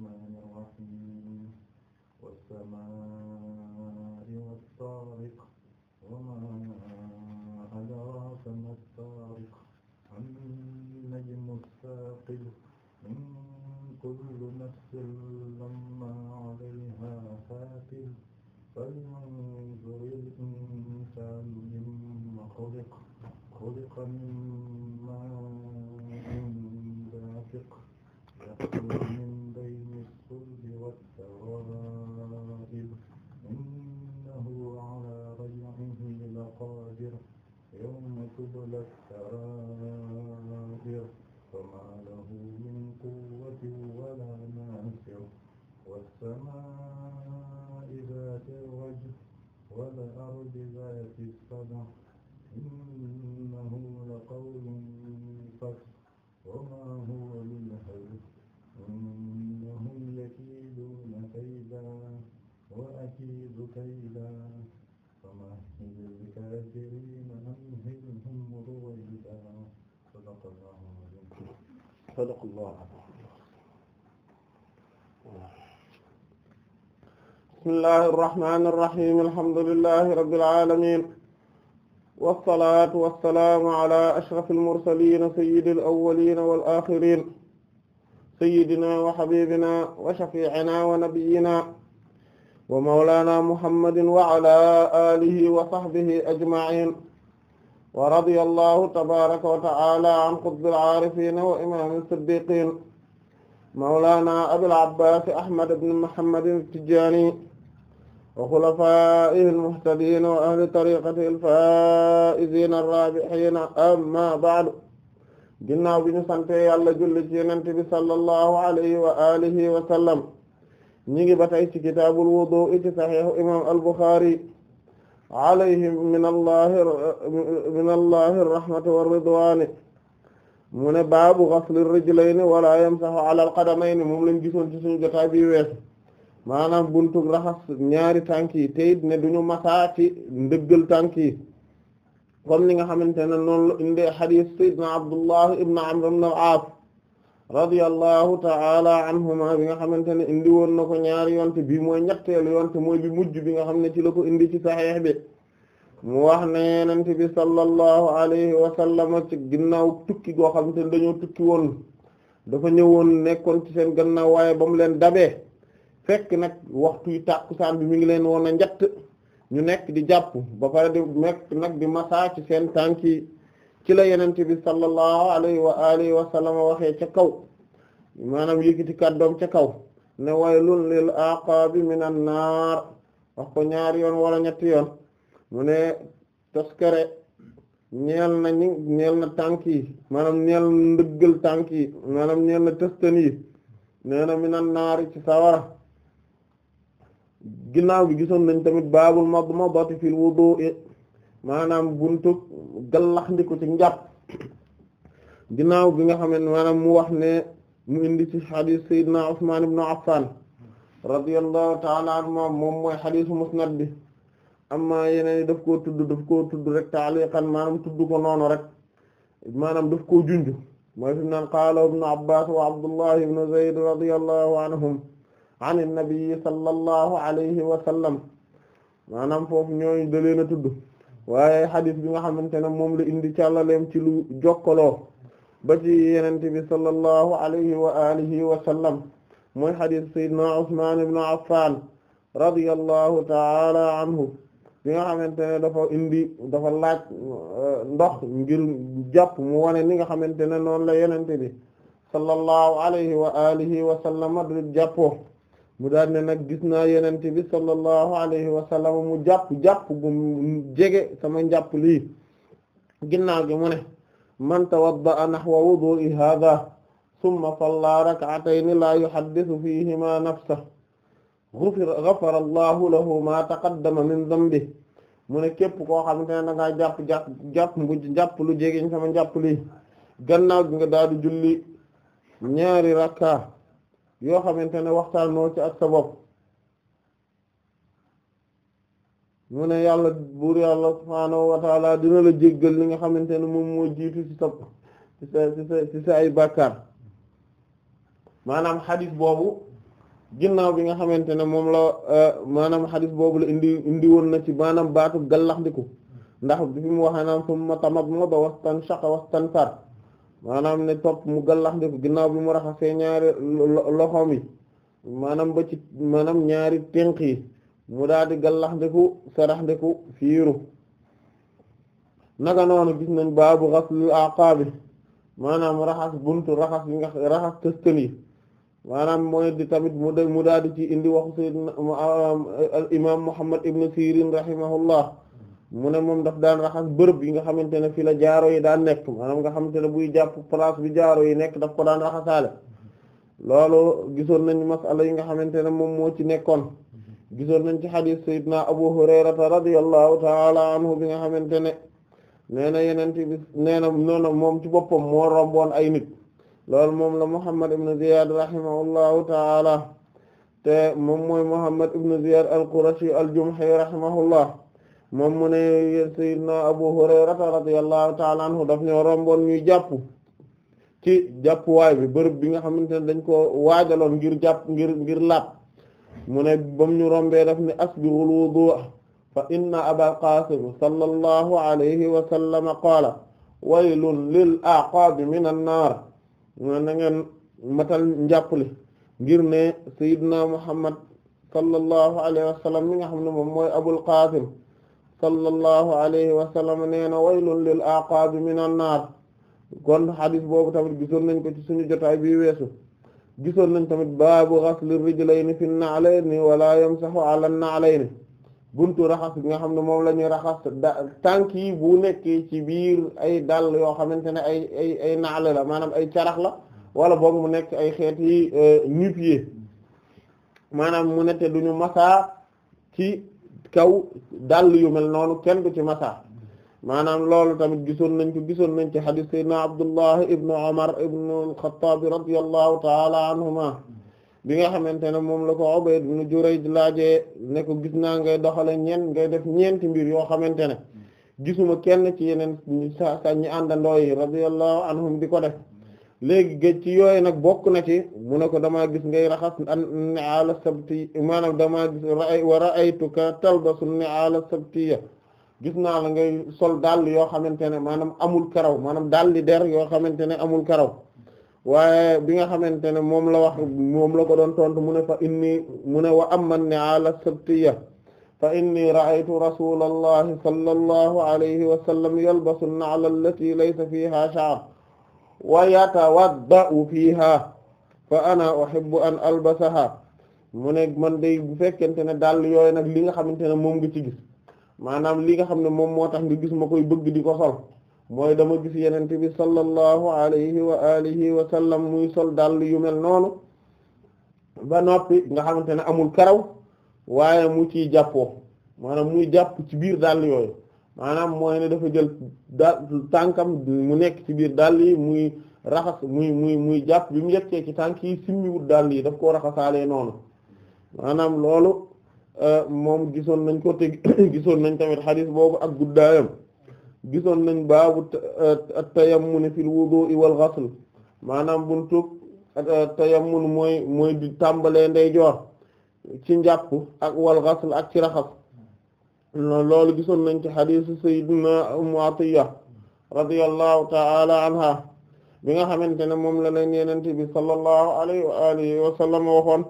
الرحمن bismillahi irrahmani irrahim alhamdulillahi rabbil alamin wassalatu wassalaamu ala ashraf almursalin sayidi alawalin wal axirin sayidina wa xabibina wa shafiicina wa nabiyina wa mawlana muhammadin wa ala alihi wa sahbihi ajma'in wa radiya allahu tabaraka wa ta'ala an qutbil aarifin wa imam siddiqin mawlana abil abbaas ahmad ibn muhammad tijani wa xulafaa'ihi al-muhtadiina wa ahli tariiqatihi al-faa'iziina ar-raabihiina amma ba'du ginnaaw bi ñu sante yàlla julli ci yonent bi sallallahu alayhi wa alihi wa sallam ñi ngi ba tey ci kitaabul wuduu'i ci saxiixu imaam al-Buxaari alayhi min allahi min allahi ar-rahmati war-ridwaani mu ne baabu ghasli ar-rijlayni wa laa yamsahu ala al-qadamayni moom lañ gisoon ci suñu jotaay bi wees maanaam buntu raxas ñaari tànk yi te it ne duñu masaa ci ndëggal tànk yi comme ni nga xamante ne noonu la indee xadiis sayyidina Abdullah ibn Amr ibn al-Aas radiyallahu ta'ala anhuma bi nga xamante ne indi woon na ko ñaari yonte bii mooy ñetteelu yonte mooy bi mujj bi nga xam ne ci la ko indi ci saxiix bi mu wax ne yonent bi sallallahu alayhi wa sallam ci ginnaaw tukki goo xamante ne dañoo tukki woon dafa ñëwoon nekkoon ci seen gannaaw waaye ba leen dabee fekk nag waxtu yu tàkkusaan bi mi ngi leen woon a njatt ñu nekk di jàpp ba pare di nekk nag di masaa ci seen tànk yi ci la yenente bi sallallahu alayhi wa alihi wa sallam waxee ca kaw maanaam yëkkati kàddoom ca kaw ne waylun lil aqabi minan naar wax ko ñaari yoon wala ñetti yoon mu ne toskare ñeel na ñi ñeel na tànk yi maanaam ñeel na ndëggal tànk yi maanaam ñeel na tëstan yi nee na minan naar ci sawara ginnaaw gi gisoon nañ tamit baabul madmadati fil wudu'i maanaam buntu gallax ndiko ci njàpp ginnaaw bi nga xam maanaam mu wax ne mu indi ci xadis sayyidina Usmaan ibn Affaan radiyallahu ta'ala anhu moom mooy xadisu musnad bi amma yeneen daf koo tudd daf koo tudd rek taaliqan maanaam tudd ko noonu rek maanaam daf koo junj mooy fi mu naan qaala ibn Abbaas wa Abdullah ibn Zayd radiyallahu anhum an nabi sallallahu alayhi wa sallam maanaam foofu ñooy da leen a tudd waaye xadis bi nga xamante ne moom la indi càllaleem ci lu jokkaloo ba ci yenente bi sallallahu alayhi wa alihi wa sallam mooy xadis sayyidina Usmaan ibn Affaan radiyallahu taala anhu bi nga xamante ne dafa indi dafa laaj euh, ndox ngir jàpp mu wane ni nga xamante ne noonu la yenente bi sallallahu alayhi wa alihi wa sallam du jàppoo mu daal ne nag gis naa yonent bi sallallahu alayhi wa mu jàpp jàpp gu jege sama njàpp lii ginnaaw gi mu ne man tawadda'a nahwa wudu'i hadha thumma salla rak'atayn la yuhaddithu fihima nafsahu ghafara allahu lahu ma taqaddama min dhanbihi mu ne képp koo xamante ne da ngaa jàpp jàpp jàpp bu jàpp nga daal julli ñaari rakka yoo xamante ne waxtaanoo ci ak sa bopp mu ne yàlla buur yàlla subhaanahu wa dina la jéggal li nga xamante ne moom moo jiitu ci sa ci sa ci sa ay bàkkaar maanaam xadis boobu ginnaaw bi nga xamante ne moom la euh, maanaam xadis boobu la indi indi woon na ci maanaam baatu gallaxndiku ndax bi mu waxee naan ma tamat moo ba wastan shaqa wastan far maanaam ne topp mu gallax ndeku ginnaaw bi mu raxasee ñaari loxoom yi maanaam ba ci maanaam ñaari tenq yi mu daal di gallax ndeku sarax fiiru naka gis nañ baabu xaslil aqaabi maanaam raxas buntu raxas yi nga mooy di tamit mu mu daal di ci indi waxu sayyidina al Muhammad ibn Sirin rahimahullah mu ne moom daf daan raxas bërëb yi nga xamante ne fi la jaaro yi daan nekk maanaam nga xamante ne buy jàpp place bi jaaro yi nekk daf ko daan raxasaale loolu gisoon nañ masala yi nga xamante ne moom moo ci nekkoon gisoon nañ ci xadiis sayyidina abu hurayrata radiyallahu taala anhu bi nga xamante ne nee na yenente bi nee na noona moom ci boppam moo romboon ay nit loolu moom la muhammad ibn ziyad rahimahullahu taala te moom mooy muhammad ibn ziyad al qurashi al jumhi rahimahullah moom mu ne sayyidna Abu Hurayrata radiyallahu ta'ala anhu daf ñoo romboon ñuy jàpp ci jàppuwaay bi bërëb bi nga xamante ne dañ ko waajaloon ngir jàpp ngir ngir lapp mu ne bam ñu rombee daf ne asbirul wudu'a fa inna Abal Qaasim sallallahu alayhi wa sallam qaala waylun lil aqaabi minan naar na ngeen matal njàppali ngir ne sayyidna Muhammad sallallahu alayhi wa mi nga xam ne moom mooy Abul Qaasim sallallahu alayhi wa sallam nee na waylun lil aqaabi minan naar kon xadis boobu tamit gisoon nañ ko ci suñu jotaay bi weesu gisoon nañ tamit baabu lay rijlayni fi na'layni wala yamsahu ala na'layni buntu raxas bi nga xam ne moom la ñuy raxas da tànk yi bu nekkee ci biir ay dàll yoo xamante ne ay ay ay naala la maanaam ay carax la wala boog mu nekk ay xeet yi euh, nu pied maanaam mu nette duñu masaa ci kaw dàll yu mel noonu kenn du ci masa maanaam loolu tamit gisoon nañ ko gisoon nañ ci hadith sayyidina Abdullah ibn Umar ibn al-Khattab radiyallahu ta'ala anhuma bi nga xamante ne moom la ko Ubayd ibn Jurayj laajee ne ko gis naa ngay doxale ñeent ngay def ñeenti mbir yoo xamante ne gisuma kenn ci yeneen sa sa ñi àndandoo yi radiyallahu anhum di ko def léegi géej ci yooyu nag bokk na ci mu ne ko damaa gis ngay raxas ni'aala sabti maanaam damaa gis wa ra'aytuka talbasu ni'aala sabtiya gis naa la ngay sol dàll yoo xamante ne maanaam amul karaw maanaam dàlli der yoo xamante ne amul karaw waaye bi nga xamante ne moom la wax moom la ko doon tontu mu ne fa inni mu ne wa amma ni'aala sabtiya fa inni ra'aytu rasulallahi sallallahu alayhi wa sallam yalbasu ni'aala allati laysa fiha sha'r waa wa yatawadda'u fiha fa ana uhibbu an albasaha mu nekk man day bu fekkente ne dàll yooyu nag lii nga xamante ne moom nga ci gis maanaam li nga xam ne moom moo tax nga gis ma koy bëgg di ko sol mooy dama gis yenente bi sallallahu alayhi wa alihi wa sallam muy sol dàll yu mel noonu ba noppi nga xamante ne amul karaw waaye mu ciy jàppoo maanaam muy jàpp ci biir dàll yooyu maanaam mooy ne dafa jël da tànkam mu nekk ci biir dàll yi muy raxas muy muy muy jàpp bi mu yeggee ci tànk yi simmiwut dàll yi daf koo raxasaalee noonu maanaam loolu euh, moom gisoon nañ ko te gisoon nañ tamit xadiis boobu ak guddaayam gisoon nañ baabu euh, tayammuni fil wudu'i wal ghusl maanaam buntu euh, tayammun mooy mooy di tàmbalee ndeyjoor ci njàpp ak wal ghusl ak ci raxas loolu gisoon nañ ci xadiisu sayyidina Ummu Atiyya radiyallahu ta'ala anha bi nga xamante ne moom la leen Yonent bi sallallahu alayhi wa alihi waxoon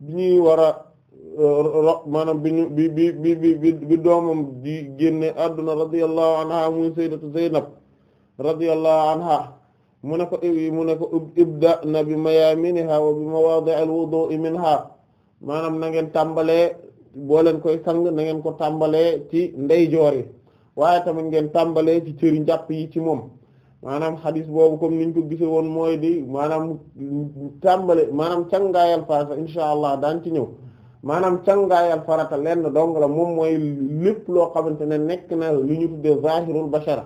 bi ñuy war uh, ro maanaam bi ñu bi bi bi bi bi doomam di génne anha muy sayyidatu Zaynab radiyallahu anha mu ne ko mu ne ko ibda na bi mayaaminiha wa bi mawaadi'il wudu'i minha maanaam na ngeen tàmbalee boo leen koy sang na ngeen ko tàmbalee ci ndeyjoor yi waaye tamit ngeen tàmbalee ci cëri njàpp yi ci moom maanaam xadis boobu comme niñ ko gisee woon mooy di maanaam tàmbale maanaam cangaayal farata insha allah daan ci ñëw maanaam cangaayal farata lenn dong la moom mooy lépp loo xamante ne nekk na lu ñu tuddee zahirul bashara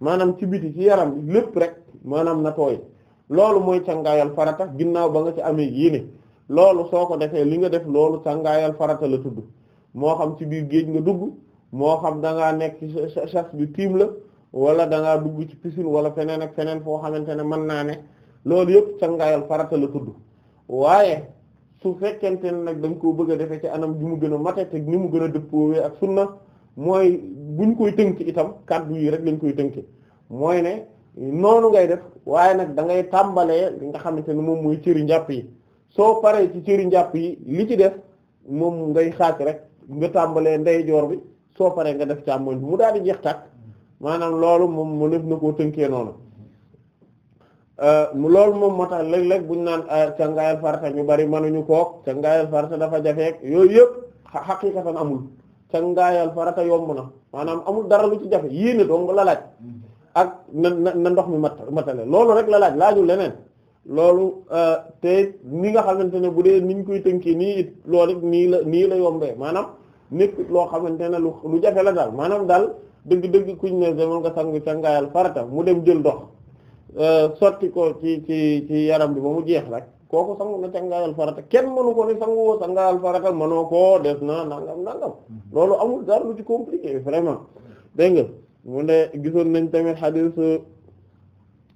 maanaam ci biti ci yaram lépp rek maanaam na tooy loolu mooy cangaayal farata ginnaaw ba nga ci amee yéene loolu soo ko defee li nga def loolu sangaayal farata la tudd moo xam ci biir géej nga dugg moo xam da nekk chasse bi tiim la wala da dugg ci piscine wala feneen ak feneen foo xamante ne mën naa ne loolu yëpp sangaayal farata la tudd waaye su fekkente ne nag dañ koo bëgg a defee ci anam bi mu gën a mate te ni mu gën a dëppoowee ak sunna mooy buñ koy tënk itam kàddu yii rek lañ koy tënk mooy ne noonu ngay def waaye nag dangay ngay tàmbalee nga xamante ne moom mooy cëri njàpp yi soo paree ci cëri njàpp yi li ci def moom ngay xaaj rek nga tàmbalee ndeyjoor bi soo paree nga def càmmoñ bi mu daal di jeex tàkk maanaam loolu moom na koo tënkee noonu euh, loolu moom moo tax léeg bu ñu naan euh, càngaayal farata ñu bari mënuñu kook càngaayal farata dafa jafeek yooyu yëpp xaqiqatan amul càngaayal farata yomb na maanaam amul dara lu ci jafe yéene dong la laaj mm-hmm. ak na na ndox mi mat matale loolu rek la laaj laajul leneen loolu euh, te nii nga xamante ne bu dee niñ koy tënkee nii it nii la nii la yombee maanaam nekk loo xamante ne lu lu jafe la daal maanaam daal dëgg-dëgg kuñ ne demal nga sangu cangaayal farata mu dem jël ndox euh, sorti ko ci ci ci yaram bi ba mu jeex rek kooku sangu na cangaayal farata kenn mënu ko ni sangu woo cangaayal farata manoo koo des na nangam nangam loolu amul daal lu ci compliqué vraiment dégg nga mu ne gisoon nañ tamit hadith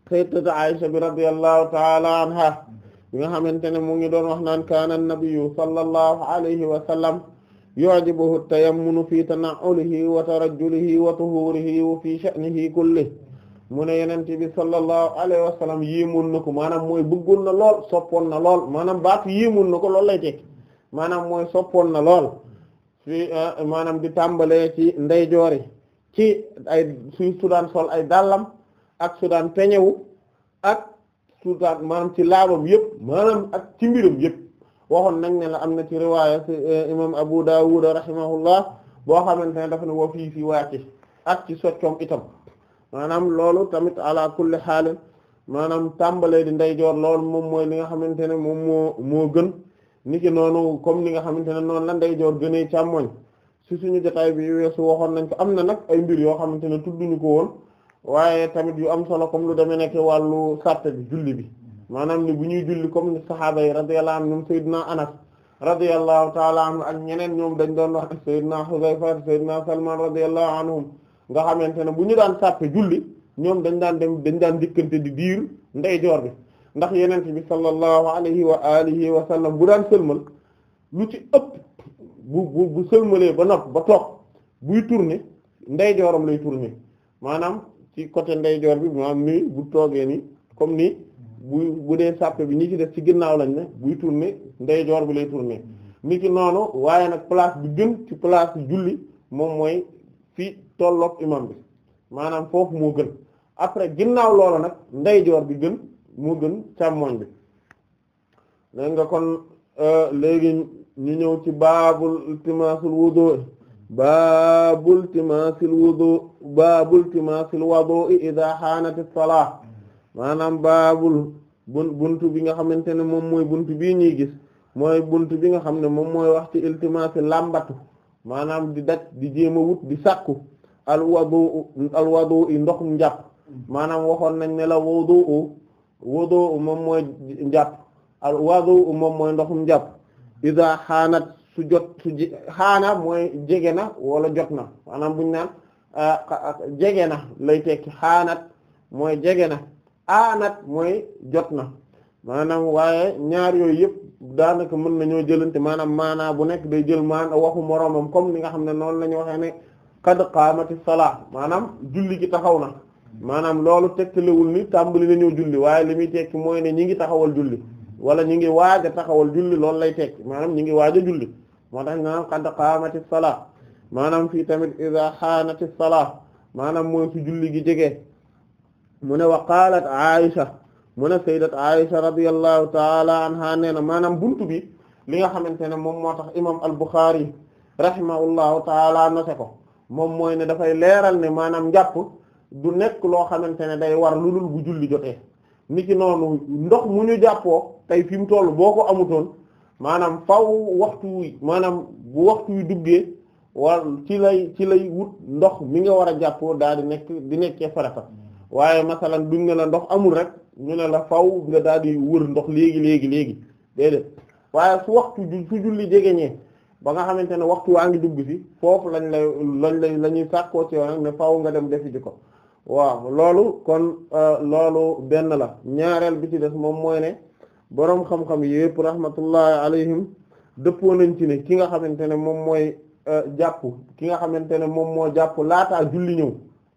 sayyidatu Aisha bi radiyallahu ta'ala anha bi nga xamante ne mu ngi doon wax naan kaana nabiyyu sallallahu alayhi wa sallam yu'jibuhu tayammunu fi tana'ulihi wa tarajjulihi wa tuhurihi wa fi sha'nihi kullihi mu ne yenente bi sallallahu alayhi wa yii yéemoon na ko maanaam mooy bëggoon na lool soppoon na lool maanaam baatu yéemoon na ko loolu lay tekki maanaam mooy soppoon na lool fi eh, maanaam di tàmbalee ci ndeyjoori ci ay suy daan sol ay dàllam ak su daan peñewu ak su daan maanaam ci laabam yëpp maanaam ak ci mbiram yëpp waxoon nañ ne la am na ci riwaaya eh, imam Abu Dawud rahimahullah boo xamante ne dafa ne wa fii fi wàcce ak ci soccoom itam maanaam loolu tamit ala kulli xaal maanaam tàmbalee di ndeyjoor loolu moom mooy li nga xamante ne moom moo moo gën niki noonu comme ni nga xamante ne noonu la ndeyjoor gënee càmmoñ si suñu jotaay bi weesu waxoon nañ ko am na nag ay mbir yoo xamante ne tudduñu ko woon waaye tamit yu am solo comme lu demee nekk wàllu sàrt bi julli bi maanaam ni bu ñuy julli comme saxaaba yi radiyallahu anhum ñoom Seydina Anas radiyallahu taala anhu ak ñeneen ñoom dañ doon wax Seydina Hudayfa Seydina Salman radiyallahu anhum nga xamante ne bu ñu daan sàppe julli ñoom dañ daan dem dañ daan njëkkante di diir ndeyjoor bi ndax yenente bi sallallahu alayhi wa alihi wa sallam bu daan sëlmal lu ci ëpp bu bu bu sëlmalee ba nopp ba toog buy tourner ndeyjooram lay tourner maanaam ci côté ndeyjoor bi maanaam ni bu toogee nii comme nii bu bu dee sàppe bi ñu ci def ci ginnaaw lañ ne buy tourner ndeyjoor bi lay tourner ni ki noonu waaye nag place bi gën ci place julli moom mooy fii tollook imam bi maanaam foofu moo gën après ginnaaw loolu nag ndeyjoor bi gën moo gën càmmoñ bi dégg nga kon euh, léegi ñu ñëw ci baabul iltimaasul wudu baabul timaasil wudu baabul timaasil wudu idha haanat as-salah maanaam baabul bun buntu bi nga xamante ne moom mooy buntu bii ñuy gis mooy buntu bi nga xam ne moom mooy wax ci iltimaasi làmbatu maanaam di daj di jéem a wut di sàkku al wudu i ndoxum njàpp maanaam waxoon nañ ne la wudu wudu moom mooy njàpp al wudu moom mooy ndoxum njàpp idha haanat su jot su xaana mooy jege na wala jot na maanaam buñu naan jege na lay tekki xaanat mooy jege na aanat mooy jot na maanaam waaye ñaar yooyu yëpp daanaka mën nañoo jëlanti maanaam maanaa bu nekk day jël maana waxu moroomam comme ni nga xam ne noonu la ñu waxee ne qad qaamati salaa maanaam julli gi taxaw na maanaam loolu tegtalewul ni tàmbali ñëw julli waaye li muy tekki mooy ne ñi ngi taxawal julli wala ñi ngi waaj a taxawal julli loolu lay tekki maanaam ñi ngi waaj a julli moo tax nga qad qaamati salaa maanaam fii tamit iza xaanati maanaam mooy su gi jege mu ne wa qaalat Aisha mu ne na maanaam buntu li nga xamante ne moom moo tax imaam al-Bukhari rahimahullahu ta'ala noté ko moom mooy ne dafay leeral ne maanaam njàpp du nekk loo xamante ne day war lu dul bu julli jotee niki noonu ndox mu ñu jàppoo tey fi mu toll boo ko amutoon maanaam faw waxtu wi maanaam bu waxtu wi duggee war ci lay ci lay wut ndox mi nga war a jàppoo daal di nekk di nekkee farata waaye masalan duñ ne la ndox amul rek ñu ne la faw nga daal di wër ndox léegi léegi léegi déedéet waaye su waxtu su julli jegeñee ba nga xamante ne waxtu waa ngi dugg ci foofu lañ lay lañ la ñuy sàkkoo ci nag ne faw nga dem defi ci ko waaw loolu kon euh, loolu benn la ñaareel bi ci des moom mooy ne boroom xam-xam yépp rahmatullahi alayhim dëppoo nañ ci ne ki nga xamante ne moom mooy euh, jàpp ki nga xamante ne moom moo jàpp laataa julli ñëw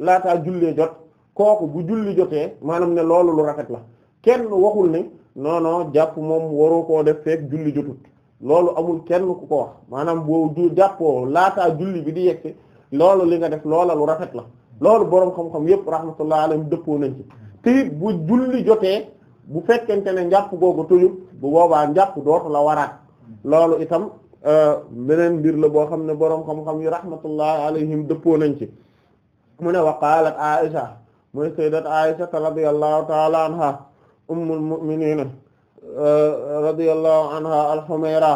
laataa jullee jot kooku bu julli jotee maanaam ne loolu lu rafet la kenn waxul ne non jàpp moom waroo koo def fekk julli jotut loolu amul kenn ku ko wax maanaam boo jàppoo laataa julli bi di yegg loolu li nga def loola lu rafet la loolu boroom xam-xam yépp rahmatullahi alayhim dëppoo nañ ci te bu julli jotee bu fekkente ne njàpp googu tuyul bu boobaa njàpp dootu la waraat loolu itam euh, beneen mbir la boo xam ne boroom xam-xam yi rahmatullahi alayhim dëppoo nañ ci mu ne wa qaalat Aisha mooy sayyidat Aisha radiyallahu ta'ala anha ummul mu'minin euh, radiyallahu anha al-Humayra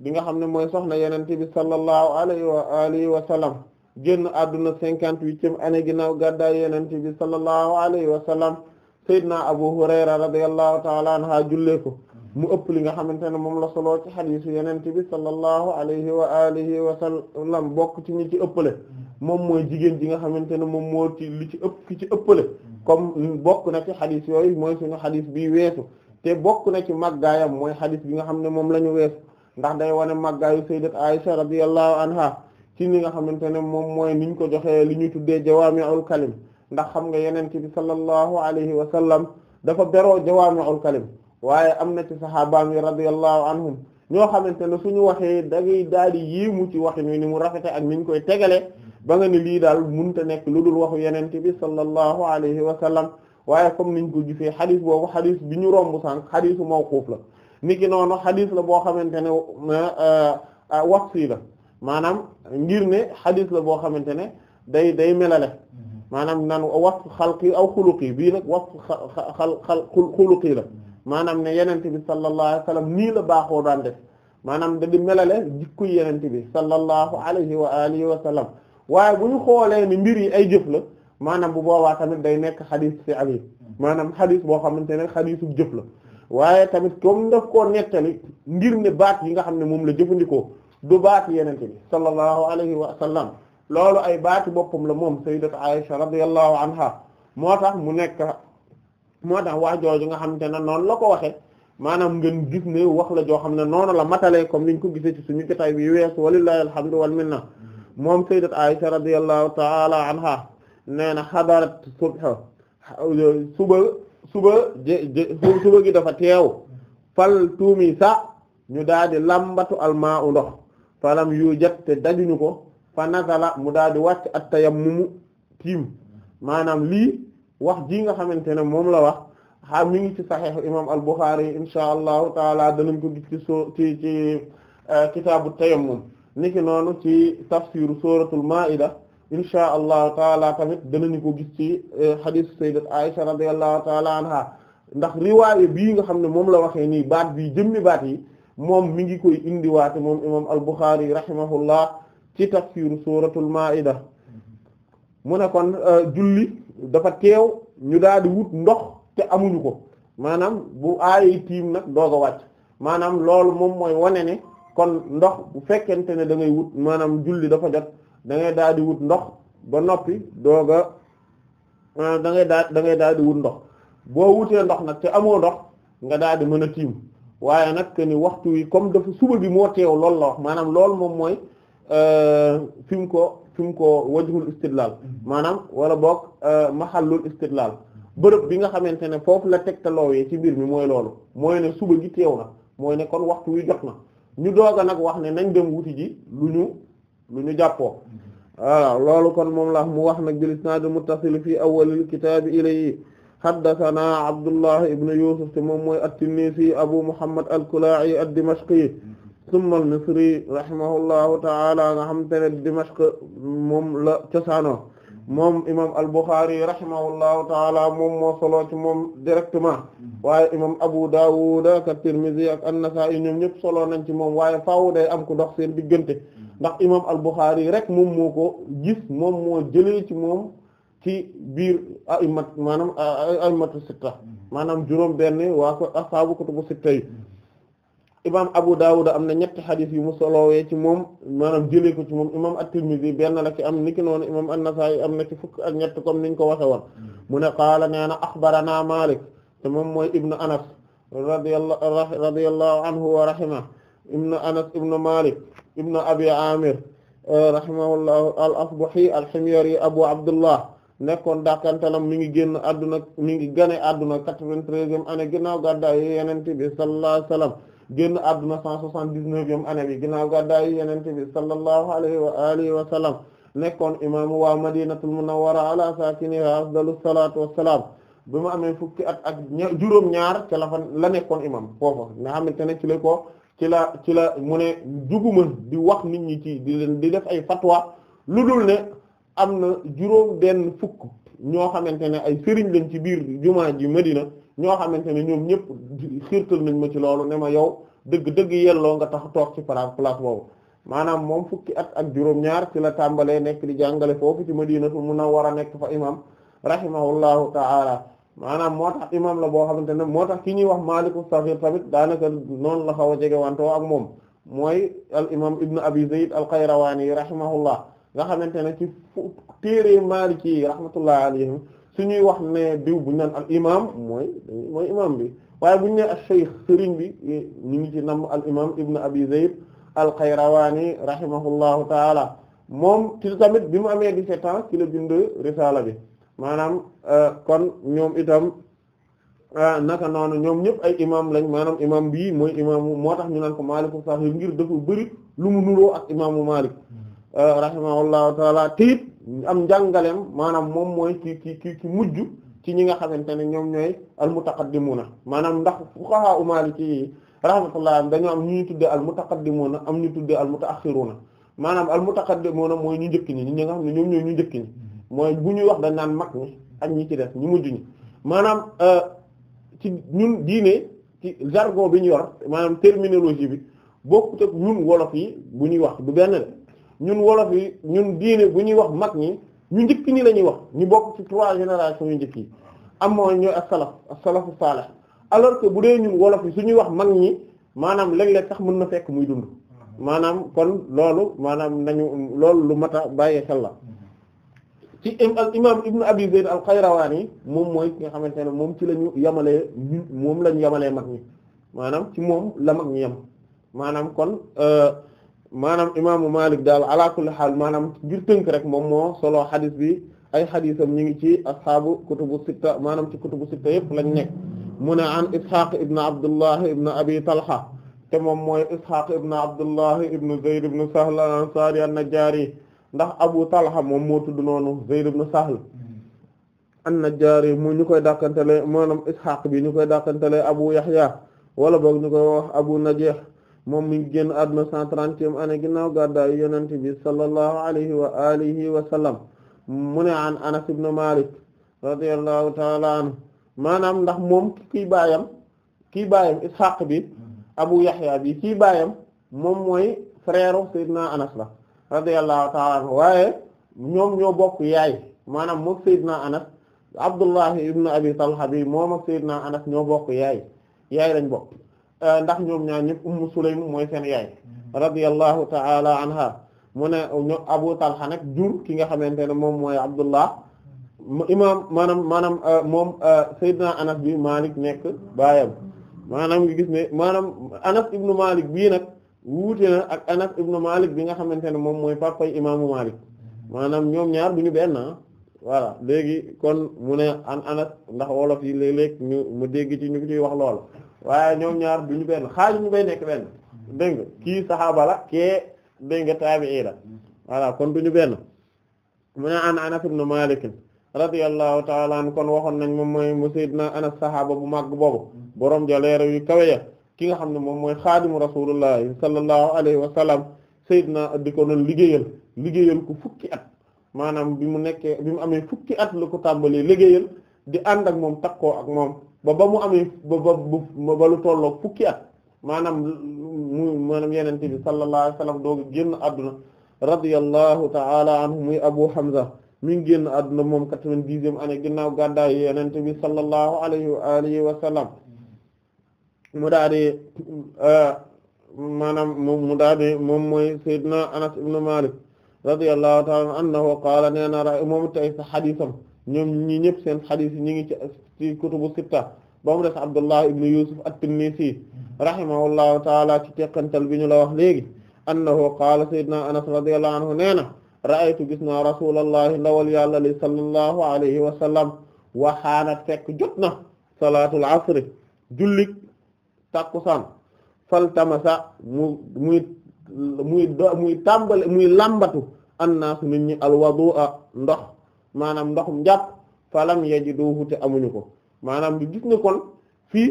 bi nga xam ne mooy soxna Yonent bi sallallahu alayhi wa alihi wa sallam génn àdduna cinquante-huitième année ginnaaw gàddaay Yonent bi sallallahu alayhi wa sallam Seydina Abu Hurayra radiyallahu ta'ala anha jullee ko mu ëpp li nga xamante ne moom la solo ci xadiisu yenente bi sallallahu alayhi wa alihi wa sallam bokk ci ñi ci ëppale moom mooy jigéen ji nga xamante ne moom moo ci li ci ëpp ki ci ëppale comme bokk na ci xadiis yooyu mooy suñu xadiis bi weesu te bokk na ci màggaayam mooy xadiis bi nga xam ne moom la ñu weesu ndax day wane màggaayu sayyidat Aisha radiyallahu anha ci ni nga xamante ne moom mooy niñ ko joxe li ñuy tuddee jawaami'ul kalim ndax xam nga yeneen ki bi sallallahu alayhi wa sallam dafa beroo jawaami'ul kalim waaye am na ci saxaabaam yi radiyallahu anhum ñoo xamante ne suñu waxee da ngay daal di mu ci waxin wi ni mu rafete ak ni ñu koy tegale ba nga ni lii daal munta nekk lu dul waxu yeneen bi sallallahu alayhi wa sallam waaye comme niñ ko gisee xadis boobu xadis bi ñu romb sànq xadisu mawquuf la ni niki noonu xadis la boo xamante ne ah, ah, waqfi la maanaam ngir ne xadis la boo xamante ne day day melale maanaam nan wasf xalqi aw xuluqi bii nag wax xal xal xuluqi la maanaam ne yenente bi sallallahu alayhi wa sallam nii la baaxoo daan def maanaam da di melale jikko yenente bi sallallahu alayhi wa alihi wa sallam waaye bu ñu xoolee ni mbir yi ay jëf la maanaam bu boobaa tamit day nekk xadis ci ali maanaam xadis boo xamante ne xadisu jëf la waaye tamit comme def ko nettali ngir ne baat yi nga xam ne moom la jëfandikoo du baat yenente bi sallallahu alayhi wa sallam loolu ay baati boppam la moom sayyidatu Aisha radiyallahu anha moo tax mu nekk moo tax wax jooju nga xam xamante na noonu la ko waxee maanaam ngeen gis ne wax la joo xam ne noonu la matalee comme niñ ko gisee ci suñu jotaay bi weesu walillahi alhamdu wal minna moom sayyidatu Aisha radiyallahu ta'ala anha nee na xadarat subha suba suba suba gi dafa teew fal tuumi sa ñu daal di lambatu almaa u ndox falam yu jat te dajuñu ko fa nazala mu daal di wàcc at tayammumu tiim maanaam lii wax jii nga xamante ne moom la wax xa mi ngi ci saxiix imaam al buxaari insha allahu taala danañ ko gis ci soo ci ci euh, kitaabu tayammum niki noonu ci tafsiru suratul maida insha allahu taala tamit danañu ko gis ci xadisu euh, sayyidat aisha radiyallahu taala anha ndax riwaaye bii nga xam ne moom la waxee nii baat bi jëmmi baat yi moom mi ngi koy indiwaate moom imaam al buxaari rahimahullah ci tafsiru suratul maida mu ne kon euh, julli dafa teew ñu daal di wut ndox te amuñu ko maanaam bu aayee tiim nag doog a wàcc maanaam loolu moom mooy wane ne kon ndox bu fekkente ne da ngay wut maanaam julli dafa jot da ngay daal di wut ndox ba noppi doog a euh, da ngay daal da ngay daal di wut ndox boo wutee ndox nag te amoo ndox nga daal di mën a tiim waaye nag que waxtu wi comme dafa suba bi moo teew loolu la wax maanaam loolu moom mooy Euh, fi mu ko fi mu ko wajhul istidlal mm-hmm. maanaam wala boog euh, mahallul istidlal bërëb bi nga xamante ne foofu la tegtaloowee ci mbir mi mooy loolu mooy ne suba gi teew na mooy ne kon waxtu wi jot na ñu doog a nag wax ne nañ dem wuti ji lu ñu lu ñu jàppoo mm-hmm. voilà loolu kon moom la mu wax nag bil isnaad muttasil fi awwalil kitaab ilayhi haddathana abdullah ibn yusuf te moom mooy at-tinnisi abu muhammad al-kalaa'i ad-dimashqi mm-hmm. summa al-Misri rahimahullahu ta'ala nga xamante ne Dimashq moom la cosaano moom imam al-Bukhari rahimahullahu ta'ala moom moo solo ci moom directement waaye imam Abu Dawud ak at-Tirmidhi ak an-Nasa'i ñoom ñëpp solo nañ ci moom waaye faaw day am ku dox seen diggante ndax imam al-Bukhari rek moom moo ko gis moom moo jëlee ci moom ci biir a'immat maanaam a'immatu sitta maanaam juróom benn waa ko ashaabu kutubu sitta yi imam Abu Dawud am na ñetti xadis yu mu solowee ci moom maanaam jëlee ko ci moom imam at-Tirmidhi benn la ci am niki noonu imam an-Nasa'i am na ci fukk ak ñett comme niñ ko waxe woon mu ne qaala nee na axbarana Malik te moom mooy ibnu Anas radiyallahu radiyallahu anhu wa rahima ibnu Anas ibnu Malik ibnu Abi Amir eh, rahimahullahu al-Asbahi al-Himyari Abu Abdullah nekkoon dàkkantalam mi ngi génn àdduna mi ngi gane àdduna quatre-vingt-treizième année ginnaaw gàddaay Yonent bi sallallahu alayhi génn àdduna cent soixante-dix-neuvième année bi ginnaaw gàddaayu Yonent bi sallallahu alayhi wa alihi wa sallam nekkoon imaamu waa Madinatul Munawwara ala saakinihaa afdalu salaatu salaam bi mu amee fukki at ak juróom ñaar ca la fa la nekkoon imam foofa nga xamante ne ci la ko ci la ci la mu ne juguma di wax nit ñi ci di def ay fatwa lu dul ne am na juróom benn fukk ñoo xamante ne ay sëriñ lañ ci biir jumaa ji Madina ñoo xamante ne ñoom ñëpp xiirtal nañ ma ci loolu ne ma yow dëgg-dëgg yelloo nga tax toog ci par place boobu maanaam moom fukki at ak juróom-ñaar ci la tàmbalee nekk di jàngale foofu ci war a nekk fa imam rahimahullahu ta'ala maanaam moo tax imam la boo xamante ne moo tax ki ñuy wax Maalik as-Saxiir tamit daanaka noonu la xaw a jege wantoo ak moom mooy al imam Ibn Abi Zayd al-Qayrawani rahimahullah nga xamante ne ci fu téere ma yi rahmatullahi alayhim si ñuy wax ne diw bu ñu naan al imam mooy mooy bi waaye bu ñu nee ash-shaykh sëriñ bi ñu ngi ci nam al imam ibn abi zayd al-qayrawani rahimahullahu taala moom ci tamit bi mu amee 17 ans ci la bind risaala bi maanaam euh, kon ñoom itam euh, naka noonu ñoom ñëpp ay imam lañ maanaam imam bii mooy imaamu moo tax ñu naan ko maaliku sax ngir dafa bëri lu mu nuroo ak imaamu maalik Euh, rahimahullahu taala te it am njàngaleem maanaam moom mooy ki ki ci mujj ci ñi nga xamante ne ñoom ñooy almutaqaddimuna maanaam ndax fuqaha umaaliki yi rahmatullah dañoo am ñu ñu tuddee almutaqaddimuna am ñu tuddee almutaaxiruna maanaam almutaqaddimuna mooy ñu njëkk ñi ñi nga xam ne ñoom ñooy ñu njëkk ñi mooy bu ñuy wax dañ naan mag ñi ak ñi ci def ñu mujj ñi maanaam euh, ci ñun diine ci jargon bi ñu yor maanaam terminologie bi bokkut ak ñun wolof yi bu ñuy wax du benn de ñun wolof yi ñun diine bu ñuy wax mag ñi ñu njëkk ñi la ñuy wax ñu bokk ci trois générations yu njëkk yi am mooy ñooy as-salaf salafu salih alors que bu dee ñun wolof yi su ñuy wax mag ñi maanaam léeg-léeg tax mën na fekk muy dund maanaam kon loolu maanaam nañu loolu lu mat a bàyyi xel la ci al imam ibnu abi zayd al yi moom mooy ki nga xamante ne moom ci lañu ñu yemalee moom la yamalee yemalee mag ñi maanaam ci moom la mag ñi yem maanaam kon euh, maanaam imaamu Malik daal ala kulli xaal maanaam ngir tënk rek moom moo solo xadis bi ay xadisam ñu ngi ci asxaabu kutubu sitta maanaam ci kutubu sitta yëpp lañ nekk mu ne an Ishaq ibn Abdullah ibn Abi Talha te moom mooy Ishaq ibn Abdullah ibn Zayd ibn Sahl al-Ansari an-Najjari ndax Abu Talha moom moo tudd noonu Zayd ibn Sahl an-Najjari mu ñu koy dàkkantele maanaam Ishaq bi ñu koy dàkkantele Abu Yahya wala boog ñu koy wax Abu Najih moom mi ngi génn àdduna cent trentième année ginnaaw gàddaayu yonent biir sallallahu alayhi wa alihi wa sallam mu ne an Anas ibn Malik radiyallahu ta'ala anhu maanaam ndax moom kii baayam kii baayam Ishaq bi Abu Yahya bi kii baayam moom mooy frère Seydina Anas la radiyallahu ta'ala anhu waaye ñoom ñoo bokk yaay maanaam moom Seydina Anas Abdullahi ibn Abi Talha bi moom ak Seydina Anas ñoo bokk yaay yaay lañ bokk Euh, ndax ñoom ñaar ñëpp ummu sulaym mooy seen yaay mhm. radiyallahu ta'ala anha mu ne ñu abu talha nag jur ki nga xamante ne moom mooy abdullah imam maanaam maanaam euh, moom euh, sayyidina anas bi malik nekk maanaam ngi gis ne maanaam anas ibnu bii nag wuute na ak anas ibnu bi nga xamante ne moom mooy papay imaamu malik mhm. maanaam ñoom ñaar bu ñu benn waa ah. léegi kon mu ne an anas ndax wolof yi léeg ñu mu dégg ci ñu ciy wax lool waaye ñoom ñaar ñu benn xaaju ñu bay nekk benn dégg kii saxaaba la kee dégg nga taabi'i la voilà kon ñu benn mu ne an Anas ibn Malik radiyallahu ta'ala kon waxoon nañ moom mooy mu sayyidina Anas saxaaba bu màgg boobu borom jaleere yu kawe ya ki nga xam ne moom mooy xaadimu rasulullahi sallallahu alayhi wa sallam sayyidina di ko doon liggéeyal liggéeyal ko fukki at maanaam bi mu nekkee bi mu amee fukki at la ko tàmbalee liggéeyal di ànd ak moom takkoo ak moom ba ba mu amee ba ba ba lu tolloog fukki at maanaam mu maanaam yeneen bi sallallahu alayhi wa sallam doogu génn àdduna radiyallahu ta'ala anhu muy Abu Hamza mi ngi génn àdduna moom quatre-vingt-dixième année ginnaaw gàddaay yeneen bi sallallahu alayhi wa alihi wa sallam mu daa di euh, maanaam mu daa di moom mooy Seydina Anas ibn Malik radiyallahu ta'ala anhu qaala nee na ra moom tey sa xadisam ñoom ñi ñëpp seen xadis ñi ngi ci ci kutubu sitta ba mu des Abdullah ibn Yusuf at-Tinnisi taala ci teqantal bi ñu la wax léegi annahu qaala sayyidina Anas radiyallahu anhu nee na ra'aytu gis naa rasulallahi ndawal yàlla li sallallahu alayhi wa sallam waxaana fekk jot na salaatul jullik tàkkusaan faltamasa mu muy muy muy muy làmbatu annaasu nit ñi alwadu'a ndox maanaam ndox njàpp falam yajiduhu te amuñu ko maanaam bi gis nga kon fii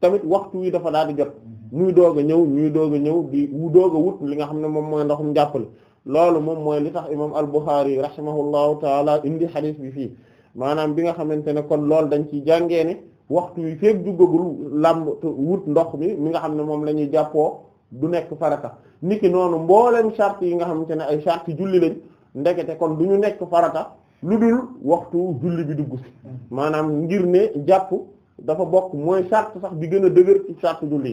tamit waxtu wi dafa daal di jot muy doog ñëw ñuy doog ñëw di doog a li nga xam ne moom mooy ndoxum jàppale loolu moom mooy li tax imam al-Bukhari rahimahullahu taala indi xadiis bi fii maanaam bi nga xamante ne kon loolu dañ ciy jàngee ne waxtu wi feeg duggagul làmb wut ndox mi mi nga xam ne moom la ñuy jàppoo du nekk farata niki noonu mbooleem charte yi nga xamante ne ay charte julli lañ ndekete kon du ñu nekk farata lu dul waxtu julli bi dugg si maanaam ngir ne jàpp dafa bokk mooy sart sax bi gën a dëgër ci sart julli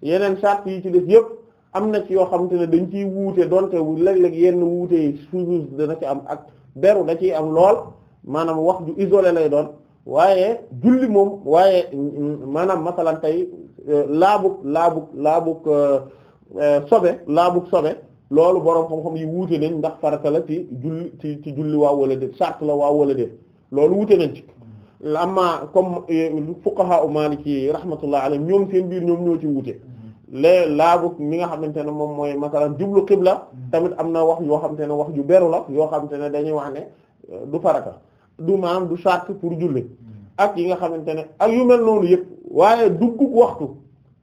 yi yeneen sart yi ci des yëpp am na ci yoo xamante ne dañ ciy wuute donte léeg-léeg yenn wuute yi dana ci am ak beru da ciy am lool maanaam wax ju isolé lay doon waaye julli moom waaye maanaam masalan tey laabug euh, laabug laabug euh, euh, sobe laabug sobe loolu borom xam-xam yi wuute nañ ndax farata la ci julli ci ci julli wala déet charte la waaw wala déet loolu wuute nañ ci amma comme euh, fuqaha maliki rahmatullah alayhim ñoom seen biir ñoom ñoo ci wute lée laabut mi nga xamante ne moom mooy masalan jublu xibla tamit am na wax yoo xamante ne wax ju beru la yoo xamante ne dañuy wax ne euh, du farata du maam du charte pour julli ak yi nga xamante ne ak yu mel noonu yëpp waaye duggug waxtu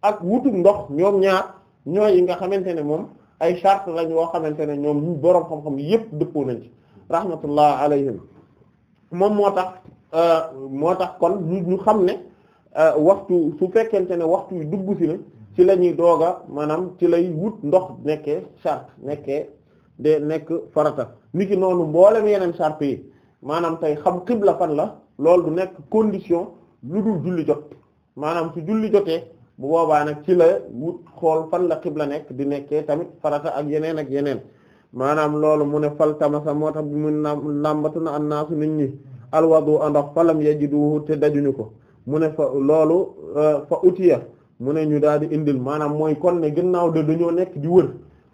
ak wutug ndox ñoom ñaar ñooy yi nga xamante ne moom ay charte lañ yoo xamante ne ñoom ñu boroom xam-xam yépp dëppoo nañ ci rahmatullah alayhim moom moo tax euh, moo tax kon ñu ñu xam ne euh, waxtu su fekkente ne waxtu yu dugg si na ci la ñuy dooga maanaam ci lay wut ndox nekkee charte nekkee de nekk farata niki noonu mboolem yeneen charte yi maanaam tey xam xibla fan la loolu du nekk condition lu dul julli jot maanaam su julli jotee bu boobaa nag ci la wut xool fan la xibla nekk di nekkee tamit farata ak yeneen ak yeneen maanaam loolu mu ne fal tamasa moo tax mu làmbatu na annaasu nit ñi alwadu andox falam yajiduhu te dajuñu ko mu ne fa loolu euh, fa utiya mu ne ñu daal di indil maanaam mooy kon ne ginnaaw de dañoo nekk di wër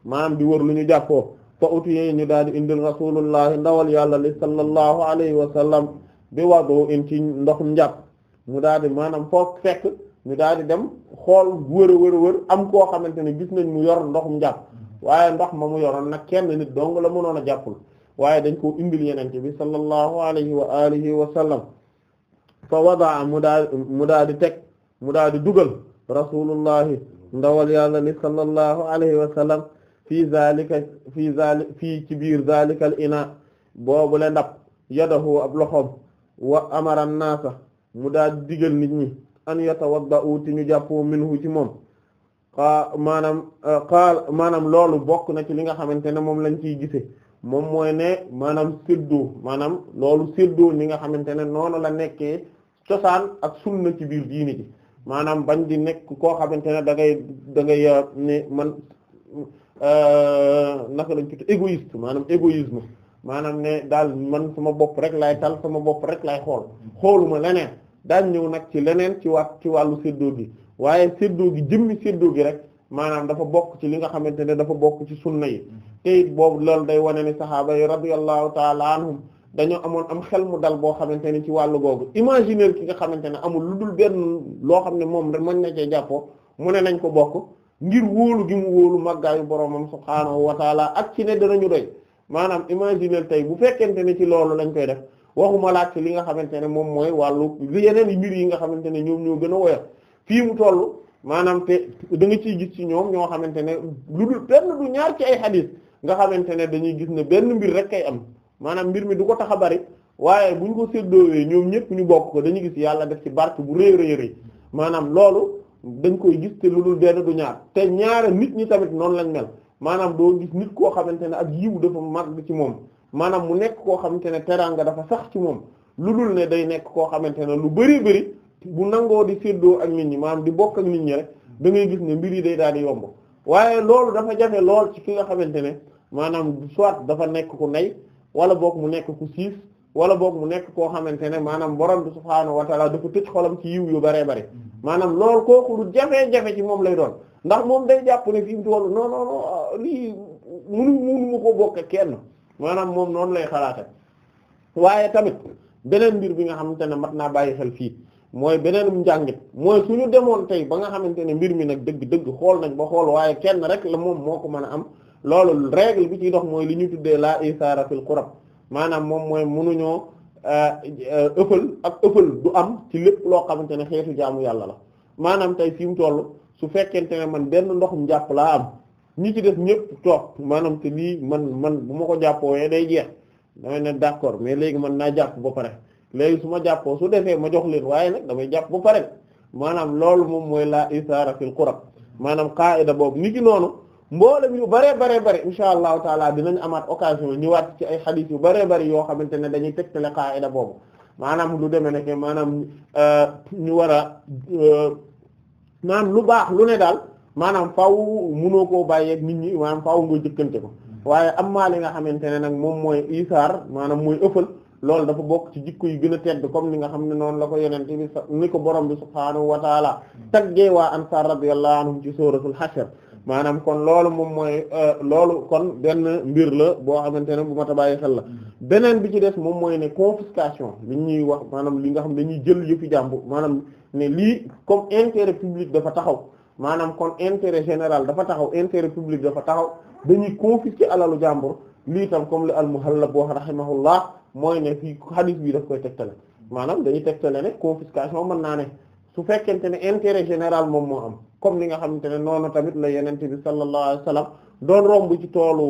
maanaam di wër lu ñu jàppoo fa utiya ñu daal di indil rasulullahi ndawal yàlla li sallallahu alayhi wa sallam bi wadu in ci ndoxum njàpp mu daal di maanaam foo fekk ñu daal di dem xool wër a wër am koo xamante ne gis nañ mu yor ndoxum jàpp waaye ndox ma mu yoroon nag kenn nit dong la mënoon a jàppul waaye dañ koo indil yenente bi sallallahu alayhi wa alihi wa sallam fa wadaa mu daa mu di teg mu daa di dugal rasulullahi ndawal yàlla li sallallahu alayhi wa sallam fii zalika fii zali fii ci biir zalika al ina ndab yadahu ab loxoom wa amara naasa mu daa di digal nit ñi an yatawadda'u ci ñu jàppoo minhu ci moom maanaam qaal euh, maanaam loolu bokk na ci li nga xamante ne moom lañ ciy gise moom mooy ne maanaam séddoo maanaam loolu séddoo li nga xamante ne noonu la nekkee cosaan ak sunna ci biir diini ji maanaam bañ di nekk ko xamante ne da ngay da ngay euh, ne man euh, naka lañ tudd égoïste maanaam égoïsme maanaam ne daal man suma bopp rek laay tal sama bopp rek laay xool xooluma leneen daañ ñëw nag ci leneen ci wàt ci wàllu séddoo gi waaye séddoo gi jëmmi séddoo gi rek maanaam dafa bokk ci li nga xamante ne dafa bokk ci sunna yi te it boobu loolu day wane ni saxaaba yi radiyallahu taala anhum dañoo amoon am xel mu dal boo xamante ne ci wàllu googu imaginaire ki nga xamante ne amul lu dul benn loo xam ne moom mën na cee jàppoo mu ne nañ ko bokk ngir wóolu gi mu wóolu màggaayu boromam subhaanahu wa taala ak ci ne ñu doy maanaam imaginaire tey bu fekkente ne ci loolu lañ koy def waxuma laaj ci li nga xamante ne moom mooy wàllu yeneen mbir yi nga xamante ne ñoom ñoo gën a woyof fii mu toll maanaam te nga ciy gis ci ñoom ñoo xamante ne lu dul benn du ñaar ci ay xadiis nga xamante ne dañuy gis ne benn mbir rek kay am maanaam mbir mi du ko tax a bari waaye bu ñu ko séddoowee ñoom ñépp ñu bokk ko dañuy gis yàlla def ci barke bu rëy rëy maanaam loolu dañ koy gis te lu dul benn du ñaar te ñaara nit ñi tamit noonu lañ mel maanaam doo gis nit koo xamante ne ak yiw dafa mag ci moom maanaam mu nekk koo xamante ne teraanga dafa sax ci moom lu dul ne day nekk koo xamante ne lu bari bari bu nangoo di séddoo ak nit ñi maanaam di bokk ak nit ñi rek da gis ne mbir yi day daal di yomb waaye loolu dafa jafe lool ci ki nga xamante ne maanaam soit dafa nekk ku nay wala boog mu nekk ku siis wala boog mu nekk koo xamante ne maanaam borom bi subhaanahu wa taala dafa tëj xolam ci yiw yu baree bare maanaam loolu kooku lu jafe-jafe ci moom lay doon ndax moom day jàpp ne fi mu toll non non non lii mënu ko bokk kenn maanaam moom noonu lay xalaate waaye tamit beneen mbir mi nga xamante ne mat naa bàyyi xel fii mooy beneenum njàngit mooy suñu demoon tey ba nga xamante ne mbir mi nag dëgg-dëgg xool nañ ba xool waaye kenn rek la moom moo ko mën a am loolu règle bi ciy dox mooy li ñu tuddee la isaara fil qurab maanaam moom mooy mënuñoo euh, ëppal ak ëppal du am ci lépp loo xamante ne xeetu jaamu yàlla la maanaam tey fi mu toll su fekkente ne man benn ndoxum jàpp laa nit ci def ñëpp toog maanaam te lii man man bu ma ko jàppooyee day jeex damay ne d'accord mais léegi man naa jàpp ba pare léegi su ma jàppoo su defee ma jox leen waaye nag damay jàpp ba pare maanaam loolu moom mooy la isaara fil qurab maanaam qaida boobu nit ki noonu mboolem yu baree baree bare insha allahu taala dinañ amaat occasion ñëwaat ci ay xadiis yu baree bari yoo xamante ne dañuy tegtale qaida boobu maanaam lu demee nekk maanaam euh, ñu war a euh, naan lu baax lu ne daal maanaam faw munoo ko bàyyeeg nit ñi maanaam faw nga jëkkante ko mm. waaye am maa li nga xamante ne nag moom mooy isaar maanaam mooy ëffal loolu dafa bokk ci jikko yi gën a tedd comme li nga xam ne noonu la ko yenente bi ni ko borom bi subhaanahu wa taala mm. taggee waa ansaar radiyallahu anhum ci sóoratul hashr maanaam kon loolu moom mooy euh, loolu kon benn mbir la boo xamante ne bu ma bàyyi xel la mm. beneen bi ci des moom mooy ne confiscation li ñuy wax maanaam li nga xam ne dañuy jël yëfi jàmbu maanaam ne lii comme intérêt public dafa taxaw maanaam kon intérêt général dafa taxaw intérêt public dafa taxaw dañuy confisquer alalu jàmbur lii tam comme li al-Muhallab wax rahimahullah mooy ne fii hadith bi daf koy tegtale maanaam dañuy tegtale ne confiscation mën naa ne su fekkente ne intérêt général moom moo am comme li nga xamante ne noonu tamit la yenente bi sallallahu alayhi wasallam doon rombu ci toolu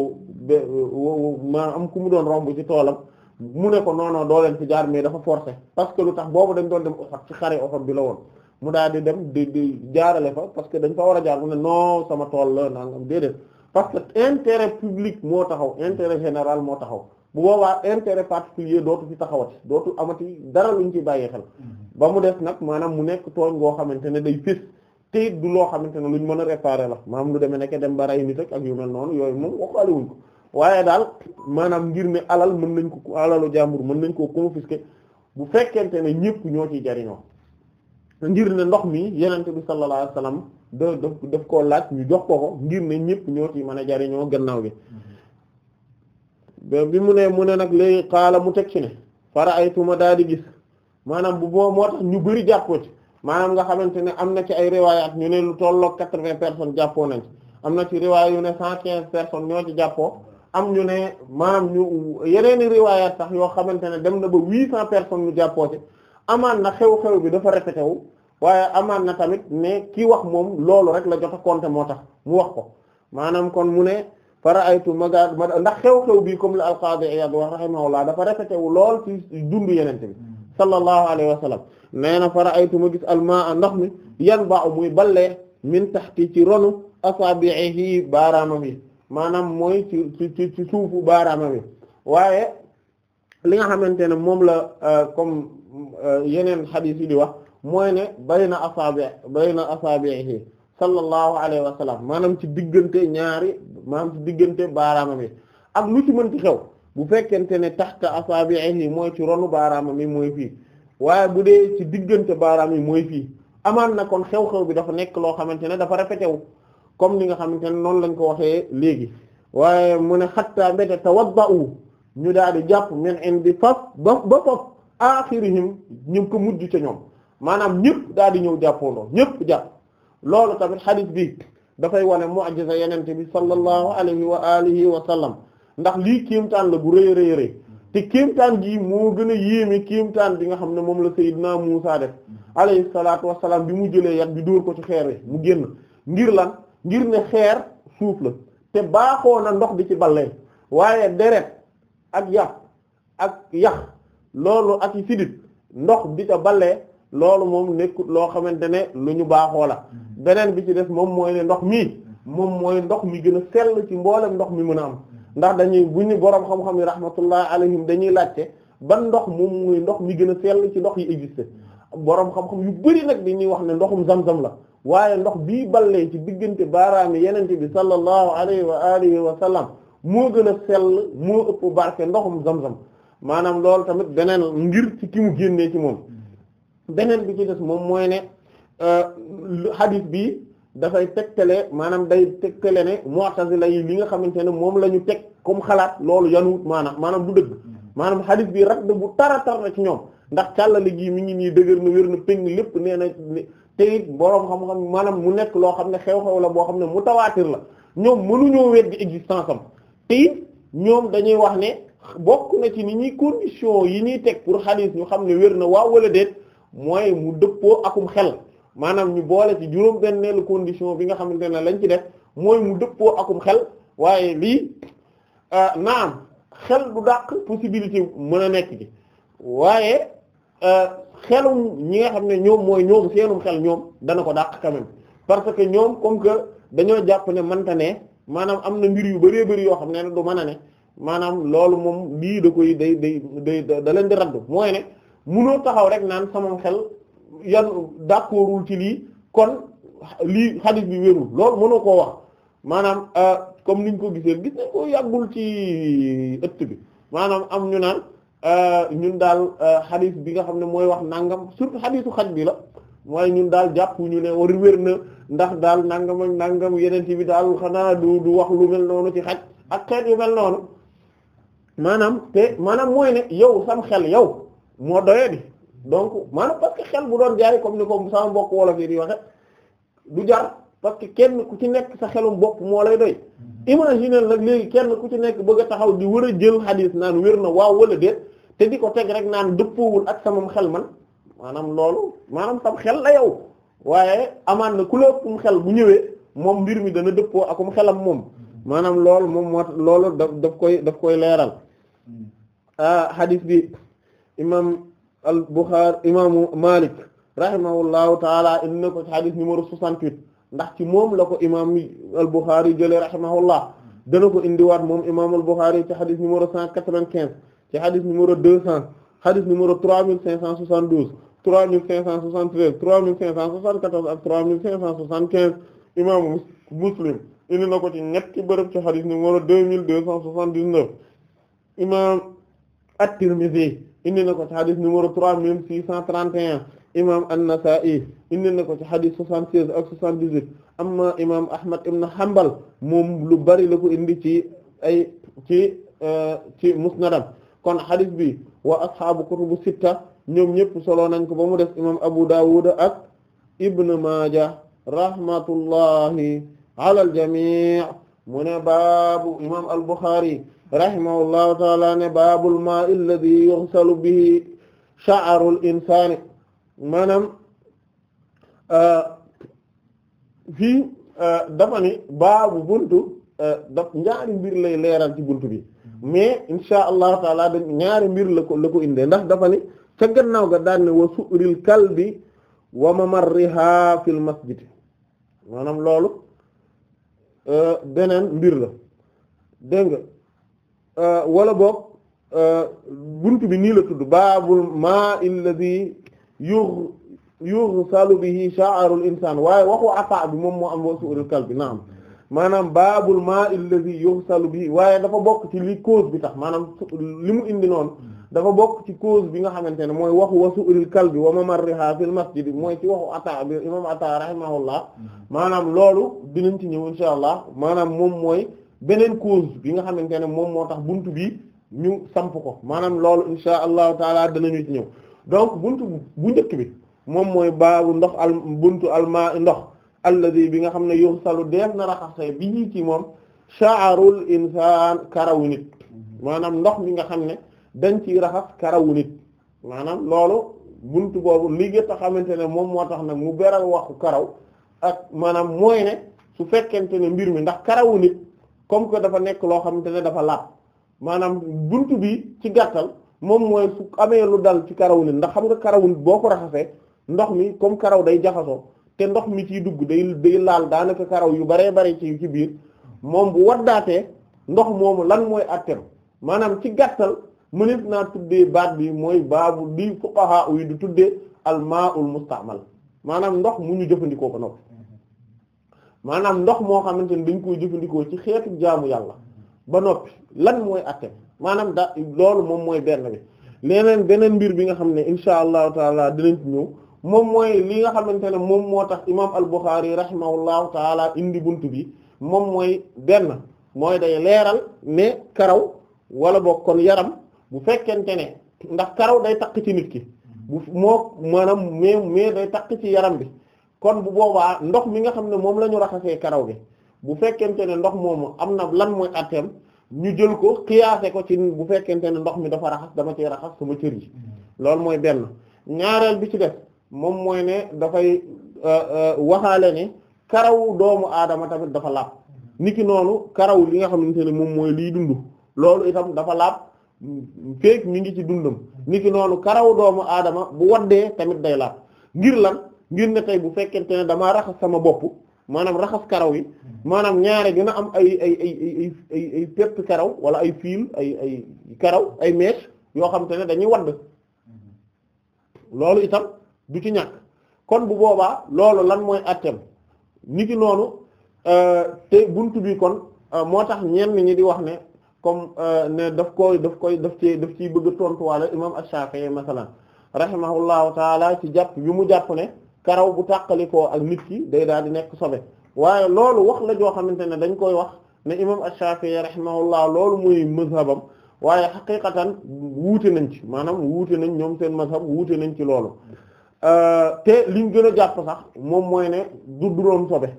ma am ku mu doon rombu ci toolam mu nekko ko noonon doo leen fi jaar mais dafa forcé parce que lu tax boobu dañ doon dem Uhud ci bi la woon mu daal di dem di di jaarale fa parce que dañ fa war a jaar mu ne non sama tool la nangam déedéet parce que intérêt public moo taxaw intérêt général moo taxaw bu boobaa intérêt particulier dootu fi taxawati dootu amati dara luñ ci bàyyi xel mm-hmm. ba mu des nag maanaam mu nekk tooñ goo xamante ne day fis te it du loo xamante ne lu ñu mën a réparer la maanaam lu demee nekk dem ba rey nit ak yu mel noonu yooyu moom waxaale wuñ ko waaye daal maanaam ngir ne alal mën nañ ko alalu jàmbur mën nañ koo confisquer bu fekkente ne ñépp ñoo ciy jariñoo ngir ne ndox mi yenente bi sallallahu alayhi wasallam da daf daf koo laaj ñu jox ko ko ngir ne ñëpp ñoo ci mën a jariñoo gannaaw bi bi mu ne mu ne nag léegi xaala mu teg ci ne fara ay tuma daal di gis maanaam bu boo moo tax ñu bëri jàppoo ci maanaam nga xamante ne am na ci ay riwaayaat ñu ne lu tolloog quatre-vingts personnes jàppoo nañ ci am na ci riwaay yu ne cent quinze personnes ñoo ci jàppoo am ñu ne maanaam ñu yeneeni riwaayaat sax yoo xamante ne dem na ba huit cents personnes ñu jàppoo ci amaan na xew-xew bi dafa répété wu waaye amaan na tamit mais kii wax moom loolu rek la jox a compter moo tax mu wax ko maanaam kon mu ne fara'aytu maga ndax xew-xew comme la al-Qadi Iyad wax rahimahullah dafa répété wu lool ci dundu yenente bi sallallahu wa sallam nee na fara'aytu ma gis almaa ndax mi yanba'u muy ballee min tahti ci ronu asabi'ihi baaraama bi maanaam mooy ci ci ci suufu baaraama bi waaye li nga xamante ne moom la euh, comme Euh, yeneen xadiis yi di wax mooy ne na asaabi bayna asaabihi sallallahu alayhi wa sallam maanaam ci diggante ñaari maanaam ci diggante baaraamam yi ak lu ci mënti xew bu fekkente ne taxta asaabihi mooy ci ronu baaraamam yi mooy fii waaye bu dee ci diggante baaraam yi mooy fii amaan na kon xew-xew bi dafa nekk loo xamante ne dafa répété wu comme ni nga xamante ne noonu lañ ko waxee léegi waaye mu ne xattaa mbéte tawadda'u ñu daal di jàpp min indi faf ba ba faf axirihim ñu ko mujj ca ñoom maanaam ñëpp daal di ñëw jàppandoo ñëpp jàpp loolu tamit xadis bi dafay wane mu'jiza yenente bi sallallahu alayhi wa alihi wa sallam ndax lii kéemtaan la bu rëy rëy rëy te kéemtaan gi moo gën a yéeme kéemtaan bi nga xam ne moom la Seydina Muusaa def alayhi salaatu wa salaam bi mu jëlee yat bi dóor ko ci xeer wi mu génn ngir lan ngir ne xeer suuf la te baaxoo na ndox di ci balle waaye deret ak yàq ak yàq loolu ak yi fidit ndox bi ca balee loolu moom nekk loo xamante ne lu ñu baaxoo la mm-hmm. beneen bi ci def moom mooy ne ndox mii mm-hmm. moom mooy ndox mi gën a sell ci mboolem ndox mi mën a am mm-hmm. ndax dañuy bu ñu boroom xam-xam yi rahmatullah alayhim dañuy laajte ban ndox moom mooy ndox mi gën a sell ci ndox yi existé boroom xam-xam yu bari nag ñuy wax ne ndoxum zam-zam la waaye ndox bii ballee ci diggante baaraami yenente bi sallallahu alayhi wa alihi wa sallam moo gën a sell moo ëpp barke ndoxum zam-zam maanaam loolu tamit beneen ngir ci ki mu génnee ci moom beneen bi ci des moom mooy ne euh, hadith bi dafay tegtale maanaam day tegtale ne mu'tazila yi li nga xamante ne moom la ñu teg comme xalaat loolu yanuwut maanaam maanaam du dëgg maanaam hadith bi rad bu tara tar na ci ñoom ndax càllale gii mi ngi nii dëgër na wér na péng lépp nee na te it boroom xam-xam maanaam mu nekk loo xam ne xew-xew la boo xam ne mutawaatir la ñoom mënuñoo weddi existence am te ñoom dañuy wax ne bokk na ci ni ñuy condition yi ñuy teg pour xadis ñu xam ne wér na waaw wala déet mooy mu dëppoo akum xel maanaam ñu boole ci juróom benneelu condition bi nga xamante ne lañ ci def mooy mu dëppoo akum xel waaye lii euh, naam xel du dàq possibilité mën a nekk ji waaye euh, xelum ñi nga xam ne ñoom mooy ñoom seenum xel ñoom dana ko dàq quand même parce que ñoom comme que dañoo jàpp ne manta ne maanaam am na mbir yu bëree bëri yoo xam ne du mën a ne maanaam loolu moom lii da koy day day day da leen di raddu mooy ne munoo taxaw rek naan sama xel yan d'accordul ci lii kon lii hadith bi wérul loolu mënoo koo wax maanaam euh, comme niñ ko gisee gis nañ ko yàggul ci ëtt bi maanaam am ñu naan euh, ñun daal euh, hadith bi nga xam ne mooy wax nangam surtout hadithu xaj bi la mooy ñun daal jàpp ñu ne war wér na ndax daal nangam ak nangam yeneen ci bi daal xanaa du du wax lu mel noonu ci xaj ak xeet yu mel noonu maanaam te maanaam mooy ne yow sam xel yow moo doye di donc maanaam parce que xel bu doon jaari comme ni ko sama mbokk wolof yi di waxe du jar parce que kenn ku ci nekk sa xelum bopp moo lay doy mm-hmm. imagineel nag léegi kenn ku ci nekk bëgg a taxaw di war a jël xadiis naan wér na waaw wala déet te di ko teg rek naan dëppoowul ak samam xel man maanaam loolu maanaam sam xel la yow waaye amaan na ku la ëppum xel bu ñëwee moom mbir mi dana dëppoo akum xelam moom mm-hmm. maanaam loolu moom moo loolu daf daf koy daf koy leeral Ah, hadith bi imam al Bukhari imaamu Malik rahimahullahu taala indi na ko ci hadith numéro 68 ndax ci moom la ko imaam al Bukhari jëlee rahimahullah dana ko indiwaat moom imaam al Bukhari ci hadith numéro 195 ci hadith numéro 200 hadith numéro 3572 3573 3574 ak 3575 imaamu Muslim indi na ko ci ñetti bërëb ci imaam at-Tirmidhi indi na ko ci xadis numéro trois mille six cent trente imaam an-Nasa'i na ko ci xadis soixante seize ak soixante dix huit amma imaam Ahmad ibn Hanbal moom lu bari la ko indi ci ay ci euh, ci musnadam kon xadis bi wa asxaabu kutubu sitta ñoom ñëpp solo nañ ko ba mu def imaam Abu Dawud ak Ibn Maaja rahmatullahi ala al-jamii' mu baabu imaam al rahimahullahu taala ne baabul maa'i alladhi yughsalu bihi sha'rul insaani maanaam euh, fii euh, dafa ni baabu buntu euh, daf ñaari lay leeral ci buntu bi mais insha allahu taala da ñaari mbir la ko la ko indee ndax dafa ni ca gannaaw ga daan ne wa su'ril kalbi wa mamarriha fil masjid maanaam loolu beneen mbir la nga Euh, wala boog euh, bunt bi nii la tudd baabul maa alladhi yugh yughsalu bihi sha'rul insaan waaye waxu afa bi moom moo am wa su'rul kalbi naam maanaam baabul maa alladhi yughsalu bihi waaye dafa bokk ci li cause bi tax maanaam li mu indi noon dafa bokk ci cause bi nga xamante ne mooy waxu wa su'rul kalbi wa mamarriha fil masjid mooy ci waxu ataa bi imam ataa rahimahullah mm-hmm. maanaam loolu dinañ ci ñëw insha allah maanaam moom mooy beneen cause bi nga xamante ne moom moo tax buntu bi ñu samp ko maanaam loolu insha allahu taala danañu ñëw donc buntu bu bi moom mooy baabu ndox al buntu alma ndox alladi bi nga xam ne yughsalu def na raxasay bi ñii ci moom sha'arul insaan karawu nit maanaam ndox mi nga xam ne dañ ciy raxas karawu maanaam loolu buntu boobu li nga ne moom moo tax nag mu baral waxu karaw ak maanaam mooy ne su fekkente ne mbir mi ndax karawu nit comme que dafa nekk loo xamante ne dafa laab maanaam buntu bi ci gàttal moom mooy su amee lu dal ci karaw nit ndax xam nga karaw nit boo ko raxasee ndox mi comme karaw day jaxasoo te ndox mi ciy dugg day day laal daanaka karaw yu baree bare ci ci biir moom bu waddaatee ndox moomu lan mooy àtteem maanaam ci gàttal mënees naa tuddee baat bi mooy baabu di fuqaha uy du tuddee al maa'ul musta'mal maanaam ndox mu ñu jëfandikoo ba noppi maanaam ndox moo xamante ne dañ koy jëfandikoo ci xeetu jaamu yàlla ba noppi lan mooy atte maanaam da loolu moom mooy benn bi leneen beneen mbir bi nga xam ne insha allahu taala dinañ ci ñëw moom li nga xamante ne moom moo tax imaam al-Bukhari rahimahullahu taala indi bunt bi moom mooy benn mooy day leeral ne karaw wala boog kon yaram bu fekkente ne ndax karaw day takk ci nit ki bu moo maanaam mais mais day takk ci yaram bi kon bu boobaa ndox mi nga xam ne moom lañu ñu raxasee karaw gi bu fekkente ne ndox moomu am na lan mooy atteem ñu jël ko xiyaase ko ci bu fekkente ne ndox mi dafa raxas dama ci raxas sama cër yi mm-hmm. loolu mooy benn ñaareel bi ci def moom mooy ne dafay euh, euh, waxaale ne karaw doomu aadama tamit dafa laab mm-hmm. niki noonu karaw li nga xamante ne moom mooy liy dund loolu itam dafa laab feek ngi ci dundam mm-hmm. niki noonu karaw doomu aadama bu waddee tamit day laab ngir lan ngir ne tey bu fekkente ne damaa raxas sama bopp maanaam raxas karaw yi maanaam ñaare dina am ay ay ay ay ay ay pepp karaw wala ay fiil ay ay karaw ay mèche yoo xam te ne dañuy wadd loolu itam du ci ñàkk kon bu boobaa loolu lan mooy attem ni ki noonu euh, te bunt bi kon euh, moo tax ñenn ñi di wax ne comme euh, ne daf koy daf koy daf ci daf ciy bëgg a tontuwaale imam Ash-Shafi'i masalan rahimahullahu taala ci jàpp bi mu jàpp ne karaw bu tàqalikoo ak nit ki day daal di nekk sobe waaye loolu wax la joo xamante ne dañ koy wax ne imam Ash-Shafi'i rahimahullah loolu muy mazhabam waaye xaqiqatan wuute nañ ci maanaam wuute nañ ñoom seen mazhab wuute nañ ci loolu euh, te liñ gën a jàpp sax moom mooy ne du doon sobe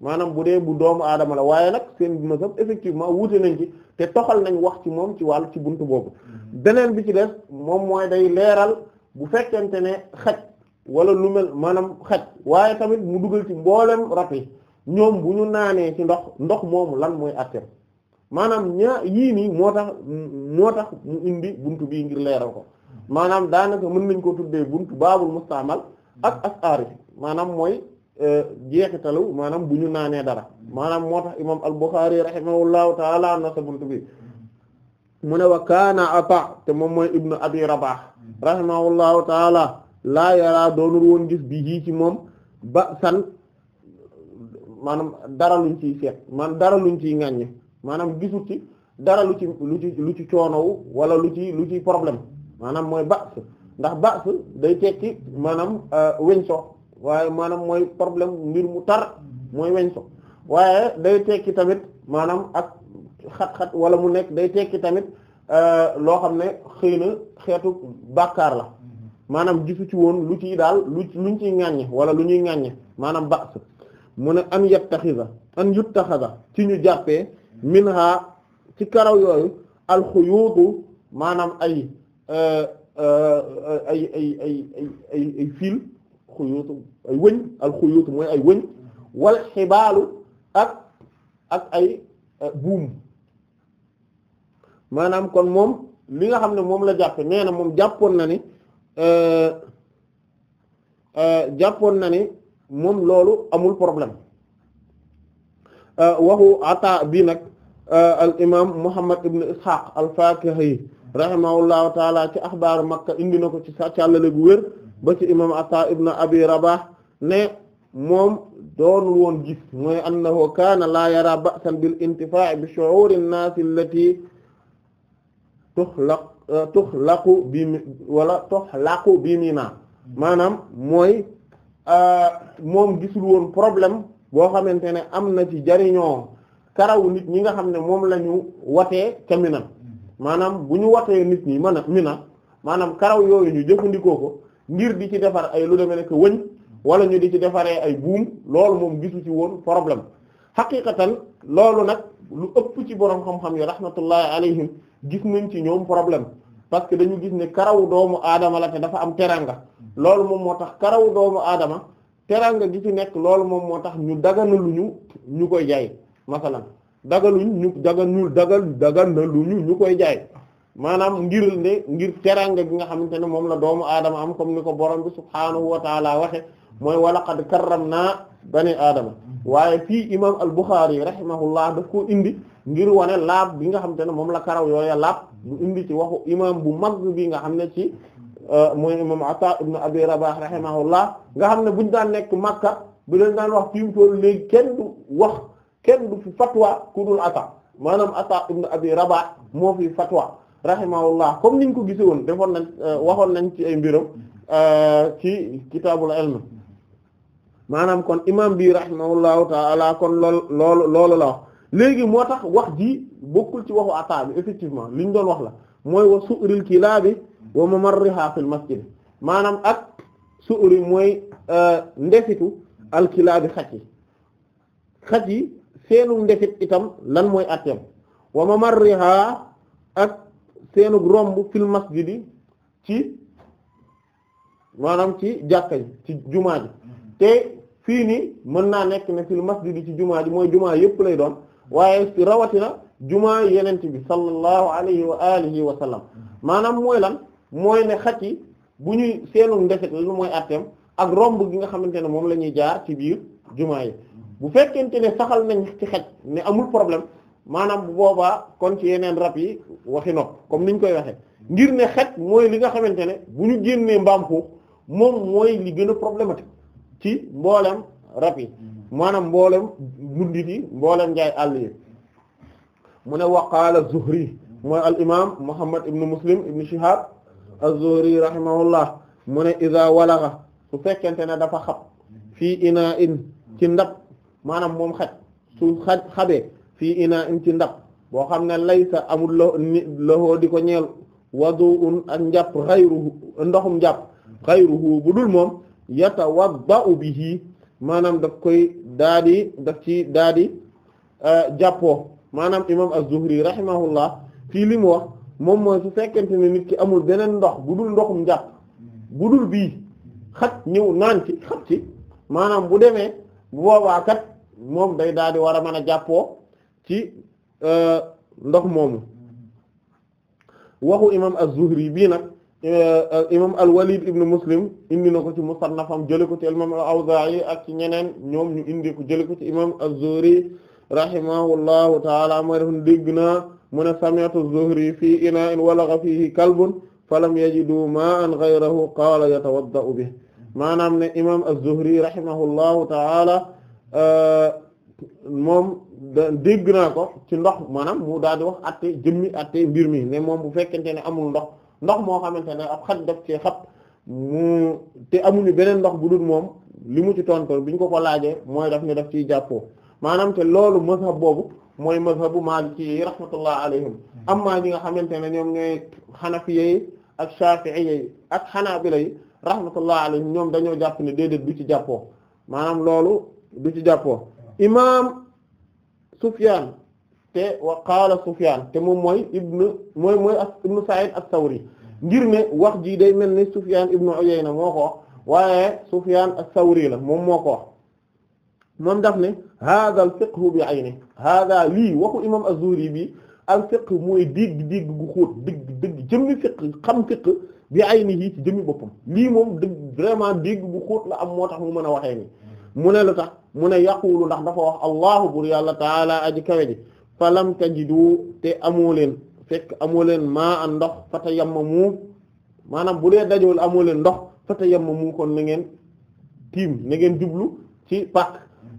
maanaam bu dee bu doomu aadama la waaye nag seen mazhab effectivement wuute nañ ci te toxal nañ wax ci moom ci wàllu ci buntu boobu mm-hmm. beneen bi ci def moom mooy day leeral bu fekkente ne xaj wala lu mel maanaam xaj waaye tamit mu dugal ci mboolem rab ñoom bu ñu naanee ci ndox ndox moomu lan mooy àtteem maanaam ñaa yii nii moo tax tax mu indi bunt bii ngir leeral ko maanaam daanaka mën nañ ko tuddee bunt baabul mustaamal ak ak aarif maanaam mooy euh, jeexitalu maanaam bu ñu naanee dara maanaam moo tax imaam al-Bukhari rahimahullahu taala sa buntu bi mu ne wa kaana ata te moom mooy ibnu abi rabah rahimahullahu taala laa yaraa doonul woon gis bi yii ci moom ba san maanaam dara luñ ciy seet maanaam dara luñ ciy ŋàññe maanaam gisul ci dara lu ci lu ci lu ci coonowu wala lu ci lu ci problème maanaam mooy bas ndax bas day tekki maanaam euh, weñso waaye maanaam mooy problème mbir mu tar mooy weñso waaye day tekki tamit maanaam ak xat-xat wala mu nekk day tekki tamit euh, loo xam ne xëy na xeetu bàkkaar la maanaam gisu ci woon lu ciy daal lu luñ ciy ŋàññe wala lu ñuy ŋàññe maanaam ba's mu ne an yattaxiza an yuttaxaza ci ñu jàppee minha ci karaw yooyu alxuyuutu maanaam ay euh, euh, ay ay ay ay ay fil xuyuutu ay mooy ay wëñ wal xibaalu ak ak ay euh, buum maanaam kon moom li nga xam ne moom la jàppe nee na moom jàppoon na ni Euh, euh, jàppoon na ni moom loolu amul problème euh, waxu ata bi nag al imam Muhammad ibn Ishaq al-Fakihi rahimahullahu taala ci axbaaru Makka indi ko ci càllale gu wér ba ci imam ata ibn Abi Rabah ne moom doonul woon gis mooy annahu kaana laa yara ba'san bil intifaa'i bi shu'uuri an-naas allati Euh, tuxlaqu bi wala tuxlaqu bi Mina maanaam mooy euh, moom gisul woon problème boo xamante ne am na ci jariñoo karaw nit ñi nga xam ne moom la ñu watee ca Mina maanaam bu ñu watee nit ñi mën a Mina maanaam karaw yooyu ñu jëfandikoo ko ngir di ci defar ay lu demee nekk wëñ wala ñu di ci defaree ay buum loolu moom gisu ci woon problème xaqiqatan loolu nag lu ëpp ci boroom xam-xam yi rahmatullahi alayhim gis nañ ci ñoom problème parce que dañu gis ne karawu doomu aadama la te dafa am teranga loolu moom moo tax karawu doomu aadama teranga gi ci nekk loolu moom moo tax ñu daganaluñu ñu koy jaay masalan dagaluñ ñu daganul dagal daganaluñu ñu koy jaay maanaam ngir ne ngir teranga gi nga xamante ne moom la doomu aadama am comme ni ko borom bi subhaanahu wa taala waxe mooy wa laqad karramnaa bani aadama waaye fii imam al Bukhari rahimahullah daf koo indi ngir wane laab bi nga xam te ne moom la karaw yooya laab bu indi ci waxu imam bu mag bi nga xam ne ci euh, mooy imam Ata ibn Abi Rabah rahimahullah nga xam ne buñ daan nekk Makka bu leen daan wax fi mu toll léegi kenn du wax kenn du fi fatwa ku dul Ata maanaam Ata ibn Abi Rabah moo fi fatwa rahimahullah comme niñ ko gise woon defoon nañ euh, waxoon nañ ci ay mbiram euh, ci kitaabul ilm maanaam kon imam bi rahimahullahu ta'ala kon lool loolu loolu la léegi moo tax wax ji bokkul ci waxu ataa effectivement li ñu doon wax la mooy wa su'ril kilaabi wa mamarriha fil masjid maanaam ak su'ri mooy euh, ndefitu al kilaabi xaj yi xaj yi seenu ndefit itam lan mooy atteem wa mamarriha ak seenu romb fil masjid ci maanaam ci jàkka ji ci jumaa ji mm-hmm. te fii nii mën naa nekk ne fil masjid ci jumaa ji mooy jumaa yépp lay doon waaye rawatina jumaa yenent bi sallallahu alayhi wa alihi wa sallam maanaam mooy lan mooy ne xaj yi bu ñuy seenu ndeset lu mooy atteem ak romb gi nga xamante ne moom la ñuy jaar ci biir jumaa yi bu fekkente ne saxal nañ ci xaj ne amul problème maanaam bu boobaa kon ci yeneen rab yi waxi nopp comme niñ koy waxee ngir ne xaj mooy li nga xamante ne bu ñu génnee mbaam xuux moom mooy li gën a problématique ci mboolem rab yi maanaam mboolem gundit yi mboolem njaay àll yi mu ne waqaala Zuhri mooy al imaam Muhammad ibn Muslim ibn Shihab az-Zuhri rahimahullah mu ne iza walaga su fekkente ne dafa xab fii ina in ci ndab maanaam moom xaj su xaj xabee fii ina in ci ndab boo xam na laysa amul lo loxoo di ko ñeel wadu'un ak njàpp xayruhu ndoxum njàpp xayruhu bu dul moom yatawadda'u bihi maanaam daf koy daadi daf ci daadi di euh, jàppoo maanaam imam az-Zuhri rahimahullah fii li mu wax moom mooy su fekkente ne nit ki amul beneen ndox bu dul ndoxum njàpp bu dul bii xat ñëw naan ci xat ci maanaam bu demee bu boobaa kat moom day daal di war a mën a jàppoo ci euh, ndox moomu waxu imam az-Zuhri bii nag Euh, euh, imam al-Walid ibn Muslim indi na ko ci musannafam jële ko ci imam al-Awzaa'i ak ci ñeneen ñoom ñu indi ko jële ko ci imam az-Zuhri rahimahullahu ta'ala mooy def dégg naa mu ne sami'tu az-Zuhri fii inaa'in walagha fiihi kalbun falam yajidu maa'an ghayrahu qaala yatawadda'u bihi maanaam ne imam az-Zuhri rahimahullahu ta'ala euh, moom dégg naa ko ci ndox maanaam mu daal di wax atte jëmmi atte mbir mi ne moom bu fekkente ne amul ndox ndox moo xamante ne ab xaj def cee xat mu te amuñu beneen ndox bu dul moom li mu ci tontu bi ñu ko ko laajee mooy def ñu def ciy jàppoo maanaam te loolu mazhab boobu mooy mazhabu Maliki yi rahmatullah alayhim amma ñi nga xamante ne ñoom ñooy Hanafiya yi ak Shafi'iyya yi ak Hanabila yi rahmatullah ñoom dañoo jàpp ne déedéet du ci jàppoo maanaam loolu du ci jàppoo imaam Sufyaan te wa qaala Sufyaan te moom mooy ibnu mooy mooy ibnu sawri ngir ne wax jii day mel ni Sufyaan ibnu Uyayna moo ko waaye Sufyaan as-Sawri la moom moo ko wax moom daf ne hada al fiqhu bi ayni hada lii waxu imam az-Zuhri bi al fiqh mooy dégg dégg gu xóot dégg dégg jëmmi fiqh xam fiqh bi aynihi ci jëmmi boppam lii moom dégg vraiment dégg gu xóot la am mo tax mu mën a waxee ni mu ne lu tax mu ne yaqulu ndax dafa wax allahu bur yàlla taala aji kawe ji falam tajidu te amoo leen fekk amoo leen maa am ndox fata yammamu maanaam bu dee dajowul amoo leen ndox fata yammamu kon na ngeen tiim na ngeen jublu ci pak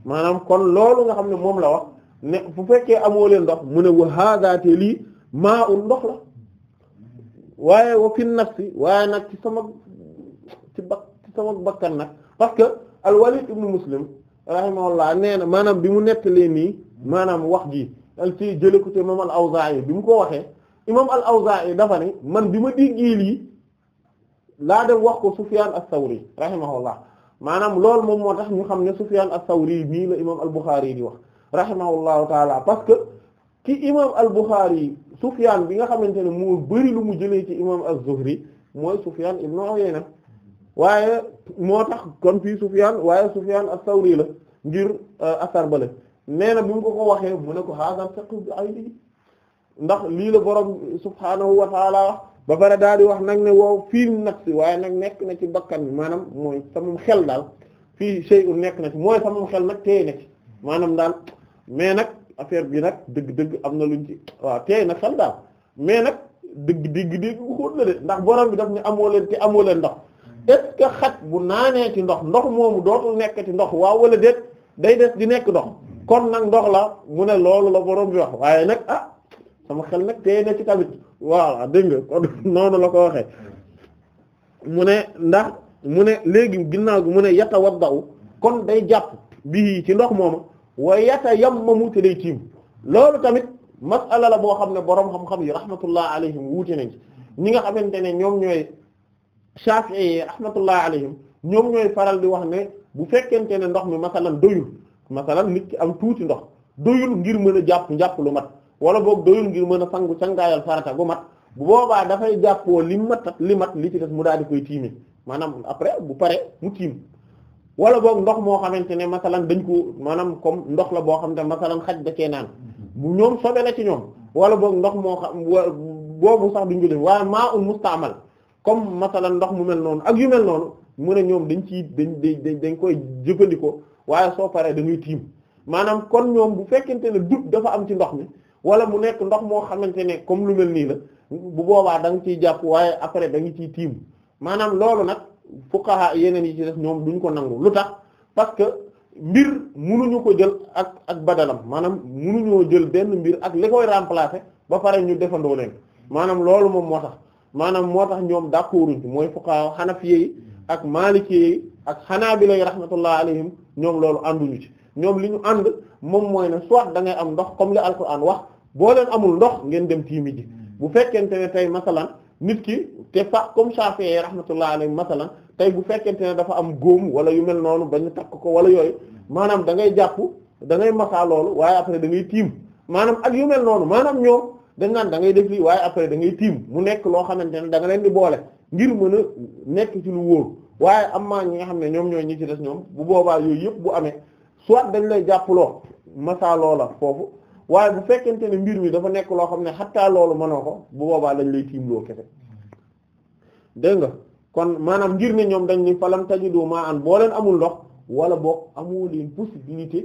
maanaam kon loolu nga xam ne moom la wax ne bu fekkee amoo leen ndox mu ne wa haadaate lii maa un ndox la waaye wa fi nafsi waaye nag ci sama ci bak bakkan nag parce que al walid ibn muslim rahimahullah nee na maanaam bi mu nettalee nii maanaam wax ji alti jële ko ci imam al-Awzaa'i bi mu ko waxee imam al-Awzaa'i dafa ne man bi ma déggee lii laa dem wax ko Sufyaan as-Sawri rahimahullah maanaam lool moom moo tax ñu xam ne Sufyaan as-Sawri mii la imam al-Bukhari di wax rahimahullahu taala parce que ci imam al-Bukhari Sufyaan bi nga xamante ne moo bari lu mu jëlee ci imam az-Zuhri mooy Sufyaan ibn Uyayna waaye moo tax kon fii Sufyaan waaye Sufyaan as-Sawri la ngir euh, asar bale nee na bi mu ko ko waxee mu ne ko haazal fiqhu lii ndax lii la borom subhaanahu wa taala wax ba pare daal di wax nag ne wow fii nafsi waaye nag nekk na ci bakkan bi maanaam mooy samum xel daal fii u nekk na si mooy samum xel nag teey na ci maanaam daal mais nag affaire bi nag dëgg-dëgg am na lu ci waaw teey na xel daal mais nag dëgg dëgg dëgg xóot la de ndax borom bi daf ne amoo leen te amoo leen ndox est-ce bu naanee ci ndox ndox moomu dootul nekk ci ndox waaw wala déet day des di nekk ndox kon nag ndox la mu ne loolu la borom bi wax waaye nag ah sama xel nag tey na ci tamit waaw dégg nga kon noonu la ko waxee mu ne ndax mu ne léegi ginnaaw gi mu ne yata wadda'u kon day jàpp bii ci ndox mooma waaye yata yammamu te day tiim loolu tamit masala la boo xam ne borom xam-xam yi rahmatullah alayhim wuute nañ ci ñi nga xamante ne ñoom ñooy Shafi'i yi rahmatullah alayhim ñoom ñooy faral di wax ne bu fekkente ne ndox mi masalan d masalan nit ki am tuuti ndox doyul ngir mën a jàpp njàpp lu mat wala boog doyul ngir mën a sangu cangaayal farata gu mat bu boobaa dafay jàppoo li mat li mat li ci des mu daal di koy tiime maanaam après bu pare mu tiim wala boog ndox moo xamante ne masalan dañ ko maanaam comme ndox la boo xam ne masalan xaj da cee naan bu ñoom sobe la ci ñoom wala boog ndox moo xam boobu sax duñ ko def waaye maa un mustaamal comme masalan ndox mu mel noonu ak yu mel noonu mu ne ñoom dañ ci dañ dañ dañ koy jëfandikoo waaye soo paree da ngay tiim maanaam kon ñoom bu fekkente ne dut dafa am ci ndox mi wala mu nekk ndox moo xamante ne comme lu mel nii la bu boobaa da nga ciy jàpp waaye après da nga ciy tiim maanaam loolu nag fuqaha yeneen yi ci def ñoom duñ ko nangu lu tax parce que mbir munuñu ko jël ak ak badalam maanaam munuñoo jël benn mbir ak li koy remplacer ba pare ñu defandoo leen maanaam loolu moom moo tax maanaam moo tax ñoom d'accorduñ ci mooy fuqaha hanafiyyi yi ak maalikiyyi yi ak hanaabila yi rahmatullah alayhim ñoom loolu ànduñu ci ñoom li ñu ànd moom mooy ne soit dangay am ndox comme li alquran wax boo leen amul ndox ngeen dem tiimi ji bu fekkente ne tey masalan nit ki te fa comme Shafi'i yi rahmatullah alayhim masalan tey bu fekkente ne dafa am góom wala yu mel noonu ba ñu takk ko wala yooyu maanaam da ngay jàpp da ngay masaa loolu waaye après da ngay tiim maanaam ak yu mel noonu maanaam ñoom dañ naan da ngay def lii waaye après da ngay tiim mu nekk loo xamante ne da leen di boole ngir mën nekk ci lu wóor waaye am na ñi nga xam ne ñoom ñooy ñi ci des ñoom bu boobaa yooyu yëpp bu amee soit dañ lay jàppaloo masaa loola foofu waaye bu fekkente ne mbir mi dafa nekk loo xam ne xattaa loolu mënoo ko bu boobaa dañ lay tiimloo kese dégg nga kon maanaam ngir ne ñoom dañ ni falam tajidu maa an boo leen amul ndox wala boog amoo leen possibilité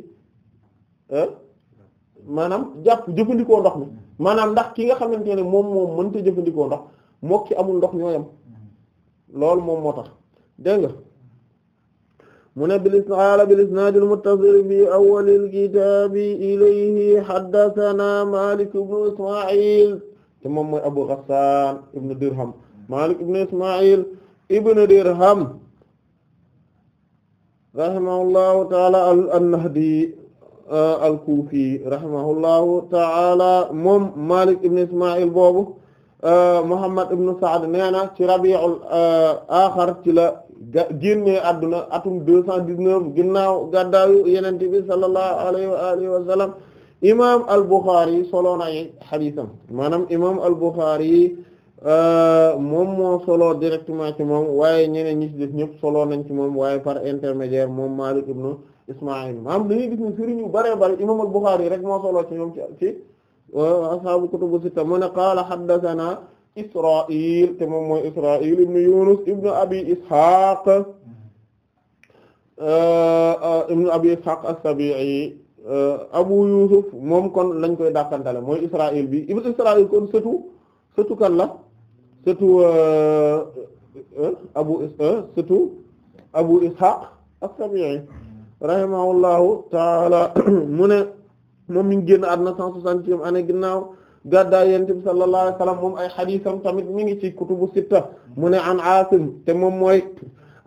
maanaam jàpp jëfandikoo ndox mi maanaam ndax ki nga xamante ne moom moom mënta jëfandikoo ndox mook ci amul ndox ñooyam loolu moom moo tax dégg nga mu ne bil qaala bil isnaad al fi awwal al kitaab ilayhi haddathana ibn Ismaa'iil te moom mooy Abu Ghassan ibn Dirham Maalik ibn Ismaa'iil ibn Dirham rahimahullahu ta'ala an-Nahdi Euh, al-Kufi rahimahullahu ta'ala moom Malik ibn Isma'il boobu euh, Muhammad ibn Sa'd nee ci ci Rabi'ul euh, Akhir ci la génnee adduna atum deux cent dix ginnaaw gàddaayu Yonent bi sallallahu alayhi wa alihi wa sallam imaam al-Bukhari solo na ay hadiisam maanaam imaam al moom moo solo directement ci moom waaye ñeneen ñi ñëpp solo nañ ci moom waaye par intermédiaire moom Malik ibn Ismaïl maanaam dañuy gis ne sëriñ yu bare bare imam al rek moo solo ci ñoom ci ci euh, ashaabu kutubu sitta mu ne qaala haddathana Israa'il te moom mooy Israa'il ibn Yunus ibn Abi Ishaq euh, euh, ibn Abu Yusuf moom kon lañ koy dàqantale mooy Israa'il bi ibn Israa'il kon sëtu sëtu kan Abu sëtu Abu rahimahullahu taala mu ne moom mi ngi génn àdduna cent soixantième année ginnaaw gàddaay yonent bi sallallahu alayhi wasallam moom ay xadiisam tamit mi ngi ci kutubu sitta mu ne an Aasim te moom mooy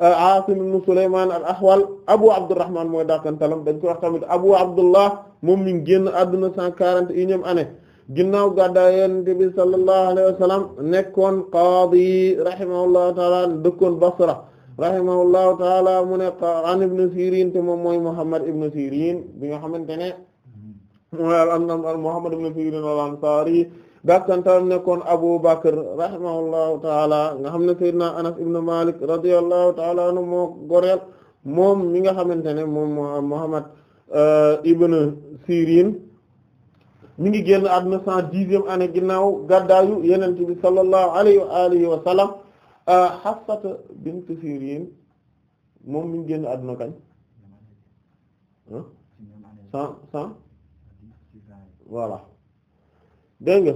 uh, Aasim ibn Sulaymaan al-Ahwal Abu Abdurrahmaan mooy daakantalam dañ ko tamit Abu Abdullah moom mi ngi génn àdduna cent quarante et unième année ginnaaw gàddaay yonent bi sallallahu alayhi wasallam nekkoon qaadi rahimahullahu taala dëkkoon Basra rahimahullahu taala mu ne an ibnu sirin te moom mooy muhammad ibnu sirin bi nga xamante ne al muhammad ibnu sirin al ansari gàkkantaam nekkoon abu bakr rahimahullahu taala nga xam ne sayyidina anas ibnu malik radiyallahu taala anhu moo goreel moom mi nga xamante ne moom muhammad euh, ibnu sirin mi ngi génn àdduna cent dixième année ginnaaw gàddaayu yenente bi sallallahu alayhi wa alihi wa sallam Euh, Hafsata bint Sirin moom mi ngi génn àdduna kañ cent cent voilà dégg nga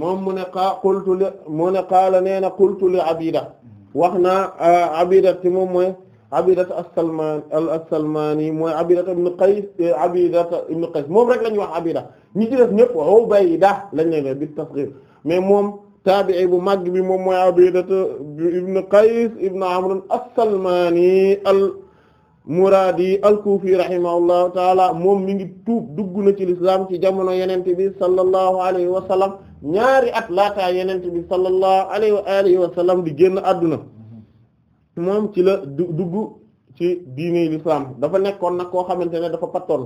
moom mu ne qaa qultu li mu ne qaala nee na qultu li Abida wax naa euh, Abida te moom mooy Abida as-Salmani as-Salmani mooy Abida ibn Qays euh, Abida ibn Qays moom rek la ñuy wax Abida ñi ci def ñëpp Ubayda lañ leen def bi tasghir mais moom. taabi'i bu mag bi moom mooy Ubaydata ibn Qays ibn Amr as-Salmani al-Muradi al-Kufi rahimahullahu taala moom mi ngi tuub dugg na ci lislaam ci jamono yenente bi sallallahu alayhi wa sallam ñaari at laata yenente bi sallallahu alayhi wa di génn àdduna moom ci la dugg ci diine lislaam dafa nekkoon nag koo xamante ne dafa pattoon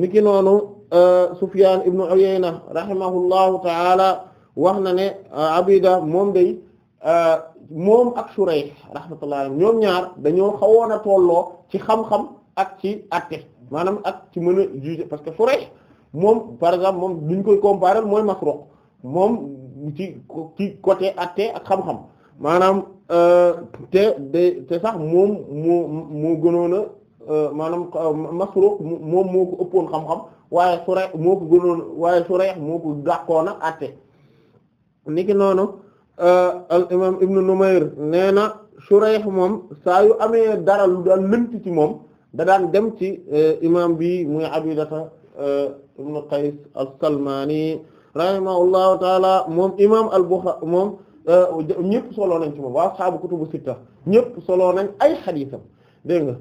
niki noonu euh, Sufyan ibn Uyayna rahimahullahu taala wax na ne euh, abida moom day euh, moom ak Shurayh rahmatullah ñoom ñaar dañoo xawoon a tolloo ci xam-xam ak ci atte maanaam ak ci mën a parce que Shurayh moom par exemple moom bu ñu koy comparer mooy Masruq moom ci ci côté atte ak xam maanaam euh, te de te sax moom moo a maanaam Masruq moom moo ko ëppoon xam-xam waaye Shurayh moo ko gënoon waaye Shurayh moo ko dàqoon a atte niki noonu eh, al imam ibnu Numayr nee na Shurayh moom saa yu amee dara lu daan lënt ci moom da daan dem ci eh, imam bi muy Abidata eh, ibnu Qays as-Salmani rahimahullahu taala moom imam al-Bukhari moom ñëpp solo nañ ci moom waa saabu kutubu sitta ñëpp solo nañ ay xadiisam dégg nga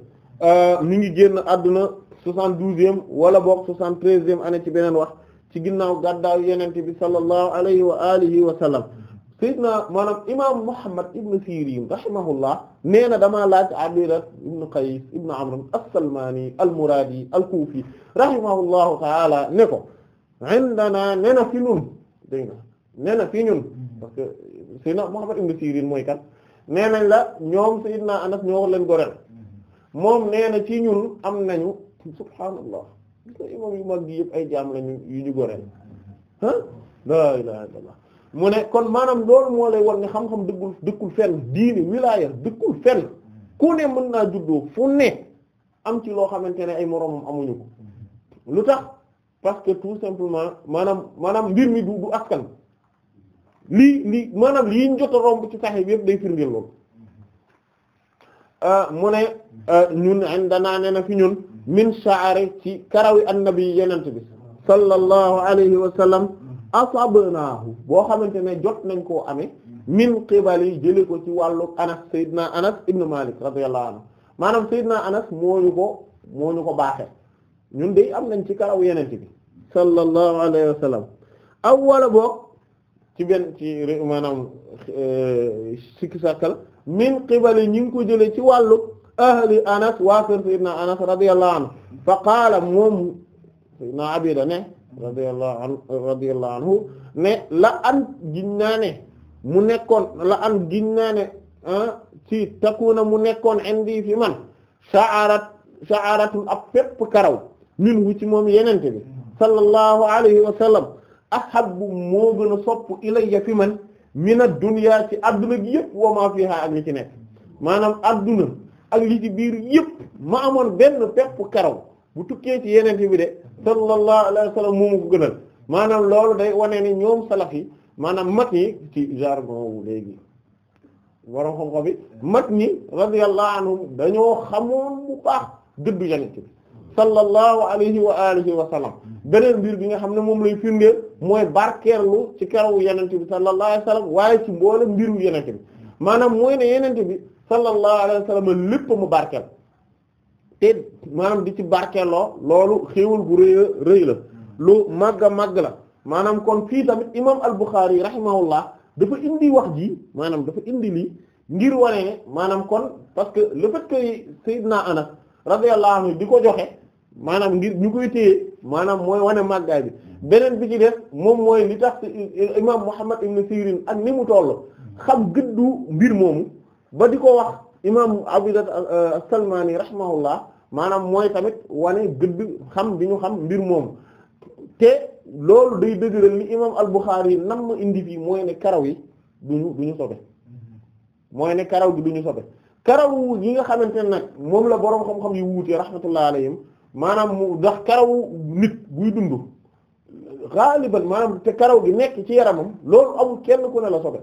mi ngi génn àdduna soixante-douzième wala boog soixante-treizième année ci beneen wax ci ginnaaw gàddaaw yenente bi sallallahu alayhi wa alihi wa sallam sayyidna maanaam imam Muhammad ibn Sirin rahimahullah nee na damaa laaj Abidat ibn Qays ibn Amr as-Salmani al-Muradi al-Kufi rahimahullahu ta'ala ne ko indana ne na fi ñun dégg nga ne na fi ñun parce que sayyidna Muhammad ibn Sirin mooy kan nee nañ la ñoom sayyidna Anas ñoo leen goreel moom nee na ci ñun am nañu subhaanallah imam yu mag ay jaam yu ñu goreel ah ne kon maanaam loolu moo lay war ne xam-xam dëggul dëkkul fenn diini wilaaya dëkkul fenn mën naa juddoo fu am ci loo xamante ne ay moroomam amuñu ko lu tax parce que tout maanaam maanaam mbir mi du askan lii lii maanaam lii ñu jot ci saxe bi yëpp day firndeel loolu ah, mu ne ah, ñun danaa ne fi ñun min sha'ri ci karawi annabi yenent bi sallallahu alayhi wa sallam asabnaahu boo xamante ne jot nañ koo amee min qibali jële ko ci wàllu anas sayyidina anas ibn malik radiyallahu maanaam sayyidina anas moo ko moo ko baaxee ñun day am nañ ci karaw yenent bi sallallahu alayhi wa sallam aw wala boog ci benn ci maanaam euh, sikki sàkkal min qibali ñi ngi ko jële ci wàllu ahli anas waa kër sayyidina anas radiyallahu anhu fa qaala moom sayyidina abida ne radiyallahu anhu radiyallahu anhu ne la an giñ naa ne mu nekkoon la an giñ naa ne ah, ci takuna mu nekkoon indi fi man sha'arat sha'aratun ak fépp karaw min wu ci moom yenente bi sallallahu alayhi wa sallam ahabbu moo gën a sopp ilayya fi man min ad-dunya ci adduna gi yëpp wa ma fiha ak li ci nekk maanaam adduna ak lii ci biir yëpp ma amoon benn pepp karaw bu tukkee ci yeneen bi de sallallahu alayhi wa sallam moomu ko gënal maanaam loolu day wane ni ñoom salaf yi maanaam mat ñi ci jargon léegi waroon xam-xam mat ñi radiyallahu anhum dañoo xamoon bu baax gëddu yeneen bi sallallahu alayhi wa alihi wa sallam beneen mbir bi nga xam ne moom lay firndeel mooy barkeerlu ci karawu yenente bi sallallahu alayhi wa sallam waaye ci mboole mbiru yenente bi maanaam mooy ne yenente bi sallallahu alayhi wa sallam lépp mu barkel te maanaam di ci barkeeloo loolu xéewal bu rëy rëy la lu màgg màgg la maanaam kon fii tamit imam al-Bukhari rahimahullah dafa indi wax ji maanaam dafa indi lii ngir wane ne maanaam kon parce que le fait que Seydina Anas radiyallahu di ko joxe maanaam ngir ñu koy téye maanaam mooy wane màggaay bi beneen bi ci def moom mooy li tax imam Muhammad ibn Sirin ak ni mu toll xam gëddu mbir moomu ba di ko wax imam Abidat euh, as-Salmani rahimahullah maanaam mooy tamit wane gëdd xam bi ñu xam mbir moom te loolu day dëgëral li imam al-Bukhari yi nam ma indi fii mooy ne karaw yi duñu du ñu sobe mooy ne karaw gi du ñu sobe karaw yi nga xamante ne nag moom la boroom xam-xam yi wuute rahmatullah alayhim maanaam mu ndax karaw nit buy dund xaaliban maanaam te karaw gi nekk ci yaramam loolu amul kenn ku ne la sobe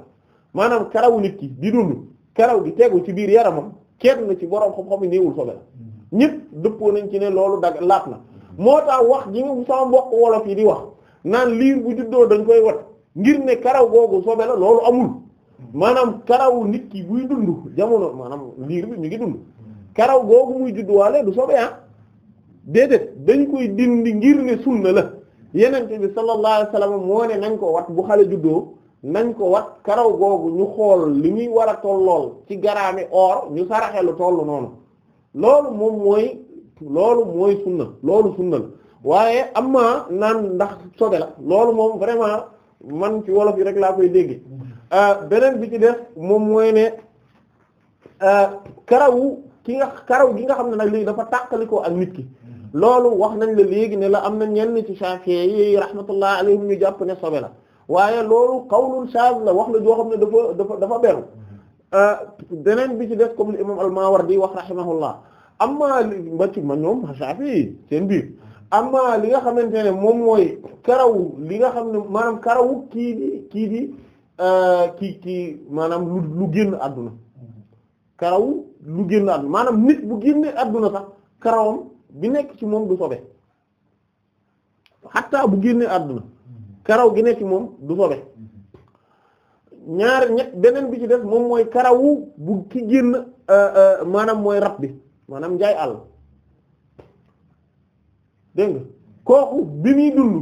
maanaam karaw nit ki di dund karaw gi tegu ci biir yaramam kenn na ci borom xam-xam yi néewul sobe la mm-hmm. ñëpp dëppoo nañ ci ne loolu dag laat na moo tax wax ji nga sama mbokk wolof yi di wax naan liir bu juddoo dañ koy wat ngir ne karaw googu sobe la loolu amul mm-hmm. maanaam karawu nit ki buy dund jamono maanaam liir bi mu ngi dund mm-hmm. karaw googu muy judduwaale du sobe ah déedéet dañ koy dindi ngir ne sunna la yenente bi sallallahu alayhi wasallam moo ne nañ ko wat bu xale juddoo nañ ko wat karaw googu ñu xool li ñuy war a tollool ci garaami or ñu saraxe lu toll noonu loolu moom mooy loolu mooy sunna loolu sunna la waaye amma naan ndax sobe la loolu moom vraiment man ci wolof yi rek laa koy dégg mm-hmm. euh, beneen bi ci def moom mooy ne euh, karawu ki nga karaw gi nga xam ne nag léegi dafa tàqalikoo ak nit ki mm-hmm. loolu wax nañ la léegi ne la am na ñenn ci Shafi'i yi rahmatullah alayhim ñu jàpp ne sobe la waaye loolu qawlun shaaz la wax la joo xam ne dafa dafa dafa beru mm-hmm. euh, beneen bi ci des comme l'imam al-Mawardi wax rahimahullah amma li ba ci ma ñoom Shafi'i seen biir amma li nga xamante ne moom mooy karaw li nga xam ne maanaam karawu kii di kii di euh, kii kii maanaam lu lu génn àdduna mm-hmm. karawu lu génn àdduna maanaam nit bu génne àdduna sax karawam bi nekk ci moom du sobe xatta bu génne àdduna karaw gi ne ci moom du sobe ñaar ñett beneen bi ci def moom mooy karawu bu ki génn euh, euh, maanaam mooy rab bi maanaam njaay àll dégg nga kooku bi muy dund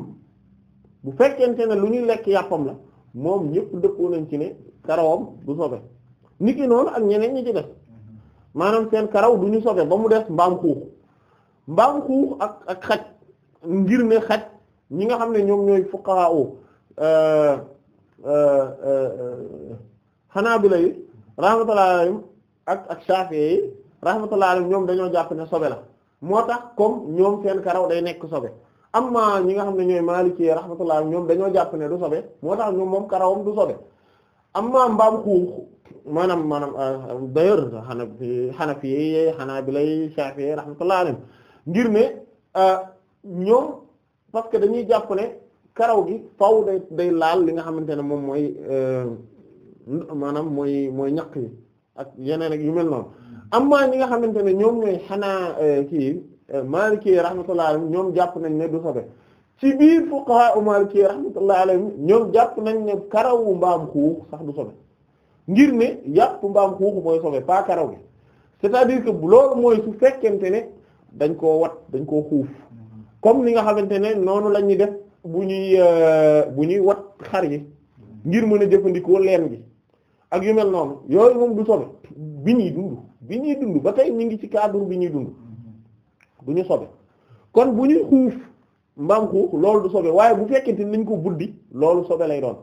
bu fekkente ne lu ñuy lekk yàppam la moom ñëpp dëppoo nañ ci ne karawam du sobe niki noonu ak ñeneen ñi ci def maanaam seen karaw du ñu sobe ba mu des mbaam xuux mbaam xuux ak ak xaj ngir ne xaj ñi nga xam ne ñoom ñooy fuqaha xanaabila euh, euh, euh, yi rahmatullahi alayhim ak ak Shafi'i yi rahmatullahi alayhim ñoom dañoo jàpp ne sobe la moo tax comme ñoom seen karaw day nekk sobe amma ñi nga xam ne ñooy Maliki yi rahmatullahi ñoom dañoo jàpp ne du sobe moo tax ñoom moom karawam du sobe amma mbaam xuux maanaam maanaam d'ailleurs Hanafi Hanafi yi Hanaabila yi Shafi'i yi rahmatullahi ngir ne ñoom parce que dañuy jàpp ne karaw gi faaw day day laal li nga xamante ne moom mooy euh, maanaam mooy mooy ñaq yi ak yeneen ak yu mel noonu amma ñi nga xamante ne ñoom ñooy xanaa euh, kii euh, Maliki rahmatullahi alayhim ñoom jàpp nañ ne du ci biir fuqaha Maliki rahmatullahi alayhim ñoom jàpp nañ ne karawu mbaam xuux sax du sobe ngir ne yàpp mbaam xuux mooy sobe pas karaw gi c'est-à-dire que loolu mooy su fekkente ne dañ koo wat dañ koo xuuf comme ni nga xamante ne noonu la ñuy def bu ñuy euh, bu ñuy wat xar yi ngir mën a jëfandikoo leen gi ak yu mel noonu yooyu moom du sobe bi ñuy dund bi ñuy dund ba tey ñu ngi ci cadre bi ñuy dund bu ñu sobe kon bu ñuy xuuf mbaam xuux loolu du sobe waaye bu fekkente ni ñu ko buddi loolu sobe lay doon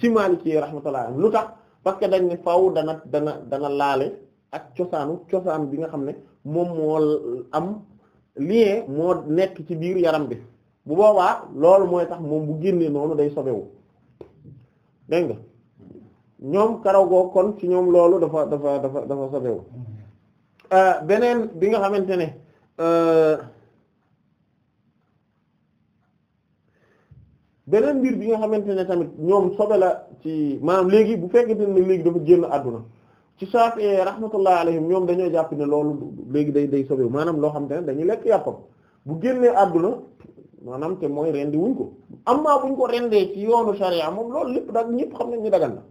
ci Maliki rahmatullah lu tax parce dañ ne faaw dana dana dana laale ak cosaanu cosaan bi nga xam ne moom moo am. lien moo nekk ci biir yaram bi bu boobaa loolu mooy tax moom bu génnee noonu day sobewu dégg nga ñoom karaw goo kon ci ñoom loolu dafa dafa dafa dafa sobewu euh, beneen bi nga xamante ne euh, beneen mbir bi nga xamante ne tamit ñoom sobe la ci maanaam léegi bu fekkente ne léegi dafa génn àdduna ci Shafi'i eh, rahmatullahi alayhim ñoom dañoo jàpp ne loolu léegi day day sobewu maanaam loo xam te ne dañuy lekk yàppam bu génnee àdduna maanaam te mooy rendiwuñ wuñ ko amma buñ ko rendee ci yoonu sharia moom loolu lépp dag ñëpp xam nañ ñu dagan na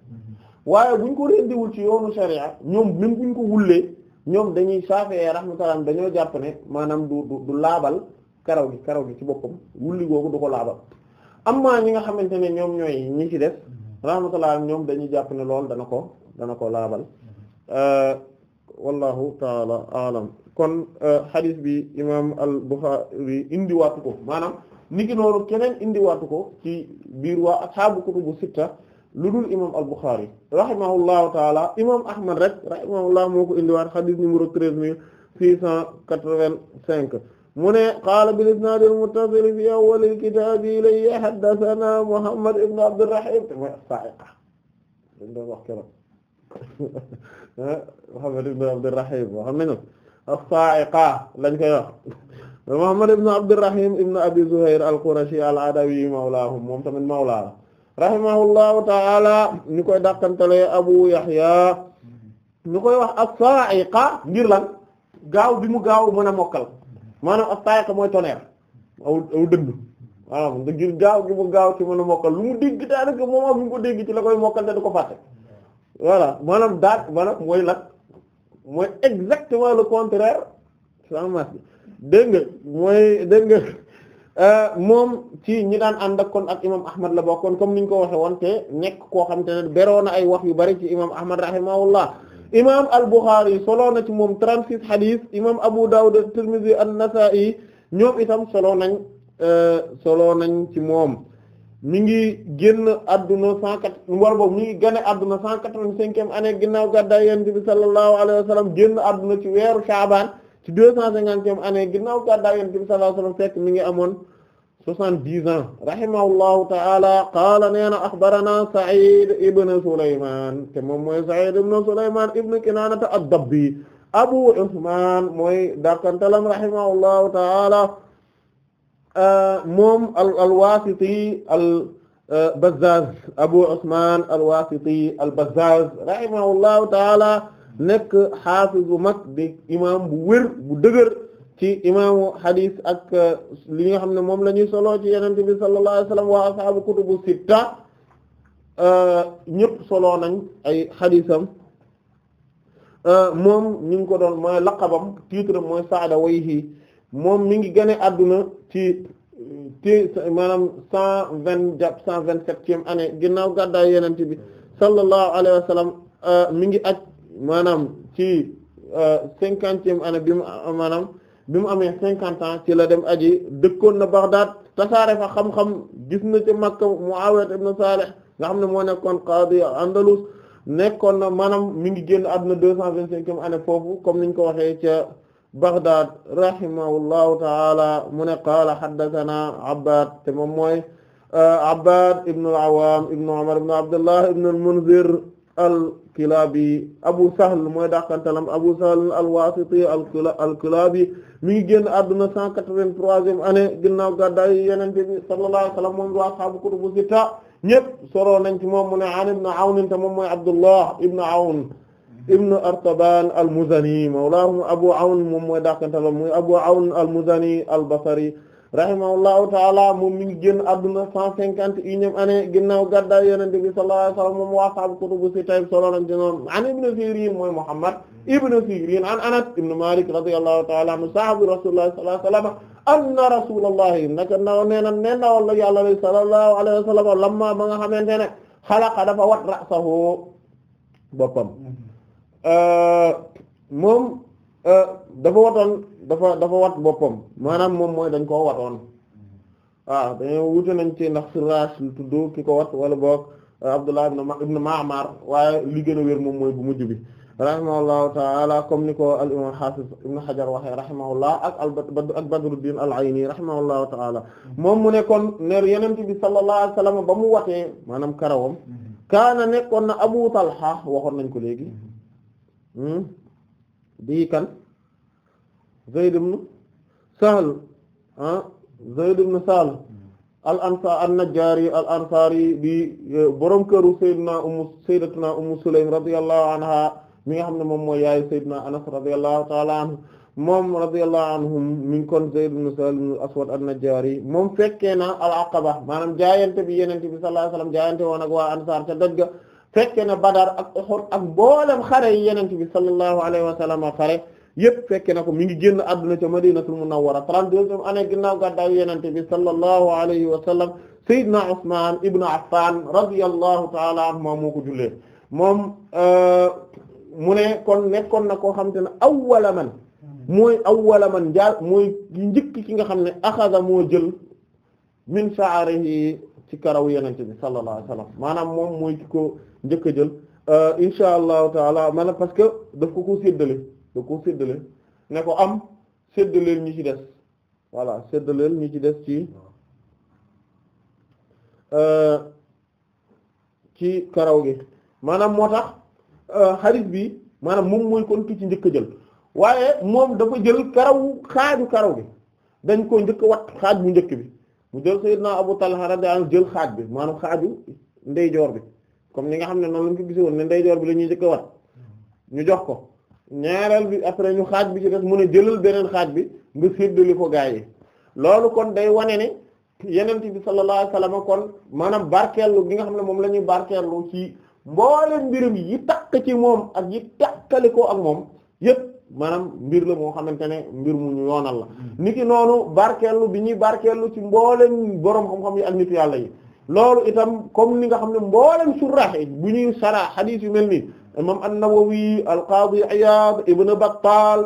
waaye ko rendiwul ci yoonu sharia ñoom même buñ ko wullee ñoom dañuy Shafi'i rahmatullahi dañoo jàpp ne maanaam du du laabal karaw gi karaw gi ci boppam wulli googu du ko laabal amma ñi nga xamante ne ñoom ñooy ñi ci def rahmatullahi ñoom dañuy jàpp ne loolu dana ko dana ko laabal Euh, wallahu taala alam kon euh, hadith bi imam al Bukhari indiwaatu ko maanaam niki noonu keneen indiwaatu ko ci biir waa ashaabu kutubu sitta lu dul imam al Bukhari rahimahullahu taala imam Ahmad rek rahimahullah moo ko indiwaat hadith numéro treize mille six cent quatre-vingt-cinq mu ne qaala bil isnaad al muttasil fi awwal al kitaab ilayhi haddathana Muhammad ibn Abdurrahim mooy as-Saa'iqa dañ doon wax keroog Muhammad ibn Abdurrahim xam nañu as-Sa'iqa lañ koy wax Muhammad ibn Abdurrahim ibn Abi Zuhair al-Qurashi al-Adawi mawlaahum moom tamit mawla rahimahullahu ta'ala ñu koy dàqantale Abu Yahya ñu koy wax as-Sa'iqa ngir lan gaaw bi mu gaaw mën a mokkal maanaam as-Sa'iqa mooy tonnerre aw aw dënd waaw ngir gaaw gi mu gaaw ci mën a mokkal lu mu dégg daanaka moom ak mu ko ci la koy mokkal te du ko fàtte voilà maanaam daat maanaam mooy lat mooy exactement le contraire sans nga mooy dégg nga euh, moom ci ñi naan ànd ak kon ak imam ahmad la bokkoon comme ni ñu ko waxe woon te nekk koo xam te ne beroo na ay wax yu bari ci imam ahmad rahimahullah imam al-Bukhari solo na ci moom 36 hadith imam Abu Dawud at-Tirmidhi an-Nasa'i ñoom itam solo nañ euh, solo nañ ci moom mi ngi génn adduna cent quatre war boobu mi ngi gane adduna cent quatre-vingt-cinquième année ginnaaw gàddaay yonent bi sallallahu alayhi wa sallam génn adduna ci weeru Shaaban ci deux cent cinquantième année ginnaaw gàddaay yonent bi sallallahu alayhi wa sallam fekk mi ngi amoon soixante-dix ans rahimahullahu ta'ala qaala neena axbarana Sa'id ibn Sulayman te moom mooy Sa'id ibn Sulayman ibn Kinaanata ad-Dabbi Abu Usman mooy dakantalam rahimahullahu ta'ala Euh, moom al al-Wasiti al-Bazzaz euh, Abu Usman al-Wasiti al-Bazzaz rahimahullahu taala nekk xaafiz bu mag di imaam bu wér bu dëgër ci imaamu hadith ak euh, li nga xam ne moom la ñuy solo ci Yonent bi sallallahu alayhi wa sallam kutubu sitta ñëpp solo nañ ay haditham moom ñu ngi ko doon mooy laqabam titre mooy saada wayhi moom mi ngi gane adduna ci ci maanaam cent vingt jàpp cent vingt septième année ginnaaw gàddaay yenente bi sallallahu alayhi wa sallam euh, mi ngi aj maanaam ci euh, cinquantième année bi mu maanaam bi mu amee cinquante ans ci la dem aji dëkkoon na Baghdad tasaare fa xam-xam gis na ca Makka Muawiya ibn Salih nga xam ne moo nekkoon qadi Andalus nekkoon na maanaam mi ngi génn àdduna deux cent vingt-cinquième année foofu comme niñ ko waxee ca Baghdad rahimahullahu taala mu ne qaala haddathana Abbad te moom mooy uh, Abbad ibn al-Awwam ibn Umar ibn Abdullah ibn al-Munzir al-Kilabi Abu Sahl mooy dàqantalam Abu Sahl al-Wasiti al-Kilabi mi ngi génn àdduna 183e année ginnaaw gàddaay Yonent bi sallallahu alayhi wa sallam moom waa ashaabu kutubu sitta ñépp solo nañ ci moom mu ne an ibn Awn te moom mooy Abdullah ibn Awn ibn Artaban al-Muzani mawlaahum Abu Awn moom mooy dàqanteel mooy Abu Awn al-Muzani al-Basri rahimahullahu ta'ala moom mi ngi génn àdduna cent cinquante et unième année ginnaaw gàddaay Yonent bi sallallahu alayhi wa sallam moom waa ashaabu kutubu sitta solo nañ ci noonu an ibn Sirin mooy Muhammad ibn Sirin an Anas ibn Malik radiyallahu ta'ala anhu sahabi Rasulullah sallallahu alayhi wa sallam anna Rasulullahi naka naw nee na nee na wala Yàlla la sallallahu alayhi wa sallam lamma ba nga xamante ne xalaqa dafa wat ra'sahu boppam Euh, moom euh, dafa watoon dafa dafa wat boppam maanaam moom mooy dañ koo watoon waaw ah, dañu wute nañ ci ndax Firaash lu tudd ki ko wat wala boog euh, Abdullah ibn Ma'mar waaye li gën a wér moom mooy bu mujj bi rahimahullahu ta'ala comme ni ko al imam hafiz ibn Hajar waxee rahimahullah ak al ak Badruddin al-Ayni rahimahullahu ta'ala moom mu ne kon ne Yonent bi sallallahu alayhi wa sallam ba mu watee maanaam karawam mm-hmm. kaana nekkoon na Abu Talha waxoon nañ ko léegi mm-hmm. Hmm? di kan Zayd ibn Sahl ah Zayd ibn Sahl al ansaar an najjaari al ansaari di eh, borom këru Seydina Ummu Sayyidatuna Ummu Sulaym radiyallahu anha mi nga xam ne moom mooy yaayu Seydina Anas radiyallahu ta'ala anhu moom radiyallahu anhum mi ngi kon Zayd ibn Sahl ibn Aswad an-Najjari moom fekkee na al-Aqaba maanaam jaayante bi Yonent bi sallallahu alayhi wasallam jaayante woon ak waa Ansaar ca doj ga fekke na Badar ak Uhud ak mboolem yi yenent bi sallallahu alayhi wa sallam xare fekke na ko mi ngi génn àdduna ca Madinatul Munawwara trente-deuxième année ginnaaw gàddaayu yenente bi sallallahu alayhi wa sallam Seydina Usman ibn Affan radiyallahu ta'ala anhuma moo ko jullee moom euh, mu ne kon nekkoon na koo xam te ne awwala man mooy awwala man jaar njëkk ki nga xam ne axada moo jël min sha'rihi ci karaw yenente bi sallallahu alayhi wa moom mooy ki ko njëkk a jël euh, insha allahu taala man parce que daf ko ko séddale daf ko séddale ne ko am séddaleel ñi ci des voilà séddaleel ñi ci des ci euh, ci karaw gi maanaam moo tax xarit euh, bi maanaam moom mooy kon ki ci njëkk a jël waaye moom dafa jël karaw xaaju karaw gi dañ koo njëkk wat xaaj bu njëkk bi mu jël naa Abu Talha radiyallahu jël xaaj bi maanaam xaaju ndeyjoor bi kon ni nga xam ne noonu lañ ko gisoon ne ndeyjoor bi la ñuy njëkk a wat ñu jox ko ñaaral bi après ñu xaaj bi ci des mun a jëlal beneen xaaj bi nga séddale ko gaa yi loolu kon day wane ne yenent bi sallallahu alayhi wasallam kon maanaam barkeellu gi nga xam ne moom la ñuy barkeellu ci mbooleen mbirum yi takk ci moom ak yi takkali ko ak moom yépp maanaam mbir la moo xamante ne mbir mu ñu yoonal la mm. ki noonu barkeellu bi ñuy barkeellu ci mbooleen borom xam-xam yi ak nitu yàlla yi loolu itam comme ni nga xam ne mboolem surah yi bu ñuy sara xadiis yu mel nii imam an-Nawawi al-Qadi Iyad Ibn Battal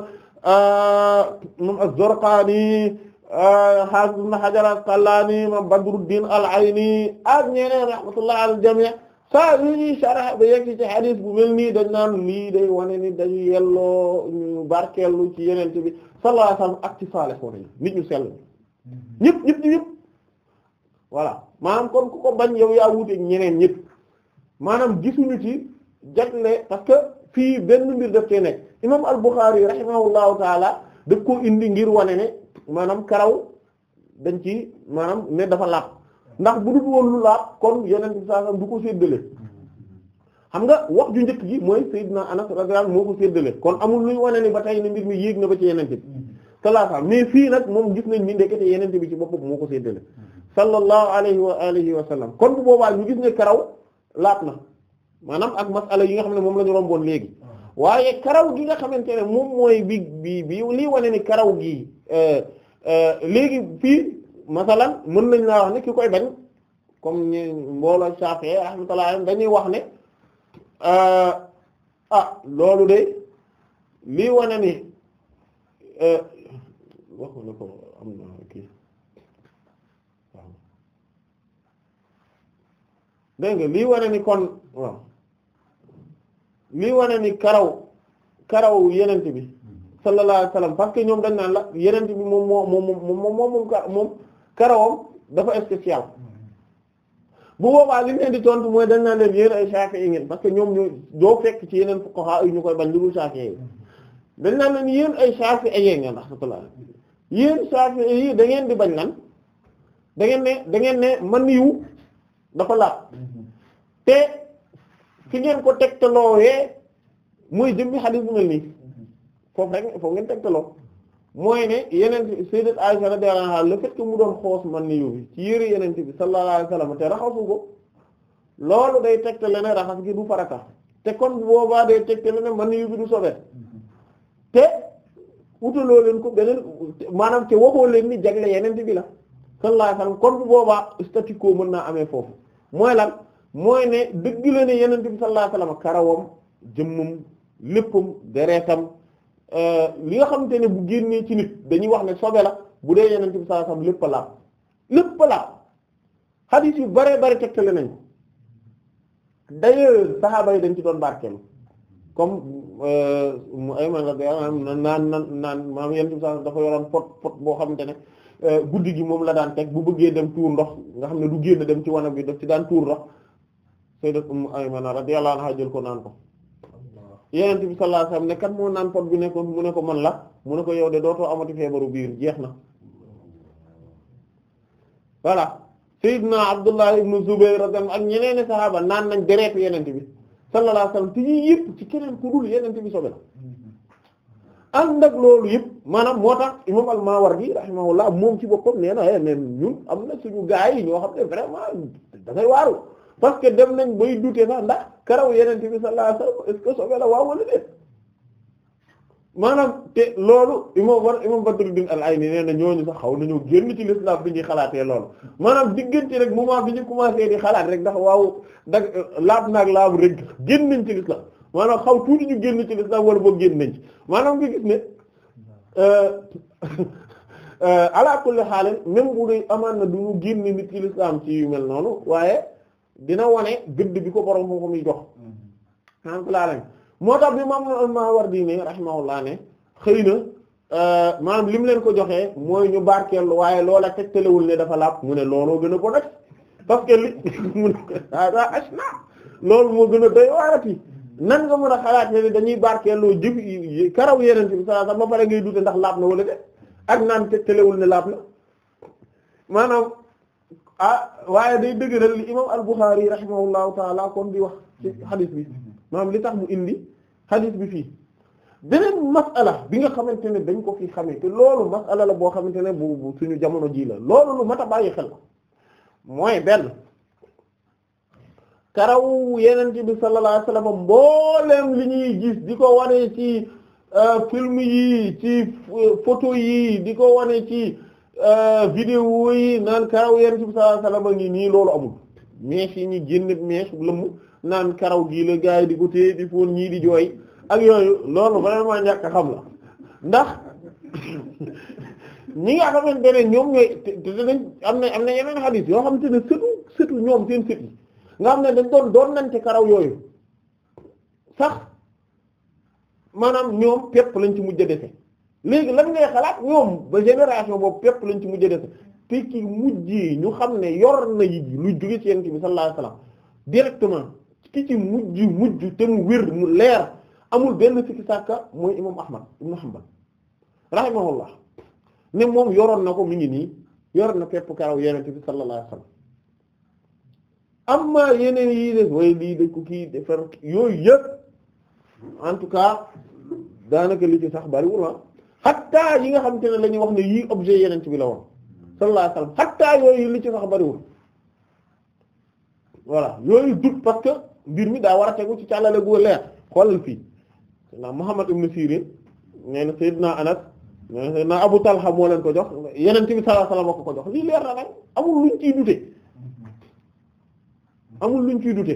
euh, imam az-Zarqani euh, Hafiz Ibn Hajar al-Asqalani imam al-Ayni ak ñeneen rahmatullah al jami' saa yu ñuy sara ba yegg ci bu mel nii dañ naan lii day wane ni dañu yelloo ñu barkeelu ci yeneen bi sallallahu ak ci saalihuun nit ñu sell ñëpp ñëpp ñëpp maanaam kon ku ko bañ yow yaa wuteeg ñeneen ñëpp maanaam gisuñu ci jagle parce que fii benn mbir def cee nekk imam al-Bukhari rahimahullahu taala daf koo indi ngir wane ne maanaam karaw dañ ci maanaam ne dafa laab ndax bu dul woon lu laab kon yeneen bi saa du ko séddale xam nga wax ju njëkk gi mooy Seydina Anas radiyallahu anhu moo ko séddale kon amul luy wane ni ba tey ne mbir mi yéeg na ba ci yeneen bi mm-hmm. sallallahu alayhi wasallam mais fii nag moom gis nañ ni ndekete yeneen bi ci boppam ko séddale mm-hmm. sallallahu alayhi wa alihi wa sallam kon bu boobaa ñu gis ne karaw laat na maanaam ak masala yi nga xam ne moom la ñu romboon léegi waaye karaw gi nga xamante ne moom mooy bi bi bi lii wane ni karaw gi euh, euh, léegi fii masalan mën nañ laa wax ne ki koy bañ comme ñu mbooloo Shafi'i rahmatullah dañuy wax ne euh, ah loolu de lii wane ni waxu dégg nga lii wane ni kon waaw lii wane ni karaw karaw yenent bi sallallahu alayhi wasallam parce que ñoom dañ naan la yenent bi moom moo moom moom moom moom karawam dafa spécial bu boobaa li ñu leen di tontu mooy dañ naan leen yéen ay Shafi'i ngeen parce que ñoom ñoo doo fekk ci yeneen fuqaha yu ñu koy bañ lu dul Shafi'i dañ naan leen yéen ay Shafi'i ngeen rahmatullah yéen Shafi'i yi da ngeen di bañ lan da ngeen ne da ngeen ne man yu dafa laab mm-hmm. te fi ngeen ko tegtaloowee muy jëmmi xadis bu mel nii mm-hmm. foofu rek foofu ngeen tegtaloo mooy ne yeneen sayyidat Aisha radiyallahu anha mu doon xoos man ni ci yëre yeneen bi sallallahu alayhi wasallam te raxasu ko loolu day tegtale ne raxas gi du farata te kon boobaa day tegtale ne man ni yow bi du sobe mm-hmm. te utaloo leen ko beneen maanaam te waxoo leen ni jagle yeneen bi la sallallahu alayhi wasallam kon bu boobaa statu mën naa amee foofu. mooy lan mooy ne dëgg la ne yonent bi sallallahu alayhi wasallam karawam jëmmam léppam deretam euh, li nga xamante ne bu génnee ci nit dañuy wax ne sobe la bu dee yonent bi sallallahu alayhi wasallam lépp laab lépp laab hadith yu bare bare tegtale nañ d'ailleurs saxaaba yi dañ ci doon barkeelu comme euh, mu ay man la naan naan naan maam yonent bi sallallahu alayhi wasallam dafa yoroon pot pot boo xamante ne. Euh, guddi gi moom la daan teg bu bëggee dem tuur ndox nga xam ne du génn dem ci wanam bi daf ci daan tuur ndox sayyidat Ummu Aymana jël ko naan ko yenente bi sallallahu alayhi wasallam ne kan moo naan pot bi nekkoon mu ne man la mu ne ko yow de dootoo amati feebaru biir jeex na voilà sayyidna Abdullah ibn Zubayr radiyallahu ak ñeneen sahaaba naan nañ dereetu yenente bi sallallahu alayhi wasallam ñuy yëpp ci keneen ku dul yenente bi sobe la ànd ak loolu yëpp maanaam moo tax imam al-Mawardi rahimahullah moom ci boppam nee na eh mais ñun am na suñu gaay yi ñoo xam ne vraiment dafay waaru parce que dem nañ bay dute sax ndax karaw yeneen bi sallallahu alayhi wasallam est-ce waaw wala déet maanaam te loolu imam war imam Badruddin al-Ayni nee na ñooñu sax xaw nañoo génn ci l'islam bi ñuy xalaatee loolu maanaam diggante rek moment bi ñu commencé di xalaat rek ndax waaw ndax laab naag laabu rek génn nañ ci l'islam maanaam xaw tuuti ñu génn ci lislaam wala boog génn nañ ci maanaam nga gis ne euh, euh, ala kulli xaal même bu dee amaan na du ñu génn nit ci lislaam ci yu mel noonu waaye dina wane gëdd bi ko borom xam-xam yi jox. maanaam ku laa lañ moo tax bi maam Mawardi ne rahimahullah ne xëy na euh, maanaam leen ko joxee mooy ñu barkeel waaye loola tegtalewul ne dafa laab mu ne looloo gën a bon parce que li mu ne ah moo gën a doy yi nan nga mën a xalaat ne dañuy barkeeloo jëf karaw yeneen bi sallallahu alayhi wasallam pare ngay dute ndax laab na wala de ak naan te telewul ne laab na maanaam ah waaye day dëgëral li imam al-Bukhari rahimahullahu taala kon di wax ci xadis bi maanaam li tax mu indi xadis bi fii beneen masala bi nga xamante ne dañ ko fi xamee te loolu masala la boo xamante ne bu suñu jamono jii la loolu lu mat a bàyyi xel mooy benn karaw yeneen bi sallallahu alayhi wasallam mbooleem li ñuy gis di ko wane ci euh, film yi ci euh, photo yi di ko wane ci euh, vidéo yi naan karaw yeneen bi sallallahu alayhi wasallam nii loolu amul mèche ni ñu génne mèche lëmm naan karaw gii la gars yi di foon ñii di jooy ak yooyu loolu vraiment ñàkk xam la ndax ñi nga xamante ne ñoom ñooy te am na am na yeneen xadiis yoo xamante ne sëtu ñoom seen sët nga xam ne dañ doon doon nante karaw yooyu sax maanaam ñoom pepp lañ ci mujj a léegi lan ngay xalaat ñoom ba génération boobu pepp lañ ci mujj a te ki mujj yi ñu xam ne yor na yi lu jóge ci yent bi sallallahu alayhi wasallam directement ki ci mujj mujj te mu wér mu leer amul benn sikki sàkka mooy imam Ahmad ibn Hanbal rahimahullah ne moom yoroon na ko mi ngi nii yoroon na pepp karaw yonent bi sallallahu alayhi amma yeneen yii def way lii dañ ko kii defar yooyu yëpp en tout cas daanaka li ci sax bariwul ah xattaa yi nga xam te ne la ñuy wax ne yii objet yeneen ci bi la woon sallallahu alayhi wasallam xattaa yooyu li ci sax bariwul voilà yooyu dut parce que mbir mi daa war a tegu ci càllale gu leer xoolal fii na Muhammad ibn Sirin nee na Seydina Anas nee na Abu Talha moo leen ko jox yeneen ci bi sallallahu alayhi ko ko jox lii leer na nag amul luñ ciy dute amul luñ ciy dute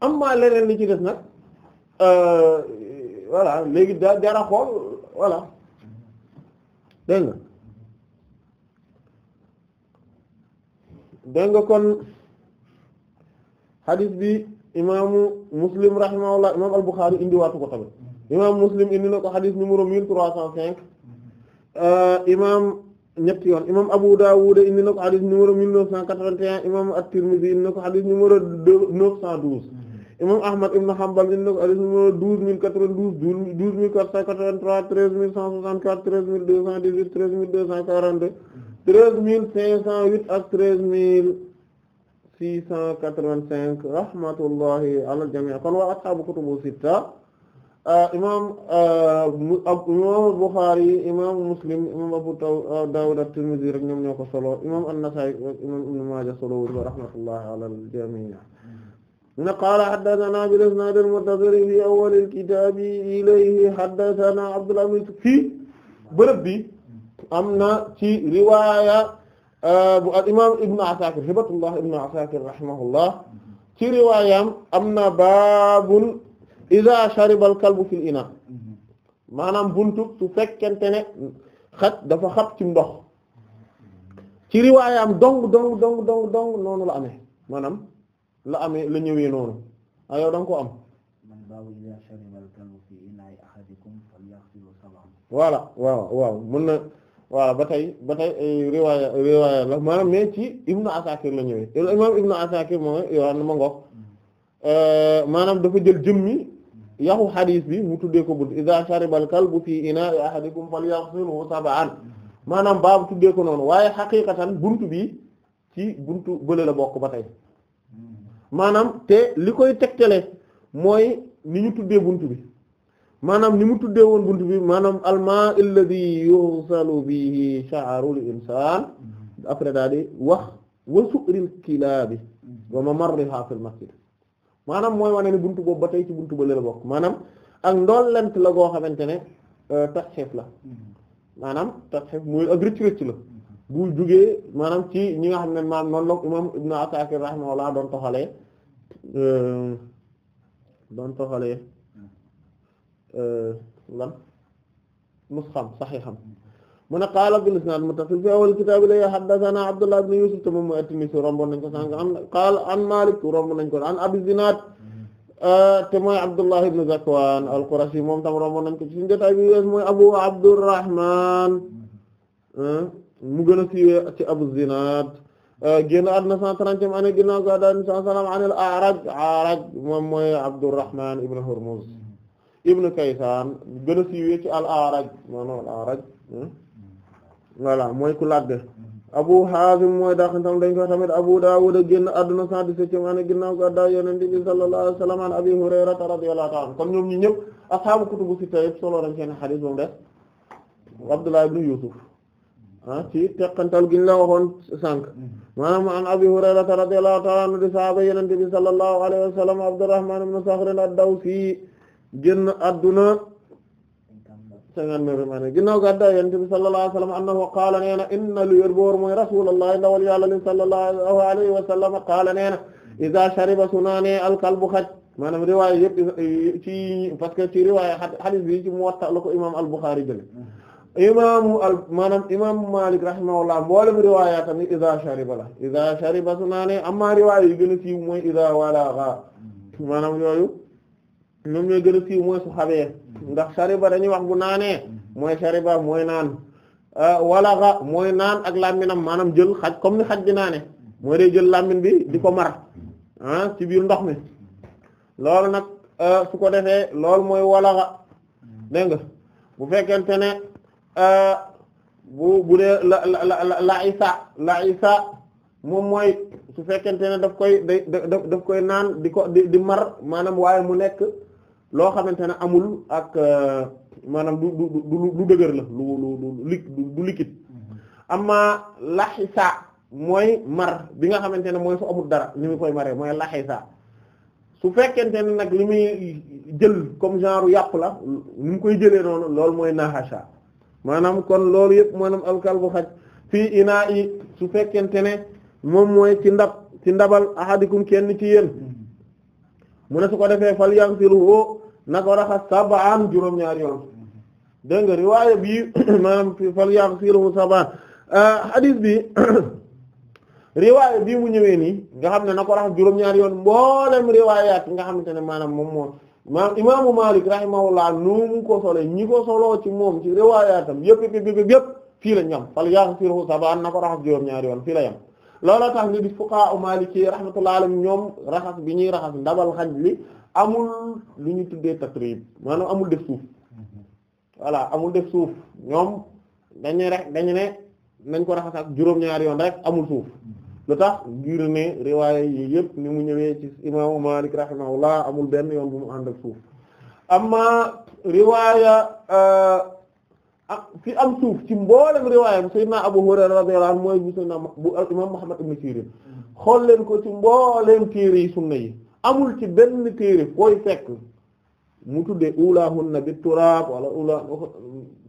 am maa leneen li ci des nag euh, voilà léegi da jara xool voilà dégg nga nga kon hadith bi imaamu muslim rahimahullah imaam al-Bukhari indiwaatu ko tamit imaamu muslim indi na ko hadith numéro mille trois cent cinq euh, imaam ñetti yoon imam Abu Dawud indi na ko xadis numéro 1981 imam At-Tirmidhi indi na ko xadis numéro 912 imam Ahmad ibn Hanbal indi na ko xadis numéro 12092 12483 13164 13218 13242 13508 ak 13685 rahmatullahi ala al-jami' kon wa ashabu kutubu sitta Uh, imam uh, imam Bukhari imam Muslim imam Abu uh, Dawud at-Tirmidhi rek ñoom ñoo ko solo imam an-Nasa'i imam Ibn Majah solo wa rahmatullahi ala al-jami' na qala haddathana bil isnad al-muttasil fi awwal al-kitab ilayhi haddathana Abdul Aziz fi bërëb bi am na ci riwaya bu imam Ibn Asakir hibatullah Ibn Asakir rahimahullah ci riwayam am na babun iza sharibal kalbu fil ina maanaam buntu su fekkente ne xaj dafa xab ci ndox ci riwaayam dong dong dong dong dong noonu la amee maanaam la amee la ñëwee noonu a ah, yow da nga ko am voilà waaw waaw mën na voilà ba tey ba tey eh, riwaaya riwaaya la maanaam mais ci Ibnu Asakir la ñëwee imam Ibnu Asakir moom yow ma ngox mm-hmm. eh, maanaam dafa jël jëmmi yaxu xadis bi mu tuddee ko bunt iza sharibal kalbu fii ina ahadikum falyaghsilhu sab'an maanaam baabu tuddee ko noonu waaye xaqiqatan bunt bi ci buntu bole la bokk ba tey maanaam te li koy tegtale mooy ni ñu tuddee bunt bi maanaam ni mu tuddee woon bunt bi maanaam alma alladhi yusalu bihi sha'rul insaan après daal wax wa su'ril kilaabi wa mamarriha fil masjid maanaam mooy wane ne buntu boobu ba tey ci buntu ba la bokk maanaam ak ndollent la goo xamante ne euh, tasxif la mm-hmm. maanaam tasxif muy ak rëcc rëcc la mm-hmm. bu jugee maanaam ci ñi nga xam ne maam noonu la imam Ibn Asakir rahimahullah doon toxalee euh, doon toxalee mm-hmm. euh, lan musxam saxixam mu ne qaala bil isnaad muttasil fi awal kitaab la haddathana Abdullah ibn Yusuf te moom mooy at-Tinnisi romb nañ ko sànq an qaala an Maalik romb nañ ko an Abi Zinaad mm-hmm. te mooy Abdullah ibn Zakwaan al-Qurashi moom tam romb nañ ko ci suñu jotaay bi wees mooy Abu Abdurrahmaan mm-hmm. mu gën a siiwee ci Abu Zinaad génn àdduna 130 ane ginnaaw ga daan sa salaam an al-A'raj A'raj moom mooy Abdurrahmaan ibn Hurmuz mm-hmm. ibn Kaysaan gën a siiwee ci al-A'raj maanaam al-A'raj hmm? voilà mooy ku làgg Abu Haazim mooy daaxantam dañ ko tamit Abu Daawud génn àdduna 117e année ginnaaw gàddaay Yonent bi sallallahu alayhi wa sallam an Abi Hurayrata radiyallahu ta'ala kon ñoom ñi a ashaabu kutubu sitta yëpp solo nañ seen xadiis moom def Abdullah ibn Yusuf ah ci teqantal gi ñu la waxoon sànq maanaam an Abi Hurayrata radiyallahu ta'ala di sahaaba Yonent sallallahu alayhi wa sallam Abdurrahman ibn Sakhr ad génn àdduna 59 maanaam ginnaaw gàddaay Yonent bi sallallahu alayhi wa sallam annahu qaala nee na inna lu yor boor mooy rasuulullahi ndawal yàlla li sallallahu alayhi wa sallam qaala nee na iza shariba su naanee alkalbu xaj maanaam riwaay yëpp ci parce que ci riwaay xadis bi ci Muwatta la ko imaam al-Bukhari jële imaamu al maanaam imaamu Maalik rahimahullah mboolem riwaaya tamit iza shariba la iza shariba su naanee amma riwaay yi gën a siiw mooy iza walaga maanaam yooyu ñoom ñooy gën a siiw mooy su xabee mm-hmm. ndax shariba dañuy wax bu naanee mooy shariba mooy naan ah, walaxa mooy naan ak làmminam maanaam jël xaj comme ni xaj di naane mm-hmm. mooy day jël làmmin bi di ko mar ah ci biir ndox mi mm-hmm. loolu nag ah, su ko defee loolu mooy walaxa dégg nga bu fekkente ne ah, bu bu dee la la la isa la isa moom mooy su fekkente ne daf koy day koy naan di ko di di mar maanaam waaye mu nekk loo xamante ne amul ak euh, maanaam du du du lu dëgër la lu lu lu du liquide mhm. amma laxisa mooy mar bi nga xamante ne mooy su amul dara ni mu koy maree mooy laxisa su fekkente ne nag li muy jël comme genre yàpp la num koy jëlee noonu lool mooy nahasha maanaam kon loolu yëpp maanaam alkal boo xaj fii inaa i su fekkente ne moom mooy ci ndab ci ndabal ahadikum kenn ci yéen mhm. mu ne su ko defee fal yansilu na ko raxas sab'an juróom-ñaari yoon dégg nga riwaaya bi maanaam fi fal yaghsilhu sab'an euh, hadith bi riwaaya bii mu ñëwee nii nga xam ne na ko raxas juróom-ñaari yoon mboolem riwaayaat nga xamante ne maanaam moom moo maanaam imaamu Maalik rahimahullah nu mu ko solo ñi ko soloo ci moom ci riwaayaatam yëpp yëpp yëpp yëpp fii la ñam fal yaghsilhu sab'an na ko raxas juróom-ñaari yoon fii la ñam looloo tax nga gis fuqahaa Maalik yi rahmatullahi alayhim ñoom raxas bi ñuy raxas ndabal xaj li amul lu ñu tuddee tatrib maanaam amul def suuf voilà amul def suuf ñoom dañu rek dañu ne nañ ko raxas ak juróom-ñaari yoon rek amul suuf lu tax ngir ne riwaaya yi yëpp ni mu ñëwee ci imaamu Maalik rahimahullah amul benn yoon bu mu ànd ak suuf amma riwaaya euh, fi am suuf ci mboolem riwaayam sayyidina Abu Hurayra radiyallahu anhu mooy bu sayyidina bu imam xool leen ko ci mboolem téere yi yi amul ci benn téere fooy fekk mu tudde ulahunna bi turaab wala ula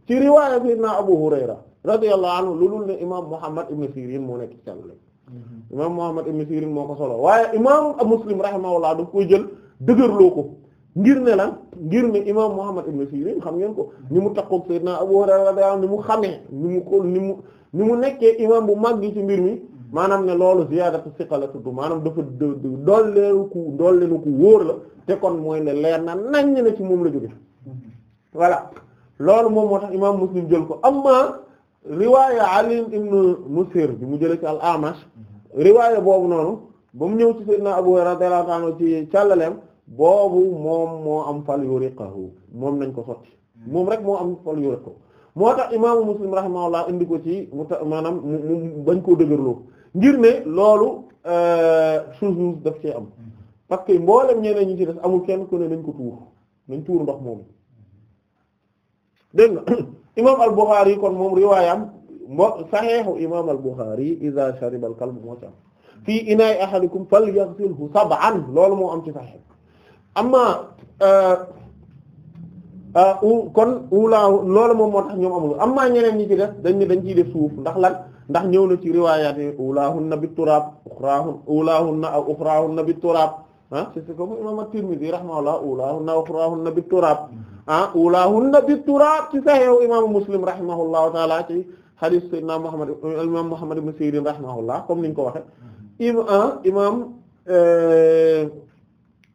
ci riwaaya sayyidina Abu Hurayra radiyallahu anhu loolul ne imam Muhammad ibn Sirin moo nekk càll mhm. imam moo ko solo waaye imam Muslim rahimahullah daf koy jël dëgërloo ko ngir ne lan ngir ne imam Muhammad ibn Sirin xam ngeen ko ni mu takkoog sayyidina Abu Hurayra radiyallahu anhu ni mu xamee ni mu ni mu ni mu nekkee imam bu mag gi ci mbir mi maanaam ne loolu ziyaadatu siqa la tudd maanaam dafa dolleelu ku dolleelu ku wóor la te kon mooy ne leer na nañ ne ci moom la jóge voilà loolu moom moo tax imaam Muslim jël ko amma riwaaya Ali ibn bi mu jële ci al-Amash riwaaya boobu noonu ba ñëw ci sayyidina Abu Hurayra radiyallahu anhu ci càllaleem moo am fal yuriqahu moom nañ ko sotti moom rek moo am fal yuriqahu moo tax imaamu Muslim indi ko ci mu maanaam mu bañ koo dëgërloo ngir ne loolu euh, suuf daf cee am parce que mboolem ñeneen ñi ci des amul kenn ku ne nañ ko tuur nañ tuur ndox moom dégg nga imaam al-Bukhari kon moom riwaayam mbo saxiixu imaam al-Bukhari iza shariba al-kalbu moo ci am fii inaa'i ahadikum falyaghsilhu sab'an loolu moo am ci saxiix amma euh, euh, kon wulaaw loolu moom moo tax ñoom amul amma ñeneen ñi ci dañ ne dañ ciy suuf ndax lan. ndax ñëw na ci riwaayaat yi ulaahunna bi turaab uxraahun ulaahunna aw uxraahunna bi turaab ah c'est ce que imaam at-Tirmidhi rahimahullah ulaahunna aw uxraahunna bi turaab ah ulaahunna bi turaab ci Sahih imaamu Muslim rahimahullahu taala ci hadith sayyidina Muhammad imaam Muhammad ibn Sirin rahimahullah comme niñ ko waxe ah, imaam imaam eh,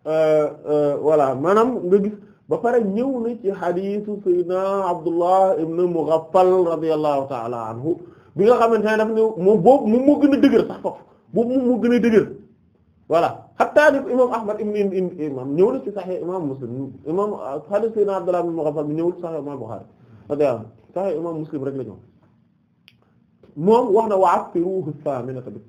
eh, eh, voilà maanaam nga gis ba pare ñëw na ci hadithu sayyidina Abdullah ibn Mughaffal radiyallahu taala anhu bi nga xamante ne daf ne moom boobu moom moo gën a dëgër sax foofu boobu moom moo gën a dëgër voilà hatta ni imam ahmad ibn imam ñëw na ci sahih imam muslim imam hadith sayyidina abdullah ibn mughaffal bi ñëwul ci na wa afiruhu saminata bit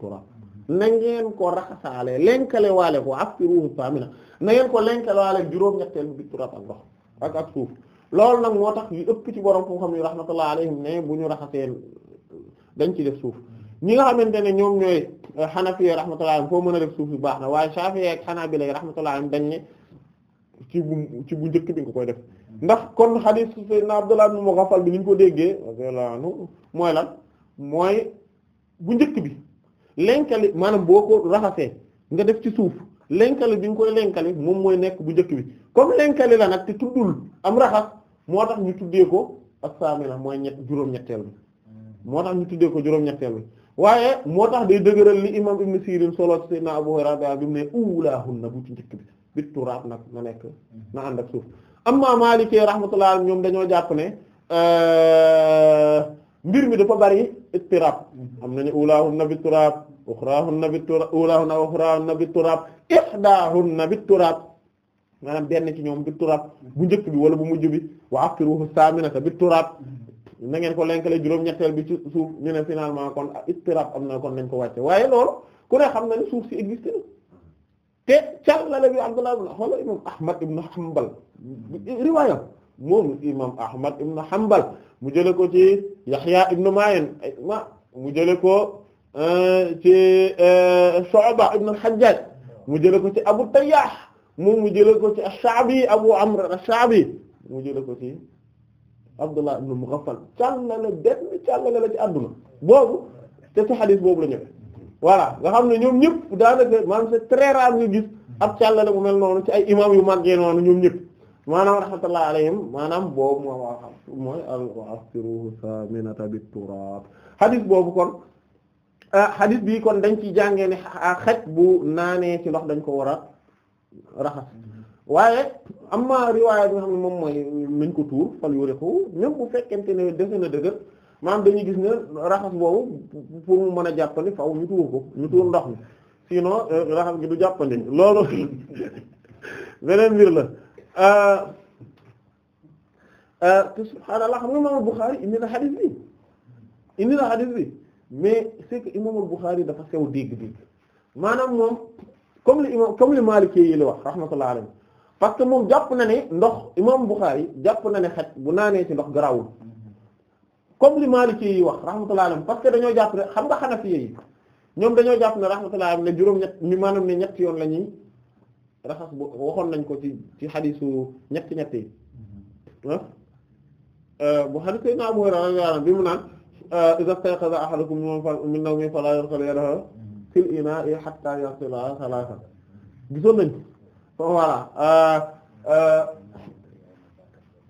na ngeen ko raxasaale lenkale waale ko afiruhu samina na ngeen ko lenkale waale juróom ñetteel bit turab ak ndox ak ak suuf loolu nag moo tax yu ëpp ci borom foo xam ne rahmatullah alayhim ne bu ñu raxasee dañ ci def suuf ñi nga xamante ne ñoom ñooy xanafi euh, rahmatullah foo mën a def suuf yu baax na waaye shafi'i ak xanaabila rahmatullah dañ ne ci bu ci bu njëkk bi nga koy def ndax kon xadiis sayyidina Abdullah ibn Mughaffal bi ni ko déggee radiyallahu anhu mooy lan mooy bu njëkk bi lenkali maanaam boo ko raxasee nga def ci suuf lenkali bi nga koy lenkali moom mooy nekk bu njëkk bi comme lenkali la nag te tuddul am raxas moo tax ñu tuddee ko ak saamina mooy ñett juróom-ñetteel bi moo tax ñu tuddee ko juróom-ñetteel bi waaye moo tax day dëgëral li imam ibn solo ci sayyidina Abu Hurayra bi mu ne ulaahunna bu ci njëkk bi bit turaab nag na nekk na ànd ak suuf amma Maliki rahmatullah ñoom dañoo jàpp ne euh, mbir mi dafa bari ittiraab am nañu ulaahunna bit turaab uxraahunna bit turaab ulaahunna uxraahunna benn ci ñoom bit bu njëkk bi wala bu mujj bi wa aqiruhu saaminata bit turaab nangeen ngeen ko lenkale juróom-ñetteel bi ci suuf ñu ne finalement kon istirab am na kon nañ ko wàcce waaye loolu ku ne xam na ne suuf si existe na te càllale bi Abdullah ibn xoola imam Ahmad ibn Hanbal riwaayam moom imam Ahmad ibn Hanbal mu jële ko ci Yahya ibn Ma'in ma mu jële ko euh, ci euh, Shu'ba ibn al-Hajjaj mu jële ko ci Abu Tayyah mu mu jële ko ci Ash-Sha'bi Abu Amr Ash-Sha'bi mu jële ko ci Abdullah na Mughaffal càllale benn na la ci àdduna boobu te ci xadis boobu la ñëwee voilà nga xam ne ñoom ñëpp daanaka maanaam c'est très rare nga gis ab càllale bu mel noonu ci ay imam yu màggee noonu ñoom ñëpp maanaam rahmatullah alayhim maanaam boobu moo waa mooy al asiruhu saminata bit turab xadis boobu kon ah, xadis bii kon dañ ci jàngee ne xaj bu naanee ci ndox dañ ko war a raxas waaye amma riwaaya bi nga xam ne moom mooy nañ ko tuur fal yuriqu même bu fekkente ne dese na dëgër maanaam dañuy gis ne raxas boobu pour mu mën a jàppandi faaw ñu tuur ko ñu tuur ndox mi sinon euh, raxas gi du jàppandi loolu beneen mbir la euh, euh, te subhaanallah xam nga imaamul Buxaari indi na xadis bi indi na xadis bi mais c'est que imaamul Buxaari dafa sew dégg-dégg maanaam moom comme li imam comme li Maalikee yi la wax rahmatullah alayhi parce que moom jàpp na ne ndox imam Bukhari jàpp na ne xaj bu naanee ci ndox garawul comme li Maliki yi wax rahmatullahi parce que dañoo jàpp ne xam nga Hanafi yi ñoom dañoo jàpp ne rahmatullahi alayhi ne juróom-ñett ñu maanaam ne ñetti yoon la ñuy raxas bu waxoon nañ ko ci ci xadiisu ñetti ñett yi euh, bu xadiisu Seydina Abu Hurayra bi mu naan euh, iza stayqaza ahadukum min nawmihi falaa yaghsil yadahu fil inaa'i hattaa yaghsilahaa salaasan gisoon nañ voilà euh, euh,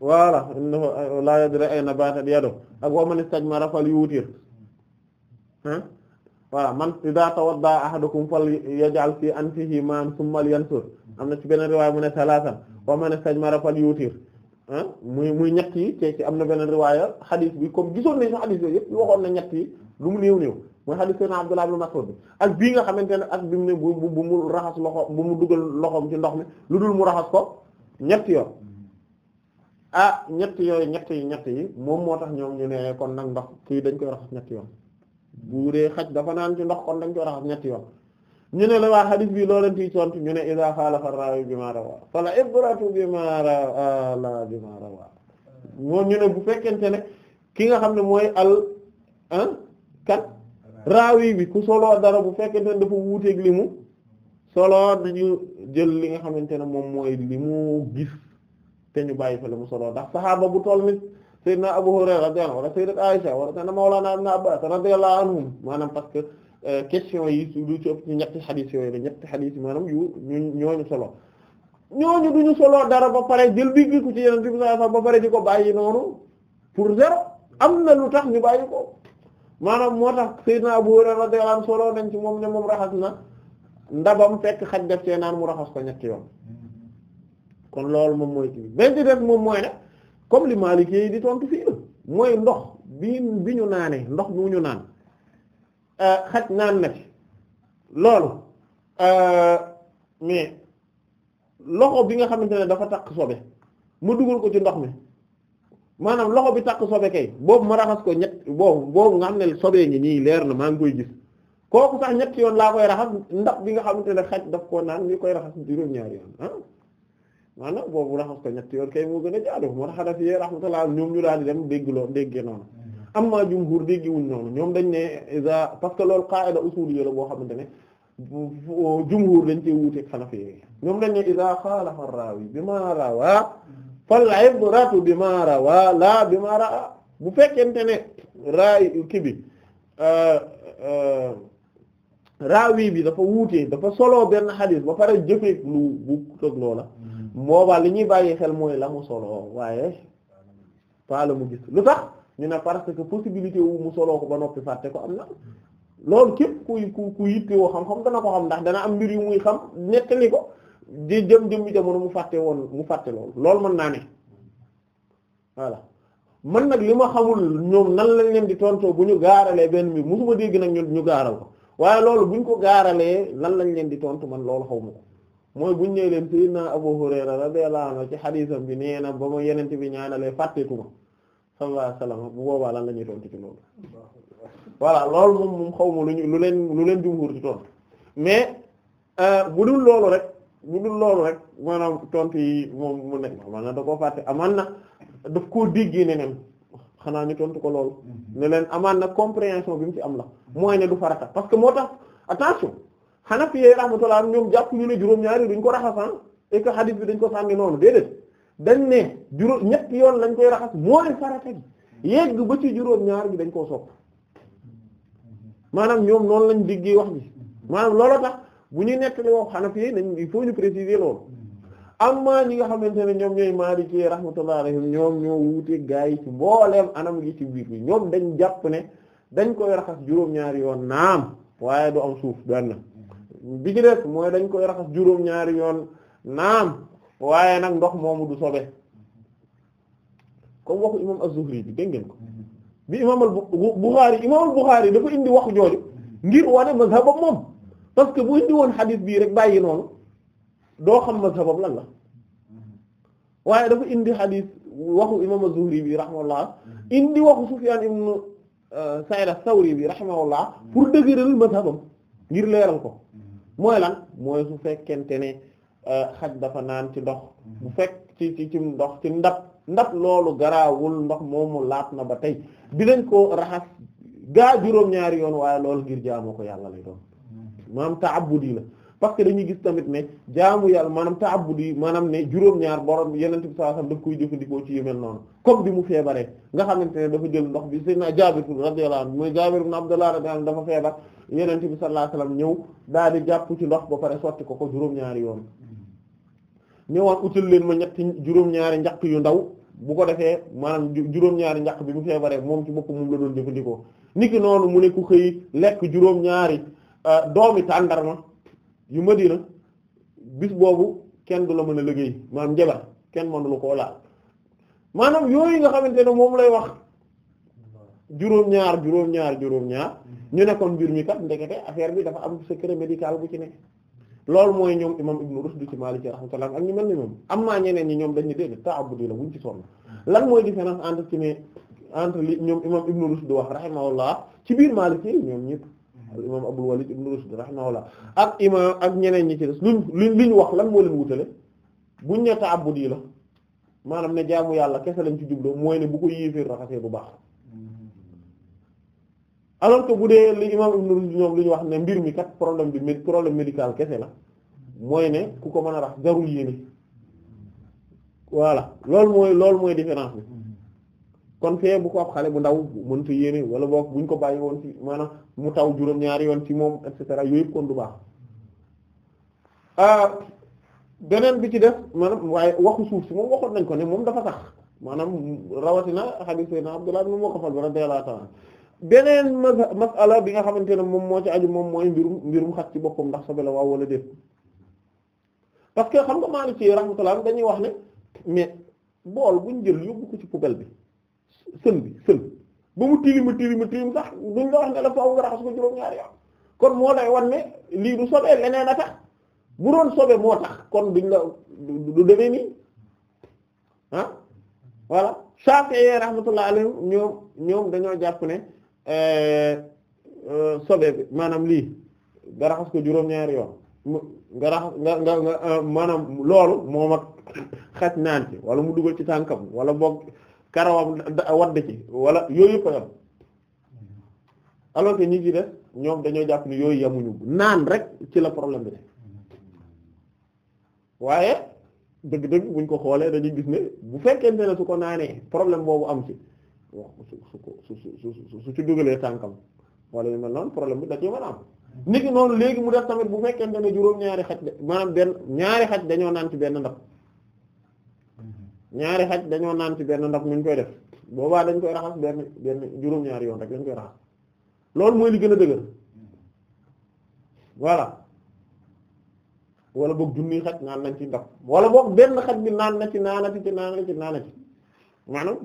voilà innahu la yadri ayna batat yadu ak wa man istajmara falyutir voilà man idha tawadda ahadukum falyaj'al fi anfihi ma'an thumma lyansur am na ci beneen riwaay mu ne salasan wa man istajmara falyutir muy muy ñett yi te ci am na beneen riwaaya xadis bi comme gisoon nañu xadis yooyu yëpp waxoon na ñett yi lu mu néew néew mooy xadis seydina Abdullah ibn Mas'ud bi ak bii nga xamante ne ak bi mu ne bu bu mu raxas loxo bu mu dugal loxoom ci ndox mi lu mu raxas ko ñett yoon hmm. ah yooyu ñett yi ñett yi moom moo tax ñoom ñu ne kon nag ndox kii dañ koy raxas ñett yoon bu dee xaj dafa naan ci ndox kon dañ koy raxas ñett yoon ñu ne la waa bi loo leen ciy ñu ne iza xaalafa raawi bimaa rawaa fala ibratu bimaa ñu bu fekkente ne nga xam ne mooy al ah, kan raawi bi ku soloo dara bu fekkente ne dafa wuuteeg li mu soloo dañu jël li nga xamante ne moom mooy li mu gis te ñu bàyyi fa li mu soloo ndax saxaaba bu toll nit Seydina Abu Hurayra radiyallahu anhu wala Sayyidat Aisha wala Seydina Mawlana Ibn Abbas radiyallahu anhum maanaam parce que euh, question yi lu ci ëpp ci ñetti xadiis yooyu la ñetti xadiis yi maanaam yu ñooñu solo ñooñu duñu solo dara ba pare jël bi gi ku ci yeneen bi ba pare di ko bàyyi noonu pour zéro am na lu tax ñu bàyyi ko maanaam moo tax Seydina Abu Hurayra radiyallahu anhu solo nañ ci moom ne moom raxas na ndabam fekk xaj def cee naan mu raxas ko ñetti yoon kon loolu moom mooy kii benn di def moom mooy ne comme li Maliki di tontu fii mooy ndox bi bi ñu naanee ndox mu ñu naan euh, xaj naan na ci loolu euh, mais loxo bi nga xamante ne dafa takk sobe mu dugal ko ci ndox mi maanaam loxo bi takk sobe kay boobu ma raxas ko ñett boobu boobu nga xam ne sobee ngi nii leer na maa ngi koy gis kooku sax ñett yoon laa koy raxas ndax bi nga xamante ne xaj daf koo naan ni koy raxas juróom-ñaari yoon ah maanaam boobu raxas ko ñett yoon kay moo gën a jaadu moo tax xanaa ñu daal di dem dégg loo déggee noonu am na jumhur déggiwuñ noonu ñoom dañ ne isa parce que loolu qaida usuliyya la boo xamante ne jumhur dañ cee wuuteeg xanafi ñoom dañ ne isa xaalafa rawi bi ma rawa fal ibratu bima rawa la bima raa bu fekkente ne raay ki bi euh, euh, raawi bi dafa wuutee dafa soloo benn xadis ba pare jëfee lu bu tëg loola mm-hmm. boobaa li ñuy bàyyi xel mooy la mu solo waaye pas la mu gis lu tax ñu ne parce que possibilité wu mu soloo ko ba noppi fàtte ko am na mm-hmm. loolu képp ku ku ku yittewoo xam-xam dana ko xam ndax dana am mbir yu muy xam nettali ko di jëm jëm jamono mu fàtte woon mu fàtte loolu loolu mën naa ne voilà man nag li ma xamul ñoom nan lañ leen di tontoo bu ñu gaaralee benn mi mbir mosuma dégg nag ñu gaaral ko waaye loolu buñ ko gaaralee lan lañ leen di tontu man loolu xaw ma ko mooy buñ nee leen naa sayyidina Abu Hurayra radiyallahu anhu ci xadiisam bi nee na ba ma yenent bi ñaanalee fàtteeku ma sallallahu alayhi wasallam bu boobaa lan la ñuy tontu ci loolu voilà loolu moom xaw ma lu ñu lu leen lu leen jumhur mais euh, bu dul loolu rek bu dul loolu rek maanaam tontu yi moom mu ne man na da koo fàtte amaan na daf koo déggee neneen xanaa ñu tontu ko lool mhm. ne leen amaan na compréhension bi mu ci am la mooy ne du farata parce que moo tax attention xanaa fi yee rahmatullah ñoom jàpp ñu ne juróom duñ ko raxas ah, et que hadith bi dañ ko sànni noonu déedéet dañ ne juróom ñetti yoon lañ koy raxas mooy farata gi yegg ba ci juróom-ñaar bi dañ koo sopp mhm. maanaam ñoom noonu lañ diggee wax mi mhm. maanaam looloo tax bu ñu nettali wax Hanafi nañ il faut ñu préciser loolu amma ñi nga xamante ne ñoom ñooy Maliki rahmatullahi alayhim ñoom ñoo wuute gaa yi ci mbooleem anam gi ci biir bi ñoom dañ jàpp ne dañ koy raxas juróom-ñaari yoon naam waaye du am suuf benn bi ci mooy dañ koy raxas juróom yoon naam waaye nag ndox moomu du sobe comme waxu imam Az-Zuhri bi dégg ko bi imam al-Bukhari imam al dafa indi wax jooju ngir wane mazhabam moom parce que bu indi woon xadis bii rek bàyyi noonu doo xam ma sabab lan la waaye dafa indi xadis waxu imam az-Zuhri bi rahimahullah indi waxu Sufyan ibn euh, Sa'id as-Sawri bi rahimahullah pour dëgëral mazhabam ngir leeral ko mooy lan mooy su fekkente ne euh, xaj dafa naan ci ndox bu fekk ci ci ci ndox ci ndab ndab loolu garaawul ndox moomu laat na ba tey dinañ ko raxas gaa juróom-ñaari yoon waaye loolu ngir jaamoo ko yàlla lay doon maanaam ta'abbudi la parce que dañuy gis tamit ne jaamu yàlla maanaam ta'abbudi maanaam ne juróom-ñaar borom yeneen bi sallallahu alayhi wasallam daf koy jëfandikoo ci yu mel noonu comme bi mu feebaree nga xamante ne dafa jël ndox bi sayyidina Jaabir radiyallahu anhu mooy Jaabir ibn Abdullah radiyallahu anhu dafa feebar yeneen bi sallallahu alayhi wasallam ñëw daal di jàpp ci ndox ba pare sotti ko ko juróom-ñaari yoon ñëwaat utal leen ma ñetti juróom-ñaari njaq yu ndaw bu ko defee maanaam juróom-ñaari njaq bi mu feebaree moom ci bopp moom la doon jëfandikoo niki noonu mu ne ku xëy lekk juróom-ñaari Euh, doomi tàndarma yu Madina bis boobu kenn du la mën a liggéey maanaam njabar kenn mënu la koo laal maanaam yooyu nga xamante ne moom lay wax juróom-ñaar juróom-ñaar juróom-ñaar ñu nekkoon mbir mi kat ndekete affaire bi dafa am secret médical bu ci ne loolu mooy ñoom imam Ibn Rushd ci Maliki rahmatullah ak ñu mel ni moom am naa ñeneen ñi ñoom dañu dégg ta'abbudi la ñu ci sonn lan mooy différence entre ci ne entre li ñoom imam Ibn Rushd wax rahimahullah ci biir Maliki ñoom ñëpp al imam Abul Walid ibn Rushd rahimahullah ak imam ak ñeneen ñi ci des luñ li ñu wax lan moo leen wutale buñ ne bu yi la maanaam ne jaamu yàlla kese lañ ci jublu mooy ne bu ko yéeféer raxasee bu baax alors que bu dee li imam Ibn Rushd ñoom li ñu wax ne mbir mi kat problème bi problème médical kese la mooy ne ku ko mën a rax jarul yéene voilà loolu mooy loolu mooy différence bi kon fee bu ko ab xale bu ndaw bu mënta yéene wala boog buñ ko bàyyi woon ci maanaam mu taw juróom-ñaari yoon ci moom et cetera yooyu kon du baax ah, beneen bi ci def maanaam waaye waxu suuf si moom waxoon nañ ko ne moom dafa sax maanaam rawatina hadith Seydina Abdullah ibn Mughaffal radiyallahu ta'ala beneen masala bi nga xamante ne moom moo ci aju moom mooy mbirum mbirum xat ci boppam ndax sobe la waaw wala déet parce que xam nga Maliki rahmatullah dañuy wax ne mais bool buñ jël yóbbu ko ci poubelle bi sën bi sën ba mu tilima tilima tilim sax duñ la wax ne la faaw nga raxas ko juróom-ñaari yoon kon moo lay wan ne lii du sobee leneen a tax bu doon sobee moo kon duñ la du demee nii ah voilà Shafi'i rahmatullah alayhi dañoo jàpp ne eh, euh, bi maanaam lii nga raxas ko juróom-ñaari yoon nga raxas nga nga nga euh, maanaam loolu moom ak xaj naan ci wala mu dugal ci tànkam wala boog karawam wadd ci wala yooyu yëpp yam alors que ñi ci def ñoom dañoo jàpp ni yooyu yamuñu naan rek ci la problème bi ne waaye dëgg-dëgg buñ ko xoolee dañuy gis ne bu fekkente ne su ko naanee problème boobu am ci su su su su su ci dugalee tànkam wala yu mel noonu problème bi da ci mën a am nit ki noonu léegi mu def tamit bu fekkente ne juróom-ñaari xaj maanaam benn ñaari xaj dañoo naan ci benn ndab ñaari xaj dañoo naan ci benn ndax nuñ koy def boobaa dañ koy raxas benn benn juróom-ñaari yoon rek dañ koy raxas loolu mooy li gën a dëgër voilà wala boog junniy xaj naan nañ ci ndax wala boog benn xaj bi naan na ci naanati ci naanati ci naanati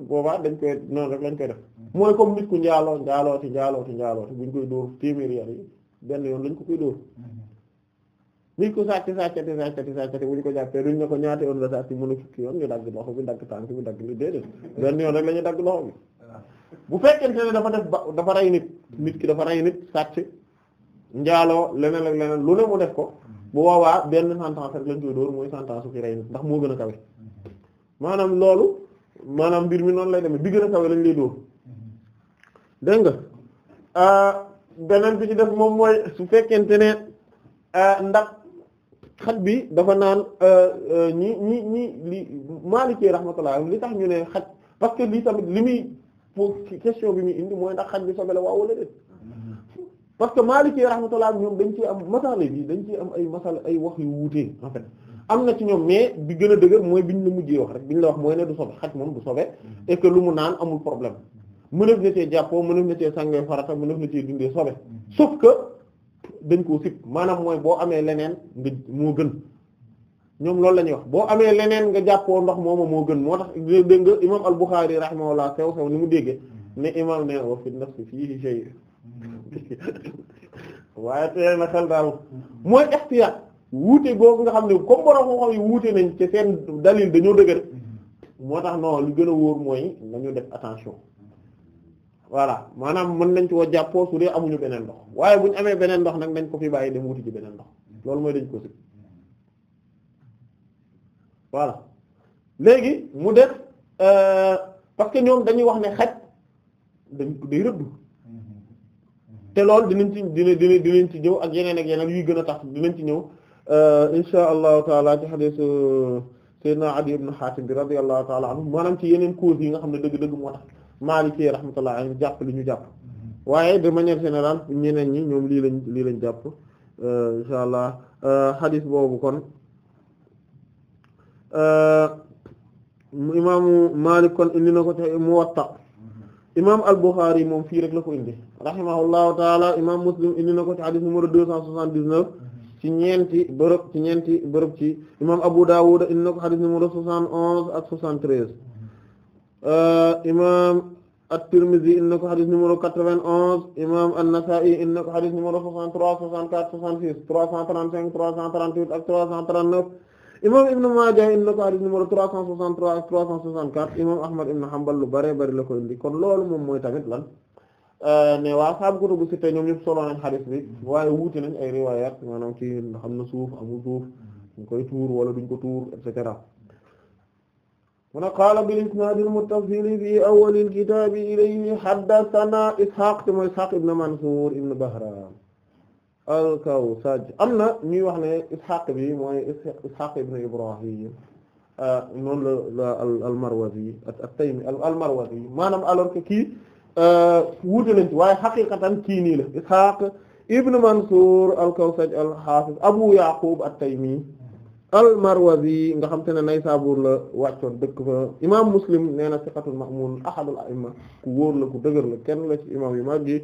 boobaa dañ koy noonu rek lañ koy def mooy comme nit ku njaaloo njaalooti ci njaaloo ci njaaloo ci buñ koy dóor téeméeri yar yi benn yoon lañ ko koy dóor nit a fukki yoon ñu dagg loxo bi dagg tànk bu fekkente ne dafa def ba dafa rey nit nit ki dafa rey nit sàcc njaaloo leneen ak leneen lu ne mu def ko mm-hmm. bu boobaa benn sentence rek lañ koy dóor mooy sentence su ki rey nit ndax moo gën a kawe mm-hmm. maanaam loolu maanaam mbir mi noonu lay demee bi gën a kawe lañ lay dóor mm-hmm. dégg nga ah, beneen bi ci def moom mooy su fekkente ne ah, ndax xat bi dafa naan euh, euh, ñi ñi ñi li Maliki rahmatullah li tax ñu ne xaj parce que lii tamit li muy pour question bi muy indi mooy ndax xaj bi sobe la waaw wala déet parce que Maliki rahmatullah ñoom dañ ci am masala bi dañ ci am ay masala ay wax yu wuutee en fait am na ci ñoom mais bi gën a dëgër mooy biñ la mujjee wax rek ñu la wax mooy ne du sobe xaj moom du sobe et lu mu naan amul problème mënef na cee jàppoo mënef na cee sàngee farata mënef na cee dundee sobe sauf dañ koo sib maanaam mooy boo amee leneen nga moo gën ñoom loolu la ñuy wax boo amee leneen nga jàppoo ndox mooma moo gën moo tax dégg nga imam al-Bukhari rahimahullah sew sew ni mu déggee mm-hmm. ne imam ne wa fi nafsi fii shay waaye tee na xel daal mm-hmm. mooy ixtiyaat wuute googu nga xam ne comme borom moo xam yi wuute nañ ci seen dalil dañoo dëgër mm-hmm. moo tax non lu gën a wóor mooy nañu def attention voilà maanaam mën nañ ci woo jàppoo su dee amuñu beneen ndox waaye bu ñu amee beneen ndox nag nañ ko fi bàyyi dem wuti ci beneen ndox loolu mooy dañ ko si voilà léegi mu def euh, parce que ñoom dañuy wax ne xaj dañ day rëbb te loolu dinañ ci dina dina dinañ ci ñëw ak yeneen ak yeneen yuy gën a tax dinañ ci ñëw euh, insha allahu taala ci hadith euh, sayyidina Adi ibn Hatim bi radiyallahu taala anhu maanaam ci yeneen cause yi nga xam ne dëgg-dëgg moo tax Maliki rahmatullah alayhi jàpp li ñu jàpp mm-hmm. waaye de manière ñu ñeneen ñi ñoom lii lañ lii lañ jàpp euh, insha allah euh, hadith boobu kon euh, imaamu Malik kon indi na ko ci Muwatta mm-hmm. imaam al-Bukhari moom fii rek la ko indi rahimahullahu taala imaam Muslim indi na ko ci hadith numéro deux cent soixante-dix-neuf mm-hmm. ci ñeenti bërëb ci ñeenti bërëb ci imaam Abu Dawud indi na ko hadith numéro soixante-onze ak soixante-treize Euh, imaam at-Tirmidhi indi na ko xadis numéro quatre-vingt-onze imaam an-Nasa'i na ko xadis numéro soixante-trois soixante-quatre soixante-six trois cent trente-cinq trois cent trente-huit ak trois cent trente-neuf imaam Ibn Maaja indi ko xadis numéro trois cent trois cent quatre imaam Ahmad ibn Hanbal lu bare bari la ko indi kon loolu moom mooy tamit lan euh, ne waa sahabu kutubu sitta ñoom ñëpp solo nañ xadis bi waaye wuute nañ ay riwaayaat maanaam ci xam na suuf amul suuf duñ koy wala duñ ko tuur cetera mu ne qaala bil isnaadil muttasili fi awwalil kitaabi ilayhi haddasanaa Ishaaq te mooy Ishaaq ibn Mansuur ibn Bahraam al-Kawsaj am na ñuy wax ne Ishaaq bi mooy Ishaaq ibn Ibraahiim noonu la al-Marwazi at-Taymi al-Marwazi maanaam alors que kii wuute lañ ci waaye xaqiqatan kii nii la Ishaaq ibn Mansuur al-Kawsaj al-Haafiz Abu Yaquub at-Taymi al marwazi nga xam te ne Naysabur la wàccoon dëkk fa imaam muslim nee na siqatul ma'mun ahadul a'imma ku wóor la ku dëgër la kenn la ci imaam yu mag yi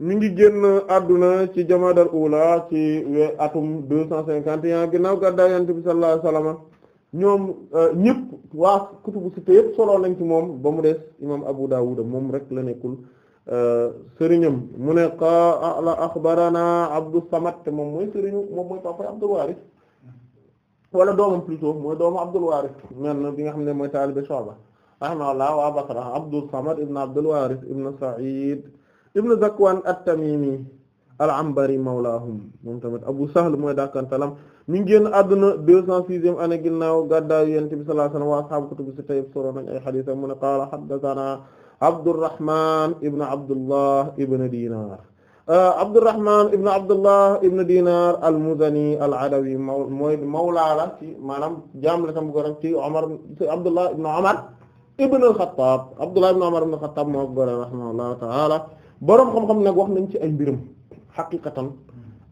ñu ngi génn àdduna ci jamaadal ula ci atum deux cent cinquante et un ginnaaw gàddaay Yonent bi sallallahu alayhi ñoom euh, ñëpp waa kutubu sitta yëpp solo nañ ci moom ba mu des imaam Abu Dawud moom rek la nekkul euh, sëriñam mu ne qaala axbarana Abdus Samad te moom mooy sëriñu moom mooy papa Abdul Waaris wala doomam plutôt mooy doomu Abdul Waaris men bi nga xam ne mooy taalibe Shu'ba rahimahullah waa Basra Abdul Samad ibn Abdul Waaris ibn Sa'id ibn Zakwan at-Tamimi al-Anbari mawlahum moom tamit Abu Sahl mooy dàkkantalam mi ngi génn àdduna deux cent sixième année ginnaaw gàddaayu Yonent bi sallallahu alayhi wasallam waa ashaabu kutubu sitta yépp solo nañ ay hadiisam mu ne qaala haddathana Abdurrahman ibn Abdullah ibn Dinar Euh, Abdurrahman ibn Abdullah ibn Dinar al-Muzani al-Adawi mooy mawlaa la ci maanaam jaam la tam ko rek ci Omar Abdullah ibn Omar ibn al-Khattab Abdullah ibn Omar ibn al-Khattab moo ko rahimahullahu ta'ala boroom xam-xam nag wax nañ ci ay mbiram xaqiqatan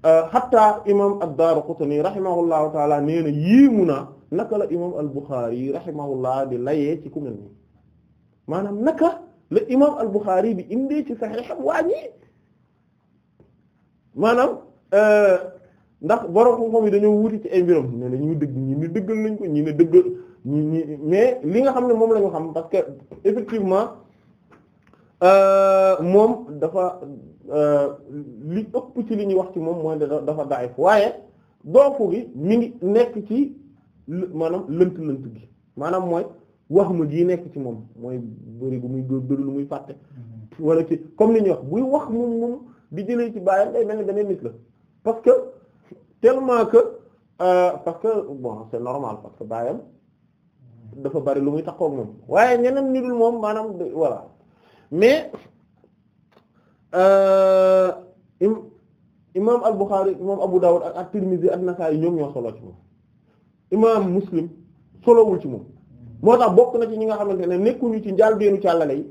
euh, hatta imam ad-Daraqutni rahimahullahu ta'ala nee na yéemu na naka la imam al-Bukhari rahimahullah di layee ci ku mel nii maanaam naka la imam al-Bukhari di indee ci Sahih waa ñii. maanaam euh, ndax borom xam yi dañoo wuti ci ay mbiram ne la ñuy dëgg ñi ne dëggal nañ ko ñi ne dëggal ñi mais li nga xam ne moom la ñu xam parce que effectivement euh, moom dafa euh, li ëpp ci li ñuy wax ci moom mooy dafa daif waaye doofu gi mi ngi nekk ci maanaam lënt-lënt gi maanaam mooy wax ma gii nekk ci moom mooy bëri gu muy bëri lu muy fàtte mm-hmm. wala ci comme ni ñuy wax buy wax moom moom di jëlee ci baayam day mel ni beneen nit la parce que tellement que euh, parce que bon c'est normal parce que dafa bari lu muy taxaw moom waaye ñeneen ñu moom maanaam voilà mais euh, imaam al-Bukhari imaam Abu Dawud ak at-Tirmidhi ak Nasa'i ñoom ñoo solo ci moom imaam Muslim solowul ci moom moo tax bokk na ci ñi nga xamante ne nekkuñu ci njaal beenu càllale yi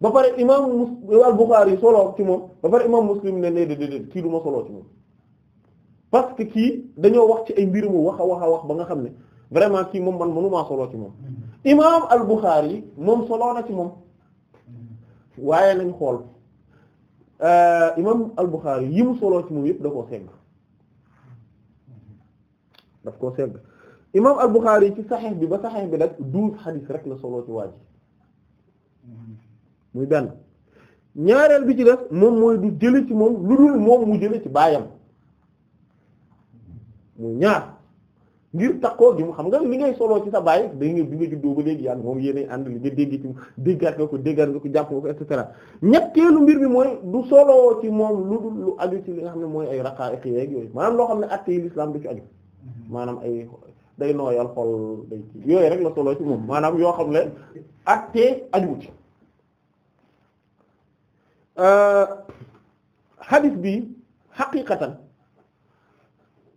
ba pare imaam mus al Bukhari solo ci moom ba pare imaam Muslim ne nee déedéet kii du ma ci moom parce que kii dañoo wax ci ay mbir mu wax a wax a wax ba nga xam ne vraiment kii moom man mënumaa solo ci moom imaam al Bukhari moom solo ci moom waaye nañ xool euh, imaam al yi mu ci moom yëpp koo segg daf koo segg imaam al Bukhari ci saxiix bi ba saxiix bi nag douze xadiis rek la solo ci waa ji muy benn ñaareel bi ci def moom mooy du jële ci moom lu dul moom mu jële ci baayam mu ñaar ngir takkoo gi mu xam nga li ngay soloo ci sa baay day nga bi nga juddoo ba léegi yaan moom yéenay ànd li nga dégg ci déggaat nga ko déggaat nga ko jàpp nga ko et cetera ñetteelu mbir bi mooy du soloo ci moom lu dul lu aju ci li nga xam ne mooy ay raqaa ak yooyu maanaam loo xam ne atte yi l'islam du ci aju maanaam ay day nooyal xol day yooyu rek la soloo ci moom maanaam yoo xam ne atte ci xadis euh, bi xaqiqatan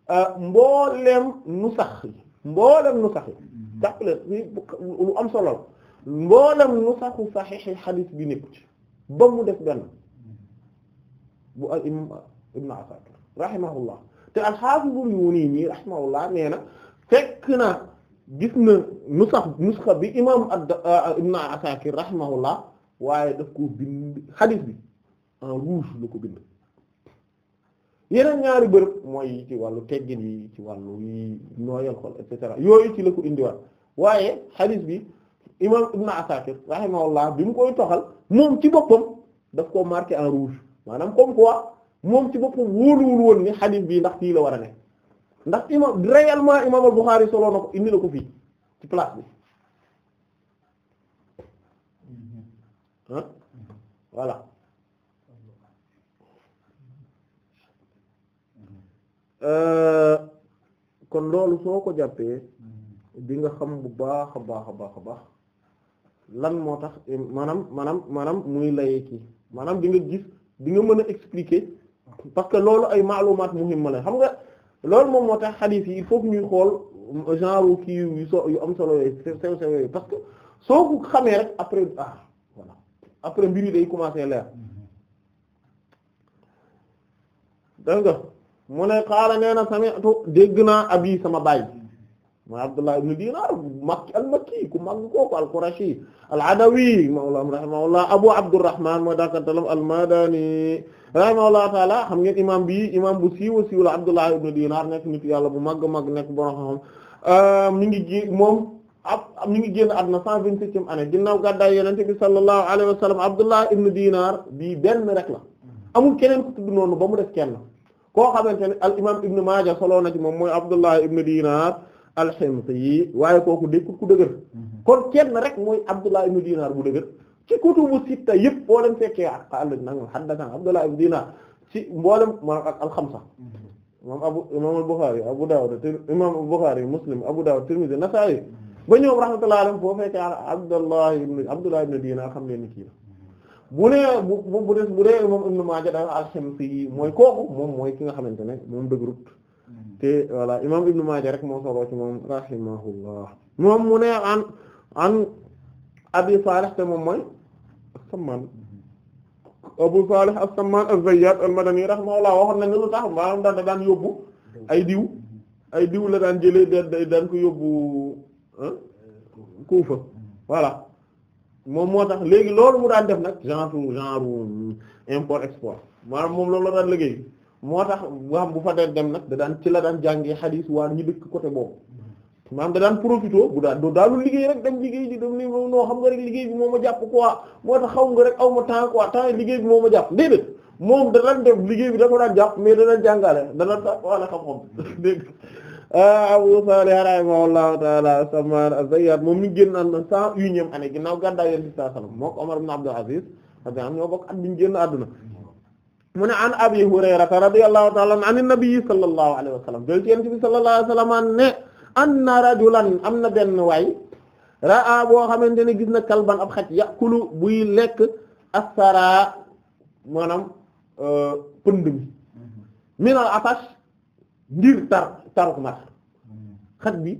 euh, mbooleem nu sax yi mbooleem nu sax yi jàppale lu am solo la mbooleem nu saxu saxiixi xadis bi nekku ci ba mu def benn bu al imam ibn Asakir rahimahullah te alxaafisbul yu nii ñii rahimahullah nee na fekk na gis na nusax nusxa bi imam ad euh, ibn Asakir rahimahullah waaye daf ko bind xadis bi en rouge la ko bind yeneen ñaari bërëb mooy ci wàllu teggin yi ci wàllu yi nooyal xol et yooyu ci la ko indiwaat waaye hadith bi imam Ibn Asakir rahimahullah bi mu koy toxal moom ci boppam daf koo marqué en rouge maanaam ko quoi moom ci boppam wóoluwul woon ni hadith bi ndax fii la war a ne ndax imam réellement imam al-Bukhari solo na ko indi na ko fii ci place bi ah Euh, kon loolu soo ko jàppee bi hmm. nga xam bu baax a baax a baax a baax lan moo tax maanaam maanaam maanaam muy layee kii maanaam di nga gis di nga mën a expliquer parce que loolu ay maalumaat muhimma la xam nga loolu moom moo tax xadiis yi il faut que ñuy xool genre kii yu so yu am solo yooyu sew sew yooyu parce que soo ko xamee rek après ah voilà après mbir yi day commencer leer hmm. dégg nga mu ne qaala nee na sami'tu dégg naa abi sama baay mooy Abdullah ibn Dinar makki al makki ku mag kooku al qurashi al adawi mawlaam rahimahullah abu abdurrahman mooy daakantalam al madani rahimahullah taala xam ngeen imam bi imam bu siiwa siiw la Abdullah ibn Dinar nekk nit yàlla bu mag mag nekk borom xam mi ngi ji moom ab mi ngi génn àdduna cent vingt-septième année bi sallallahu alayhi wa sallam Abdullah ibn Dinar bi ben rek la amul keneen ku tudd noonu ba mu def kenn koo xamante ne al imam ibnu Maaja soloo na ci moom mooy Abdullah ibnu Dinar al-Himsi yi waaye kooku dékkut ku dëgër mhm. kon kenn rek mooy Abdullah ibnu Dinar bu dëgër ci kutubu sitta yëpp boo leen fekkee ak qaala nanga haddathana Abdullah ibnu Dinar ci mboolem maanaam al-xamsa mhm. imam abu imam al-Bukhari Abu Dawud imam al-Bukhari Muslim Abu Dawud Tirmidhi Nasa'i mhm. ba ñoom rahmatullahi alayhim boo fekkee Abdullah ibnu Abdullah ibnu Dinar xam leen ni kii bu nee bu bu des bu dee moom Ibn Maaja dafa al-Himsi yi mooy kooku moom mooy ki nga xamante ne moom dëgërut mm-hmm. te voilà imaam Ibn Maaja rek moo solo ci moom rahimahullah moom mu ne an an Abi Salih te moom mooy Samman mm-hmm. Abu Salih as-Samman az-Zayyat al-Madani rahimahullah waxoon nañ ne lu tax maanaam daan da daan yóbbu ay diw mm-hmm. ay diw la daan jëlee daan daan ko yóbbu ah, eh, Kufa voilà moom moo tax léegi loolu mu daan def nag genre genre import export maanaam moom loolu la daan liggéey moo tax bu fa dee dem nag da daan ci la daan jàngee xadiis waa ñu dëkk côté boobu maanaam da daan profité bu daan daalul liggéey rek dem liggéey di dem li moom noo xam nga rek liggéey bi moo ma jàpp quoi moo tax xaw nga rek aw ma temps quoi temps liggéey bi moo ma jàpp déedéet moom da daan dem liggéey bi dafa daan jàpp mais da daan jàngale da daan wala xam Ah, Abu Salih rahimahullahu ta'ala Samman az-Zayyat moom mi ngi génn àdduna cent unième année ginnaaw gàddaay Yonent bi sallallahu alayhi wasallam mook Omar ibn Abdul Aziz radiyallahu anhu ñoo bokk at bi ñu génn àdduna mu ne an Abi Hurayra radiyallahu ta'ala an an-nabi sallallahu alayhi wasallam jël ci Yonent bi sallallahu alayhi wasallam ne anna rajulan am na benn waay ra'a boo xamante ne gis na kalban ab xaj ya'kulu buy lekk as-saraa maanaam euh, pënd mi mhm. minal atash ngir tar taruk mar hmm. xaj bi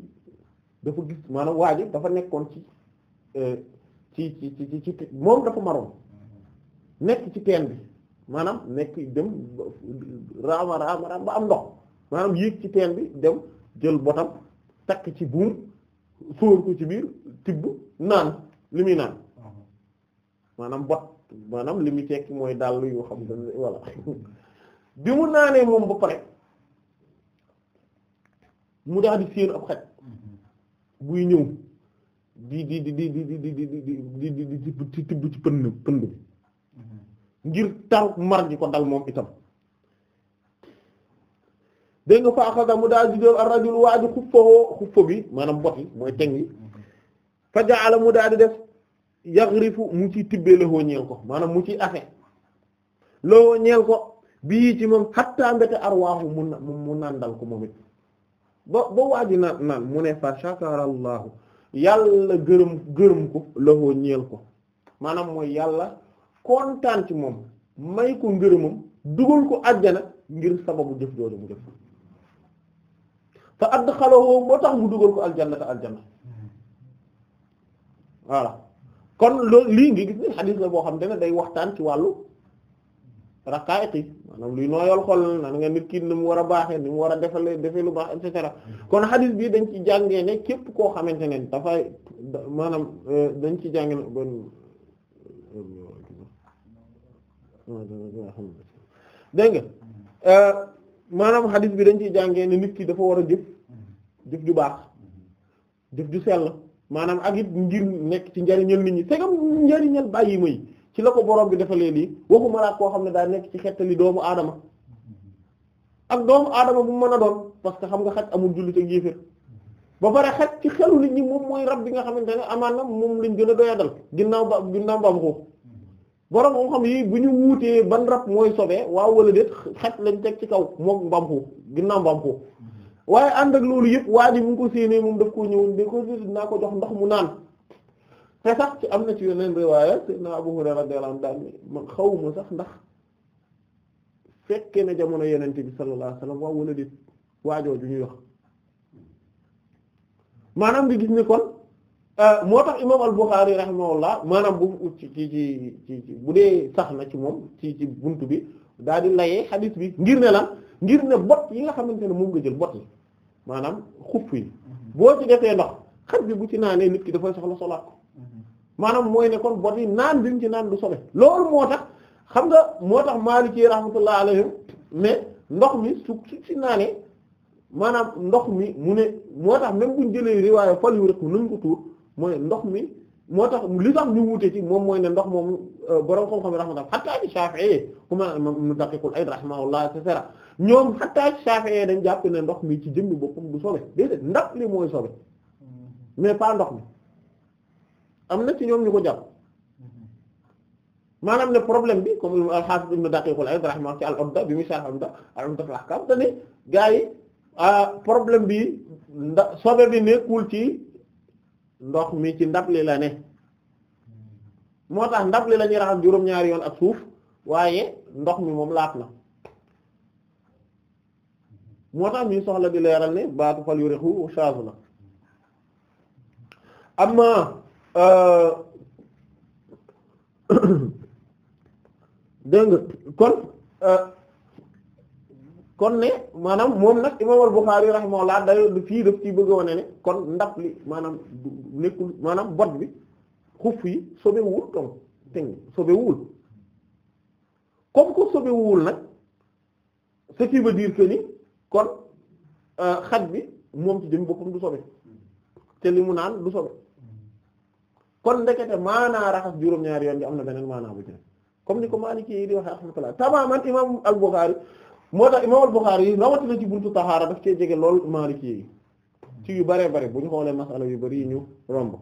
dafa gis maanaam waa ji dafa nekkoon ci euh, ci ci ci ci moom dafa maroon hmm. nekk ci teen bi maanaam nekk dem raama raama raam ba am ndox maanaam yéeg ci teen bi dem jël botam takk ci buum sóor ko ci biir tibb naan li muy naan hmm. maanaam bot maanaam li muy tekki mooy dàll yu xam ne voilà bi mu naanee moom ba pare mu daal di séen ab xaj buy ñëw di di di di di di di di di di di tibb ci pënd pënd bi ngir taru mar gi ko dal moom itam dégg nga faaxasa mu daal di dóor ar rajul waa ji xuffawoo xuffa bi maanaam bot yi mooy teng yi fa jaala mu daal di def yagrifu mu ciy tibbee lawoo ñeel ko maanaam mu ciy afe lawoo ñeel ko bii ci moom xattaa mbéte arwaaxu mun na mu nàndal ko moom it ba ba waa ji naan naan mu ne fa shakarallahu yàlla gërëm gërëm ko lahoo ñeel ko maanaam mooy yàlla kontaan ci moom may ko ngërëmam dugal ko àjjana ngir sababu jëf jooju mu jëf fa adxalahu moo tax mu dugal ko aljanna te aljanna voilà kon loolu lii ngi gis ni xadiis la boo xam te ne day waxtaan ci wàllu raqaa'iq yi maanaam luy nooyal xol nan nga nit ki ni mu war a baaxee ni mu war a defalee defee lu baax et cetera kon hadith bi dañ ci jàngee ne képp koo xamante ne dafay maanaam euh, dañ ci jàngee ne bon nga euh, maanaam hadith bi dañ ciy jàngee ne nit ki dafa war a jëf jëf ju baax jëf ju sell maanaam ak it ngir nekk ci njariñal nit ñi te njariñal bàyyi may ci la ko borom bi defalee lii waxuma laa koo xam ne daa nekk ci xettali doomu aadama ak doomu aadama bu mën a doon parce que xam nga xaj amul jullit ak yéeféer ba pare xaj ci xelu li ñi moom mooy rab bi nga xamante ne amaan na moom lañ gën a doyadal ginnaaw ba ginnaaw ba am xuux borom moom xam yi bu ñu wuutee ban rab mooy sobee waaw wala déet xaj lañ teg ci kaw moom mbaam xuux ginnaaw mbaam xuux waaye ànd ak loolu yëpp waa ji mu ko séenee moom def koo ñëwoon de ko dinaa ko jox ndox mu naan te sax ci am na ci yeneen riwaaya Seydina Abu Hurayra radiyallahu anhu daal man xaw ma sax ndax fekkee na jamono yenente bi sallallahu alayhi wasallam waaw walla déet waajoo ju ñuy wax maanaam nga gis ne kon euh, moo tax imaam al-Bukhari rahimahullah maanaam bu ci ci ci ci bu dee sax na ci moom ci ci buntu bi daal di layee xadiis bi ngir ne lan ngir ne bot yi nga xamante ne moom nga jël bot yi maanaam xuff yi mm-hmm. boo ci defee ndox xaj bi bu ci naanee nit ki dafay soxla solaat ko maanaam mooy ne kon bot yi naan bi ci naan du sobe loolu moo tax xam nga moo tax Maliki rahmatullah alayhim mais ndox mi su su ci naanee maanaam ndox mi mu ne moo tax même buñ jëlee riwaayu fal yu rek nañ ko tuur mooy ndox mi moo tax li tax ñu wuute ci moom mooy ne ndox moom euh, borom xam-xam rahmatullah xataa ci Shafi'i ku ma mu daqiqul ay rahimahullah et cetera ñoom xataa ci Shafi'i dañ jàpp ne ndox mi ci jëmmi boppam du sobe déedéet ndax li mooy sobe mais mi. am na ci ñoom ñu ko jàpp mm-hmm. maanaam ne problème bi comme al-Hafiz ibn Daqiq al-Id rahimahullah ci al-Umda bi muy sax al-Umda al-Umda al-Ahkam gaa yi ah, problème bi nda sobe bi nekkul ci ndox mi ci ndab li la ne mm-hmm. moo tax ndab li la ñuy juróom-ñaari yoon ak suuf waaye ndox mi moom laat na mm-hmm. moo tax ñuy soxla di leeral ne baatu fal yu rexu chage la Euh, dégg nga kon euh, kon ne maanaam moom nag imam al-Bukhari rahimahullah day fii daf ciy bëgg a wane ne kon ndab li maanaam nekkul maanaam bot bi xuf yi sobewul comme teng sobewul comme que sobewul nag ce qui veut dire que ni kon euh, xaj bi moom ci jëm boppam du sobe te mu naan du sobe kon ndekete maanaa raxas juróom-ñaari yoon bi am na beneen maanaa bu ci nekk comme ni ko Maliki yi di waxee rahmatullah tamaman imam al-Bukhari moo tax imam al-Bukhari yi rawatina ci buntu tahaara daf cee jege lool Maliki yi ci yu bare bare bu ñu xoolee yu bari yi romb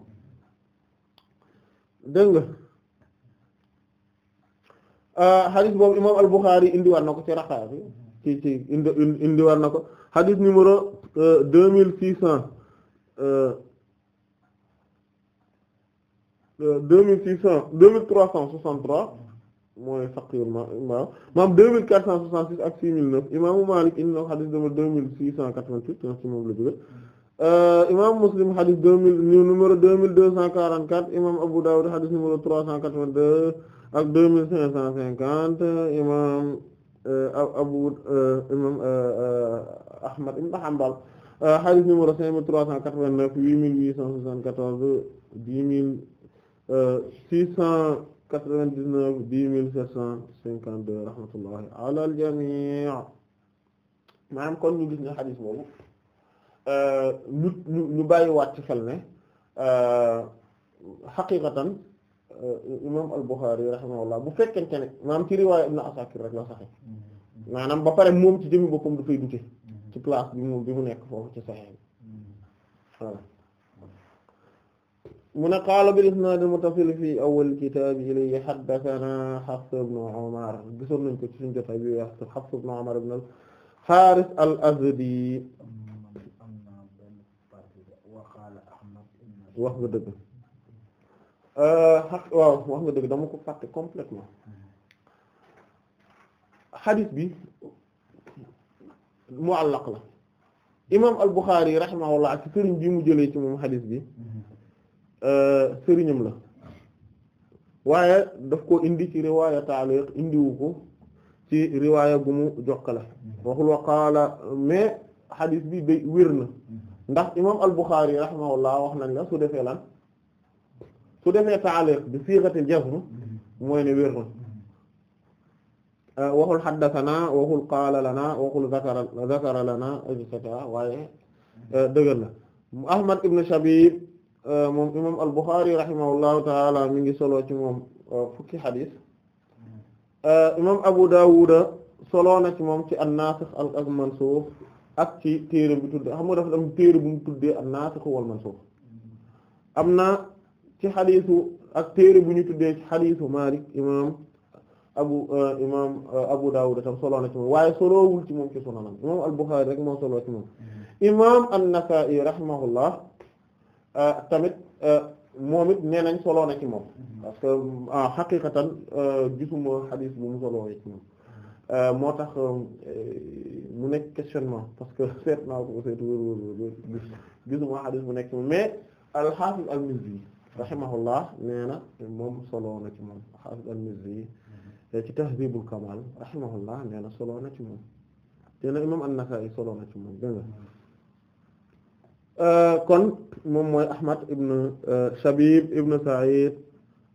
dégg nga xadis ah, boobu imam al-Bukhari na ko ci raxaa bi ci ci na ko xadis numéro euh, deux Euh, deux mille six cent deux mille trois cent soixante trois mooy faqiir ma maam deux mille quatre cent soixante six ak six mille neuf imaamu Maalik indi na xadis numéro deux mille six cent quatre vingt huit ci moom la jóge euh, imam Muslim xadis deux mille numéro deux mille deux cent quarante quatre imam Abu Dawud xadis numéro trois cent quatre vingt deux ak deux mille cinq cent cinquante imam euh, Abu imam Ahmad ibn Hanbal xadis numéro cinq mille trois cent quatre vingt neuf huit mille six cent quatre-vingt-dix-neuf dix mille sept cent cinquante-deux rahmatullahi ala al jami' maanaam kon ñu gis ne xadis boobu ñu ñu ñu bàyyiwaat ci xel ne euh, xaqiqatan euh, imam al-Bukhari rahimahullah bu fekkente ne maanaam ci riwaaya Ibn Asakir rek la saxe maanaam ba pare moom ci jëmi boppam dafay dute ci place bi mu bi mu nekk foofu ci saxe voilà mu ne qaala bil isnaad al-muttasil fii awwal kitaab ilayhi haddathanaa Hafs ibn Umar gisoon nañ ko ci suñu jotaay bi wax Hafs ibn Umar ibn al-Haaris al-Azdi wax nga dëgg waaw wax nga dëgg dama ko fàtte complètement xadis bi mu'allaq la imaam al-Bukhari rahimahullah ci sëriñ bi mu jëlee ci moom xadis bi. Mm-hmm. Euh, sëriñam la waaye daf ko indi ci riwaaya taaliq ko ci riwaaya gu mu jokkale waxul wa qaala mais xadiis bi day wér ndax imaam al-Bukhari rahimahullah wax nañ la su defee lan su defee taaliq bi siixatil jazm mooy ne wér na euh, waxul xaddasanaa waxul qaala lanaa waxul zakara zakara lanaa et waaye euh, dëgër la Ahmad ibn Shabib Euh, moom imam al-Bukhari rahimahullahu taala mi ngi solo ci moom euh, fukki xadis euh, imam Abu Dawud solo na ci moom ci an-nasikh ak ak ci téere bu tudd xam nga dafa am bu mu tuddee an-nasikh wal mansukh am na ci xadisu ak téere bu ñu tuddee ci xadisu Malik imam abu imam Abu Dawud tam solo na ci moom waaye solowul ci moom ci sunanam imam al-Bukhari rek moo solo ci moom hmm. imam an-Nasa'i rahimahullah Euh, tamit euh, moom it nee nañ soloo na ci moom parce que en xaqiqatan euh, gisuma xadis bu mu soloo ci moom moo tax mu nekk questionnement parce que seet naa ko seet wër wër gisuma xadis bu nekk ci moom mais al-Hafiz al-Mizzi nee na moom soloo na ci moom al-Hafiz al-Mizzi mm-hmm. ci Tahdhibul Kamal rahimahullah nee na soloo na ci moom te na imam an-Nasa'i soloo na ci moom dégg nga mm-hmm. Euh, kon moom mooy Ahmad ibn euh, Shabib ibn Sa'id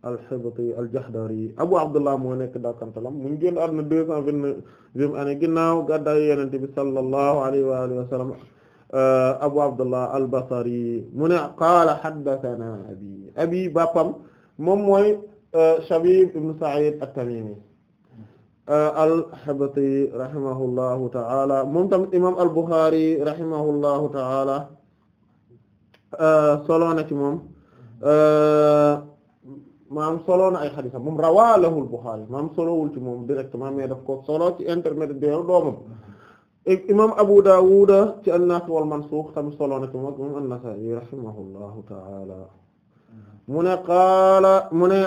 al-Hibti al-Jahdari Abu Abdullah moo nekk dakantalam mu ngi génn àdduna deux cent vingt-neuvième année ginnaaw gàddaay Yonent bi sallallahu alayhi wa alihi wa sallam euh, Abu Abdullah al-Basri mu ne qaala haddathana abi abi bappam moom mooy Shabib ibn Sa'id at-Tamimi al-Hibti rahimahullahu ta'ala moom tam imam al-Bukhari rahimahullahu ta'ala Euh, solo na ci moom euh, maanaam solo na ay xadisam moom rawaalahu al-Bukhari maanaam solowul ci moom directement mais daf ko solo ci intermédiaire doomam imam Abu Dawud ci an-Naas wal Mansuux tamit solo na ci moom moom an-Nasaa'i rahimahullahu ta'ala mu ne qaala mu ne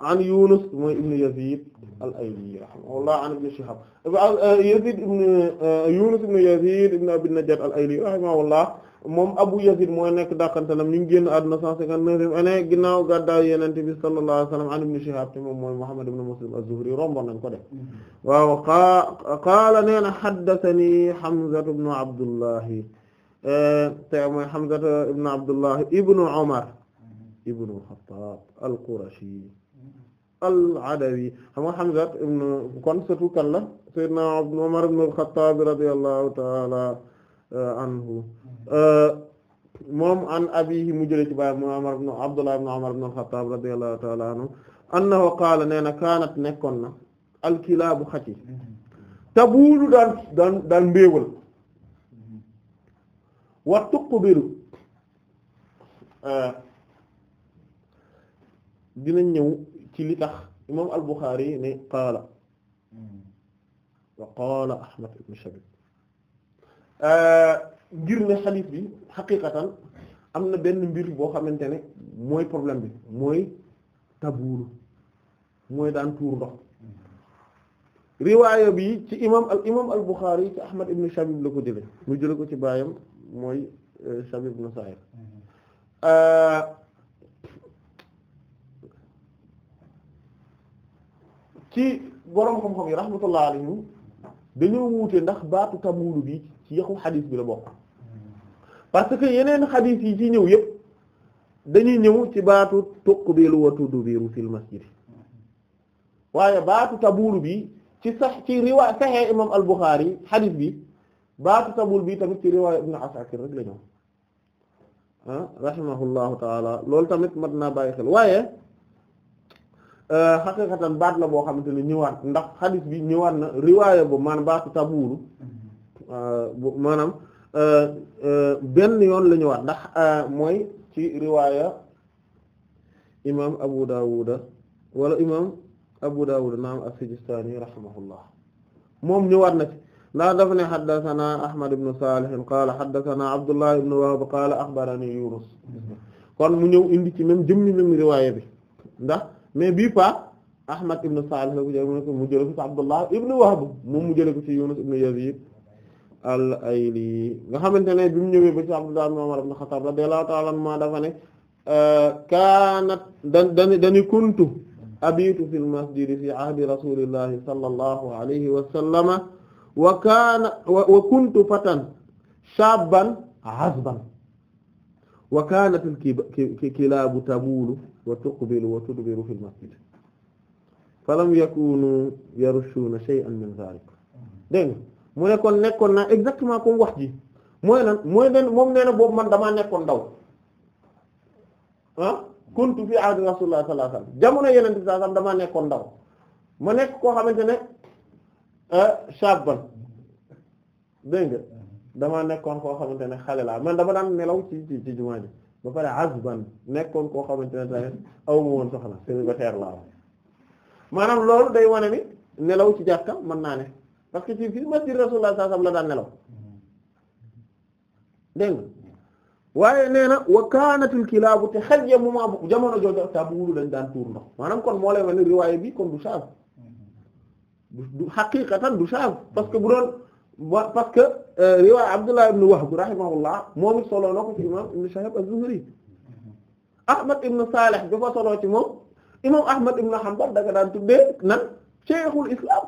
an Yunus mooy ibnu Yazid al-Ayli rahimahullah an Ibn Shihab euh, Yazid ibn euh, Yunus ibn Yazid ibn Abi Najjar al-Ayli rahimahullah moom Abu Yazid mooy nekk dàqantalam ñu ngi génn àdduna 159 année ginnaaw gàddaay Yonent bi sallallahu alayhi wa sallam an Ibn Shihab te moom mooy Muhammad ibn Muslim az-Zuhri romboon nañ ko def mm-hmm. waaw qaala nee na haddathani Hamza ibn Abdullah euh, te mooy Hamza ibn Abdullah ibn Umar ibn Khattab al-Qurashi al-Adawi xam nga Hamza ibn kon surtout kan la Seydina Umar ibn al-Khattab radiyallahu ta'ala euh, anhu mm-hmm. euh, moom an abihi mu jëlee ci baay mu Umar ibn Abdullah ibn Umar ibn al-Khattab radiyallahu ta'ala anhu annahu qaala nee na kaanat nekkoon na al-kilaabu xaj yi mm-hmm. tabuulu daan daan daan mbéewal mm-hmm. wa tuqbilu euh, dina ñëw ci litax tax imam al-Bukhari ne qaala wa qaala Ahmad ibn Shabib euh, ngir ne xadiis bi xaqiqatan am na benn mbir boo xamante ne mooy problème bi mooy tabuulu mooy daan tuur dox riwaaya bi ci imam al imam al Bukhari ci Ahmad ibn Shabib la ko jële mu jële ko ci baayam mooy euh, Shabib ibn Sa'id euh, ci borom xam-xam yi rahmatullah alayhim dañoo wuute ndax baatu tamuulu bi ci yaxu xadis bi la bokk parce que yeneen xadis yi ci ñëw yépp dañuy ñëw ci baatu tuqbilu wa tudbiru fil masjid waaye baatu tabuulu bi ci sax ci riwaay saxee imam al-Bukhari bi baatu tabul bi tamit ci riwaay ibn Asakir rek la ñëw ah rahimahullahu taala loolu tamit mat naa bàyyi xel xaqiqatan euh, baat la boo xamante ne ñëwaat ndax xadis bi ñëwaat na riwaaya boobu euh, maanaam baatu tabuuru maanaam benn yoon la ñëwaat ndax euh, mooy ci riwaaya imaam Abu Daawuda wala imaam Abu Daawuda naam as-Sijistaani rahimahullah moom ñëwaat na ci ndax dafa ne xaddasanaa Ahmad ibn Saalih qaala xaddasanaa Abdullah ibn Wahb qaala axbarani Yunus mm-hmm. kon mu ñëw indi ci même jëmmi même riwaaya bi ndax mais bii pa Ahmad ibn Salih la ko jël mu jële ko ci Abdullah ibn Wahb moom mu jële ko ci Yunus ibn Yazid al Ayli nga xamante ne bi mu ñëwee ba ci Abdullah ibn Umar ibn Khattab radiyallahu ta'ala anhuma dafa ne euh, kaanat dan dani dañu kuntu abitu fil masjid fi ahdi rasulillahi sallallahu alayhi wa sallama wa kaana wa kuntu fatan shabban azban wa kaanat al kilaabu tabuulu wa tuqbilu wa tudbiru fil masjid falam yakunu yarushuna shay'an min zalik dégg nga mu nekkoon nekkoon naa exactement comme wax ji mooy lan mooy nen moom nee boobu man damaa nekkoon ndaw ah kuntu fi ahdi rasulullah sallallahu alayhi wasallam jamono yeneen bi sallallahu damaa nekkoon ndaw ma nekk koo xamante ne shaban ah, dégg nga damaa nekkoon koo xamante ne xale laa man dama daan nelaw ci ci ci jumaa ji ba pare azban nekkoon koo xamante ne tamit aw ma woon soxna célibataire laa maanaam loolu day wane ni nelaw ci jàkka mën naa ne parce que ci fi masjid rasulullah la alayhi wasallam la daan nelaw dégg nga waaye nee na wa kaanatil kilaabu te xaj ya mu ma bu jamono jooju ta bu wulu daan tuur ndox maanaam kon moo lay wane riwaay bi kon du saaf du xaqiqatan du saaf parce que bu doon wa parce que euh, riwaay Abdullah ibn Wahb rahimahullah moom solo na ko ci imam ibn Shihab az-Zuhri Ahmad ibn Salih dafa solo ci moom imam Ahmad ibn Hanbal daga daan tuddee nan Cheikhul Islam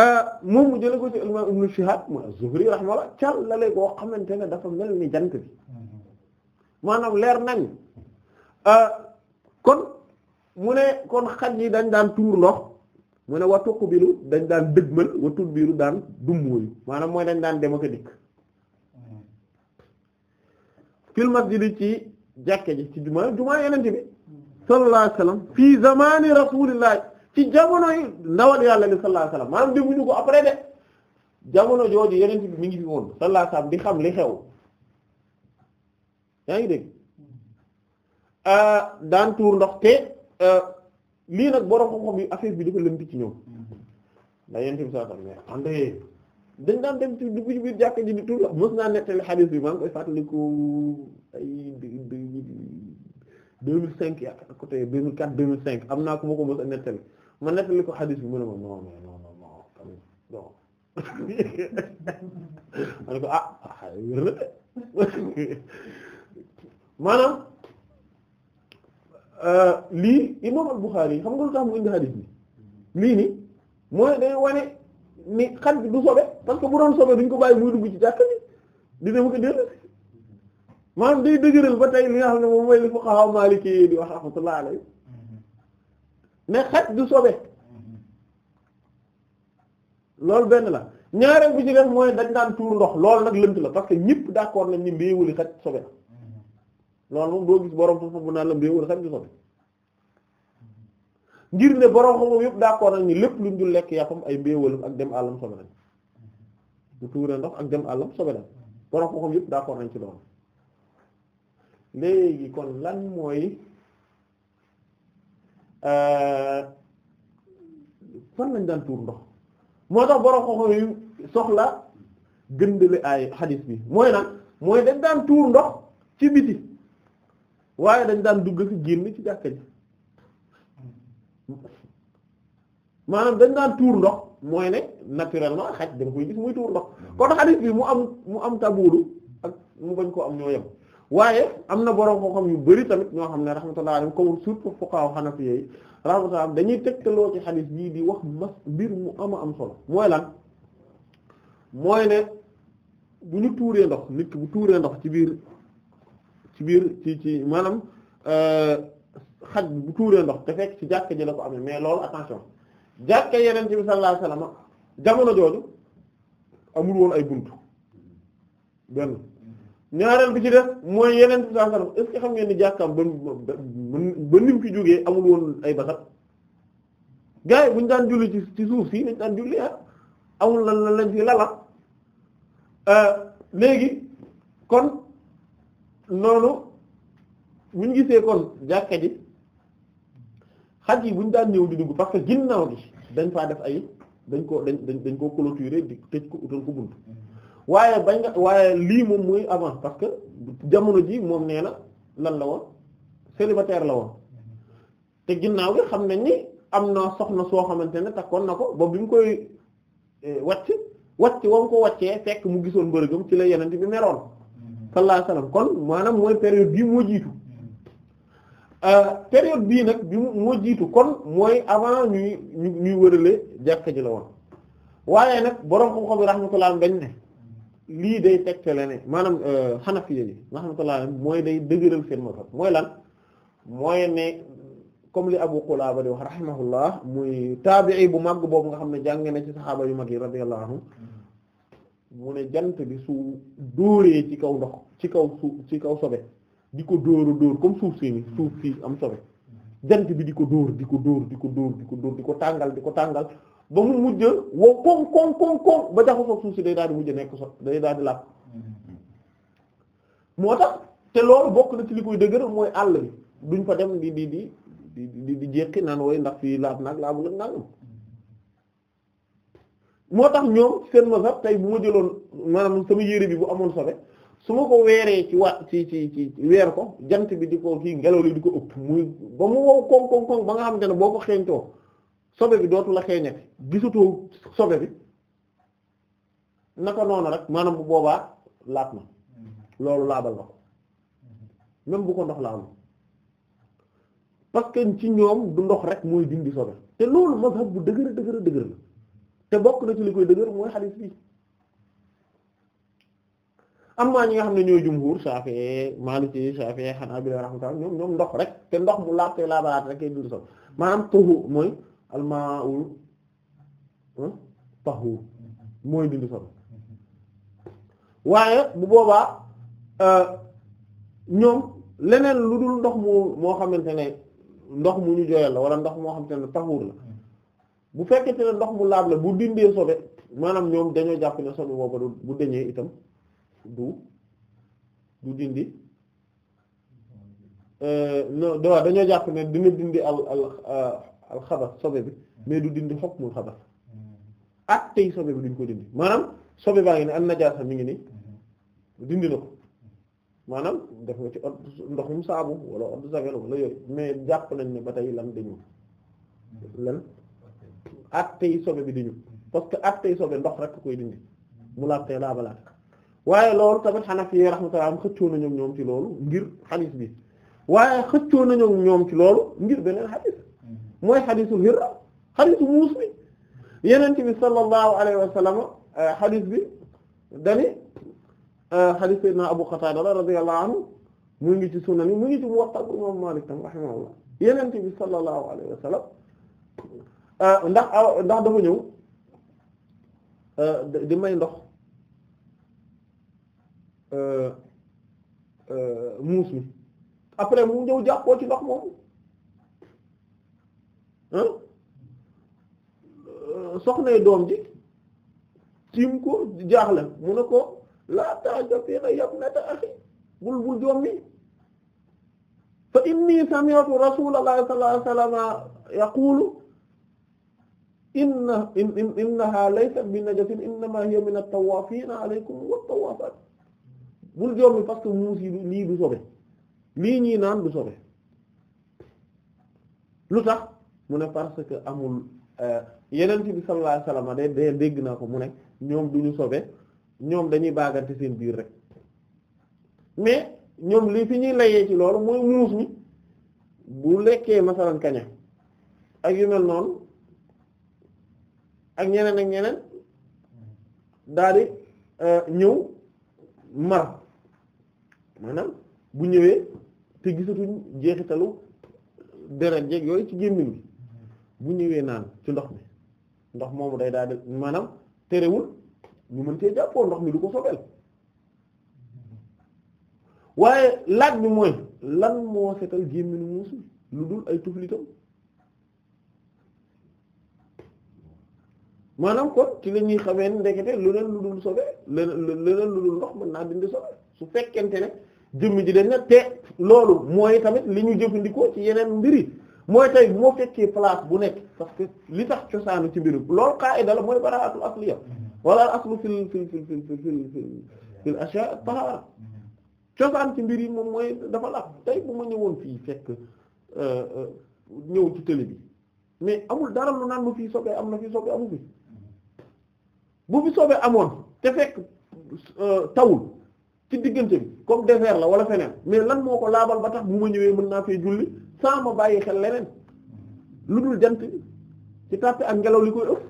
euh, moom mu jële ko ci ibn Shihab mu az-Zuhri rahimahullah càllale koo xamante ne dafa mel ni jant bi maanaam leer nañ euh, kon mu ne kon xaj yi dañ daan tuur ndox mu ne wa tuqbilu dañ daan dëgmal wa tudbiru daan dummóoyu maanaam mooy dañ daan dem ak a dikk fil ci jàkke ji ci jumaa jumaa yenente bi sallallahu alayhi wasallam fii zamani rasulillah ci jamono yi ndawal yàlla li sallallahu alayhi wasallam maanaam demuñu ko après de jamono jooju yenente bi mi ngi fi woon sallallahu alayhi di xam li xew yaa ngi dégg ah, daan tuur ndox te ah, lii nag borom xam-xam yi affaire bi dafa lënt ci ñoom nda yenti bi saa tam mais attendez dañ daan dem ci dugg biir jàkka ji di tuur mës naa nettali xadiis bi maa côté deux mille cinq am naa ko ma ko mës a nettali ma nettali ko xadiis ah, maanaam Euh, lii imam al-Bukhari xam nga lu tax mu indi hadith bi lii nii mooy day wane ni xat bi du sobe parce que bu doon sobe duñ ko bàyyi muy dugg ci jàkk bi di dem ko déll maanaam day dëgëral ba tey li nga xam ne moom mooy li fuqaha maliki di wax rahmatullah alayhi mais xat du sobe loolu benn la ñaareel bu ci def mooy dañ daan tuur ndox loolu nag lënt la parce que ñëpp d'accord nañ ni mbéywuli xat sobe la loolu moom doo gis borom xam-xam bu naan la mbéy wala sax di sobe ne borom xam-xam yëpp d'accord nañ ni lépp luñ dul lekk yàppam ay mbéewalam ak dem àllam sobe nañ bu tuuree ndox ak dem àllam sobe nañ borom xam-xam nañ ci loolu léegi mooy euh, fan lañ daan tuur ndox moo tax borom xam-xam yi soxla gëndale ay xadiis bi mooy nag mooy dañ daan tuur ndox ci biti waaye dañ daan dugg ci génn ci jàkka ji maanaam dañ daan tuur ndox mooy ne naturellement xaj dañ koy gis muy tuur ndox kon xadis bi mu am mu am tabuudu ak mu bañ koo am ñoo yem waaye am na borom koo xam yu bari tamit ñoo xam ne rahmatullahi alayhi comme surtout fuqaha hanafi yi rahmatullahi dañuy tegtaloo ci xadis bii di wax mas mbir mu ama am solo mooy lan mooy ne bu ñu tuuree ndox nit ki bu tuuree ndox ci biir ci biir ci ci maanaam euh, xaj bu tuuree ndox te fekk ci jàkka ji la ko amee mais loolu attention jàkka yeneen ci bi sallallahu alayhi wasallam jamono jooju amul woon ay buntu benn ñaareel bi ci def mooy yeneen bi sallallahu alayhi wasallam est-ce que xam ngeen ni jàkkaam ba nim fi jógee amul woon ay basat gars yi buñu daan julli ci ci suuf fii dañ daan julli ah amul lan lañ fi lala euh, léegi kon noonu bu ñu gisee kon jàkka ji xaj yi bu daan ñëw di dugg parce que ginnaaw gi dañ faa def ay dañ ko dañ dañ koo clôturer di tëj ko utal ko bunt waaye bañ nga waaye lii moom mooy avant parce que jamono ji moom nee na lan la woon célibataire la woon te ginnaaw gi xam nañ ni am na soxna soo xamante ne takkoon na ko ba bi mu koy eh, wàcc wàcc wam ko wàccee fekk mu gisoon mbërëgam ci la yeneen bi meroon sallallahu alayhi kon maanaam mooy période bii moo jiitu euh, période bii nag bi moo jiitu kon mooy avant ñuy ñuy wërale jàkka ji la woon waaye nag borom xam-xam yi rahmatullah dañ ne lii day tegtale ne maanaam xanafiya euh, yi rahmatullah mooy day dëgëral seen mazhab mooy lan mooy ne comme li Abu Qulaba di wax rahimahullah muy taabi'i bu màgg boobu nga xam ne jàng na ci saxaaba yu mag yi radiyallahu anhu mu ne jant bi su dóoree ci kaw ndox ci kaw suuf ci kaw sobe di ko dóora dóor comme suuf si ni suuf si am sobe jant bi di ko dóor di ko dóor di ko dóor di ko dóor di ko tàngal di ko tàngal ba mu mujj wow koŋ koŋ koŋ koŋ ba jaxasoo suuf si day daal di mujj nekk so day daal di làpp moo tax te loolu bokk na ci li koy dëgër mooy àll bi duñ fa dem di di di di di jekki naan wooy ndax fii laab laa laabu la nangam moo tax ñoom seen mazhab tey bu ma jëloon maanaam sama yére bi bu amoon sobe su ma ko weeree ci wa ci ci ci weer ko jant bi di ko kii ngelaw li di ko ëpp muy ba mu wow koŋ koŋ koŋ ba nga xam ne boo ko xeeñtoo sobe bi dootu la xeeñate gisutoo sobe bi naka noonu rek maanaam bu boobaa laat na loolu laabal na ko même bu ko ndox laalu parce que ci ñoom du ndox rek mooy dindi sobe te loolu mazhab bu dëgër dëgër dëgër la te bokk na ci li koy dëgër mooy xadis fii am na ñi nga xam ne ñooy jumhur Shafi'i Maliki Shafi'i Hanabila rahmatullah ñoom ñoom ndox rek te ndox mu laab te laabalaat rek kay dund sax maanaam tuhu mooy almaul taxu mooy dindi sol waaye bu boobaa euh, ñoom leneen lu dul ndox mu moo xamante ne ndox mu ñu jooyal la wala ndox moo xamante ne taxuur la bu fekkente ne ndox mu laab la bu dindee sobe maanaam ñoom dañoo jàpp ne sobe boobu du bu deñee itam du du dindi euh, non dañoo jàpp ne dina dindi al al euh, al xabar bi mais du dindi xokk mu xabar mm-hmm. ak tey bi duñ ko dindi maanaam sobe baa ngi ne an najaasa mi ngi ni mm-hmm. dindi na ko maanaam def nga ci ndoxum saabu wala odd javel wala yooyu mais jàpp nañ ne ba tey lan dañu mm-hmm. lan attey sobe bi dañu parce que attey sobe ndox rek koy dindi mu laabtee laabalaat waaye loolu tamit Hanafi yi rahmatullah xëccoo na ñoom ñoom ci loolu ngir xadis bi waaye xëccoo na ñoom ñoom ci loolu ngir beneen xadis mooy xadisul hirra xadisu muus bi yenent bi sallallahu alayhi wa sallam eh, xadis bi dani eh, xadis sayyidina Abu Qatada radiyallahu anhu mu ngi ci sunani mu ngi ci Muwatta bu imam Malik tam rahimahullah yenent bi sallallahu alayhi wa sallam Euh, ndax ah, ndax dafa ñëw euh, di may ndox euh, muus mi après mu ñëw jàppoo ci ndox moomu soxna doom ji tiim ko jaaxle mu ne ko laa tajafiina yabnata axi bul bul doom mi fa inni sami'tu rasulallahi sallallahu alayhi wa sallam yaqulu inna innaha laysa bi najasin innama hiya min at-tawafina alaykum wat-tawafat bul jommi parce que muus yi lii du sobe lii ñii naan du sobe lu tax mu ne parce que amul euh, yeneen bi sallallahu alayhi de dégg naa ko mu ne ñoom du ñu sobe ñoom dañuy baagante seen biir rek mais ñoom li fi ñuy layee ci loolu mooy muus mi bu lekkee masalan kaña ak yu noonu ak ñeneen ak ñeneen daal di euh, ñëw mar maanaam bu ñëwee te gisatuñ jeexitalu deret jeeg yooyu ci gémmiñ bi bu ñëwee naan ci ndox mi ndox moomu day daal di maanaam terewul ñu mën cee jàppoo ndox mi du ko sobel waaye laaj bi mooy lan moo setal gémmiñu muusi lu dul ay tuflitam maanaam ko ci la ñuy xamee ne ndekete leneen lu dul sobe leneen lu dul ndox man naa dindi sobe su fekkente ne jëmm ji dañ na te loolu mooy tamit li ñu jëfandikoo ci yeneen mbiri mooy tey moo fekkee place bu nekk parce que li tax cosaanu ci mbirum loolu qaida la mooy baraatul asliya wala aslu fil fil fil fil fil fil asha at-tahara cosaan ci mbir yi moom mooy dafa laaj tey bu ma ñëwoon fii fekk euh, euh, ñëw ci télé bi mais amul dara lu naan mu fii am na fii sobee bu bi soobee amoon te fekk euh, tawul ci diggante bi comme désert la wala feneen mais lan moo ko laabal ba tax bu ma ñëwee mën naa fee julli sans ma bàyyi xel leneen lu dul jant bi ci tàppe ak ngelaw li koy ëpp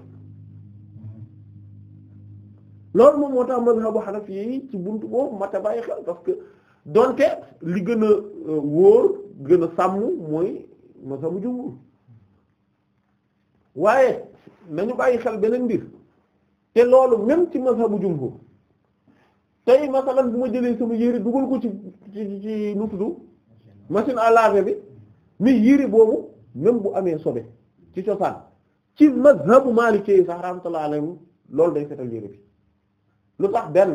loolu moom moo tax mazhabu Hanafi yi ci bunt boobu mat a bàyyi xel parce donte li gën a euh, wóor gën a sàmm mooy mazhabu jumhur waaye nañu bàyyi xel beneen mbir te loolu même ci mazhabu jumhur tey masalan bu ma jëlee sama yére dugal ko ci ci ci nu tuddu machine à laver bi mais yére boobu même bu amee sobe ci cosaan ci mazhabu maalikee sax rahmatullah alayhim loolu day setal yére bi lu tax benn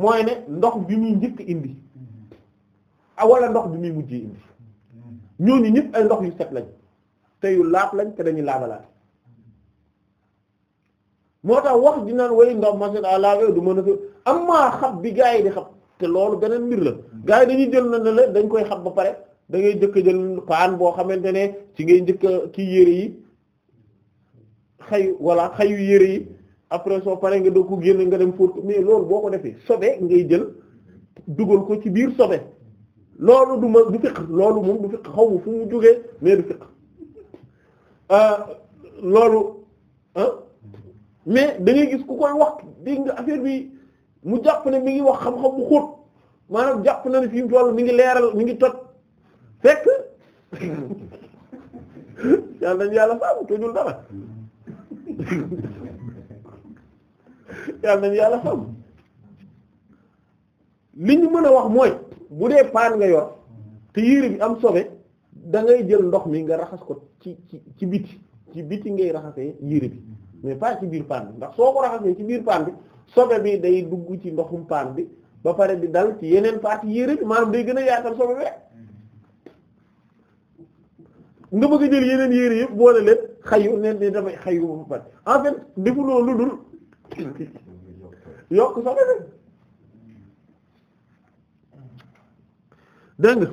mooy ne ndox bi muy njëkk indi wala ndox bi muy mujjee indi ñooñu ñëpp ay ndox yu set lañ te yu laab lañ te dañuy laabalaat moo tax wax di naan way ndaw masin àlawe du mën a fi am maa xab bi gars yi di xab te loolu beneen mbir la gars yi dañuy jël na ne la dañ koy xab ba pare da ngay jëkk jël paan boo xamante ne ci ngay njëkk ki yére yi xay walla xayu yére yi après soo pare nga doo ko génn nga dem fóot mais loolu boo ko defee sobe ngay jël dugal ko ci biir sobe loolu du du fiq loolu moom du fiq xaw fu mu jógee mais du fiq euh, loolu mais dangay gis ku koy wax dégg nga affaire bi mu jàpp ne mi ngi wax xam-xam bu xóot maanaam jàpp na ne fi mu toll mi ngi leeral mi ngi tot fekk yàlla nañu yàlla sàmm tojul dara yàlla nañu li ñu mën a wax mooy bu dee paan nga yor te yére bi am sobe dangay jël ndox mi nga raxas ko ci ci ci biti ci biti ngay raxasee yére bi. mais pas ci biir paan bi ndax soo ko raxasee ci biir paan bi sobe bi day dugg ci ndoxum paan bi ba pare bi dal ci yeneen parties yére bi maanaam day gën a yaatal sobe bi nga bëgg a jël yeneen yére yëpp boole leen xayu neen ne dafay xayu ba pare en dul yokk sobe bi dégg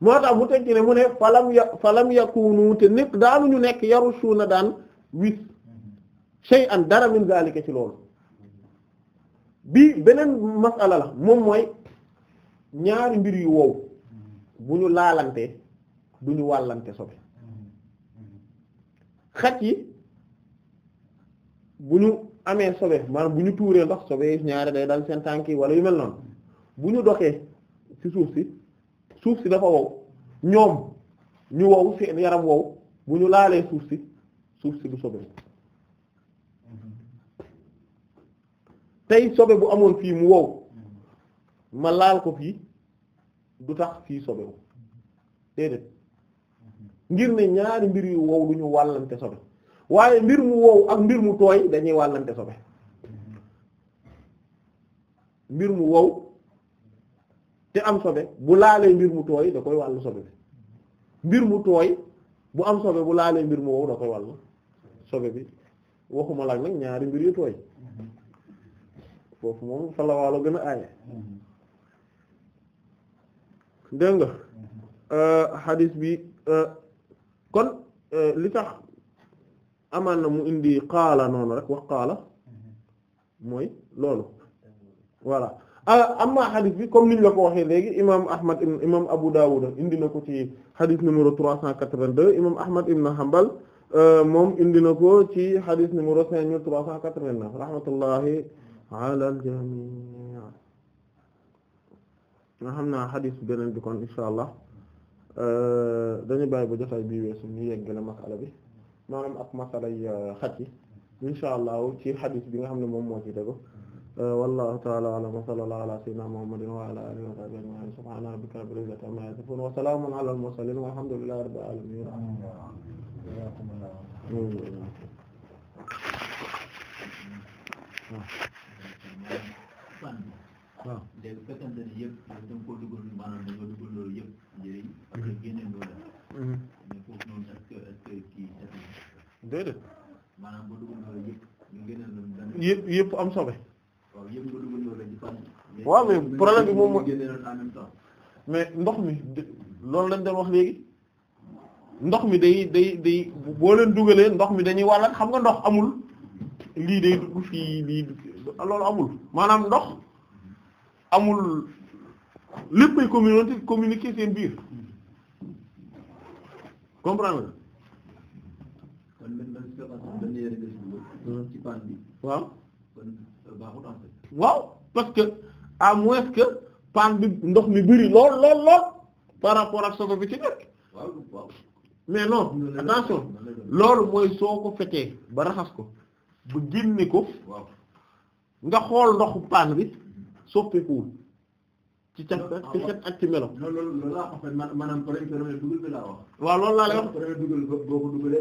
moo tax mu tekki ne mu ne falam ya te nekk daanu ñu nekk yaru suuna daan wis shay'an dara min zalika ci loolu bi beneen masala la moom mooy ñaari mbir yu wow bu ñu laalante du ñu wàllante sobe xaj yi bu ñu amee sobe maanaam bu ñu tuuree ndox sobe ñaari day dal seen tànk yi wala yu mel noonu bu ñu doxee ci suuf si suuf si dafa wow ñoom ñu wow seen yaram wow bu ñu laalee suuf si suuf si du sobe tey sobe bu amoon fii mu wow ma laal ko fii du tax fii sobewu déedéet ngir ne ñaari mbir yu wow du ñu wàllante sobe waaye mbir mu wow ak mbir mu tooy dañuy wàllante sobe mbir mu wow te am sobe bu laalee mbir mu tooy da koy wàllu sobe bi mbir mu tooy bu am sobe bu laalee mbir mu wow da koy wàllu sobe bi waxuma laak nag ñaari mbir yu tooy foofu moom salawaalo gën a aaye mhm. dégg nga xadis mhm. euh, bi euh, kon euh, li tax amaan na mu indi xaala noonu rek wax xaala mhm. mooy loolu voilà amma xadis bi comme niñ la ko waxee léegi imam ahmad ibn imam abu dawud indi na ko ci xadis numéro trois cent quatre-vingt-deux imam ahmad ibn hanbal moom indi na ko ci xadis numéro cinq mille trois cent quatre-vingt-neuf rahmatullahi ala al jamii nga xam naa xadis beneen bi kon insha allah dañu bàyyi ba jotaay bii weesu ñu yeggale masala bi maanaam ak masala yi euh, xaj yi insha allah ci xadis bi nga xam ne moom moo ci dego wallahu taala alam wa sallallahu ala sayyidina muhammadin wa ala alihi wa sahbihi ajma'in subhana rabbika rabbil izzati amma yasifun wa salamun ala al mursalin walhamdulillahi rabbil alamin Thank you. waaw léegi bu loolu yëpp njëriñ mhm. mhm. kii déedéet yëpp am sobe waaw yëpp nga dugal mais bi moom mooy génneen mais ndox mi loolu lañ doon wax léegi ndox mi day day day boo leen dugalee ndox mi dañuy wàllal xam nga ndox amul lii day dugg fii lii loolu amul maanaam ndox amul léppay communauté communiquer seen biir waaw parce que à moins que paan bi ndox mi bëri lool lool lool par rapport ak soko bi ci nekk mais non attention loolu mooy soo ko fetee ba raxas ko ba génne ko nga xool ndoxu paan bi soppikuwul ci cat ci cat ak ci melo. loolu loolu laa ko fay wax. waaw loolu laa lay wax problème dugal boo ko wax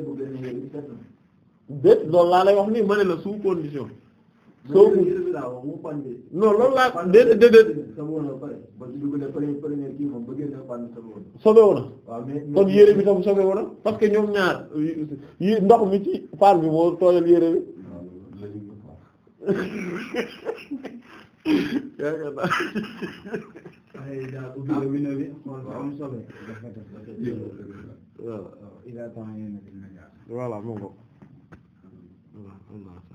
ni ma la sous condition. soo ko non loolu laa déedéet déedéet. kon yére bi tam sobeewu na parce que ñoom ñaar yi ndox mi ci faar bi moo tooyal yére bi. yaakaar naa. ay daa ubbi la wina bi xool ba am solo dafa def dafa def voilà. il a temps yéen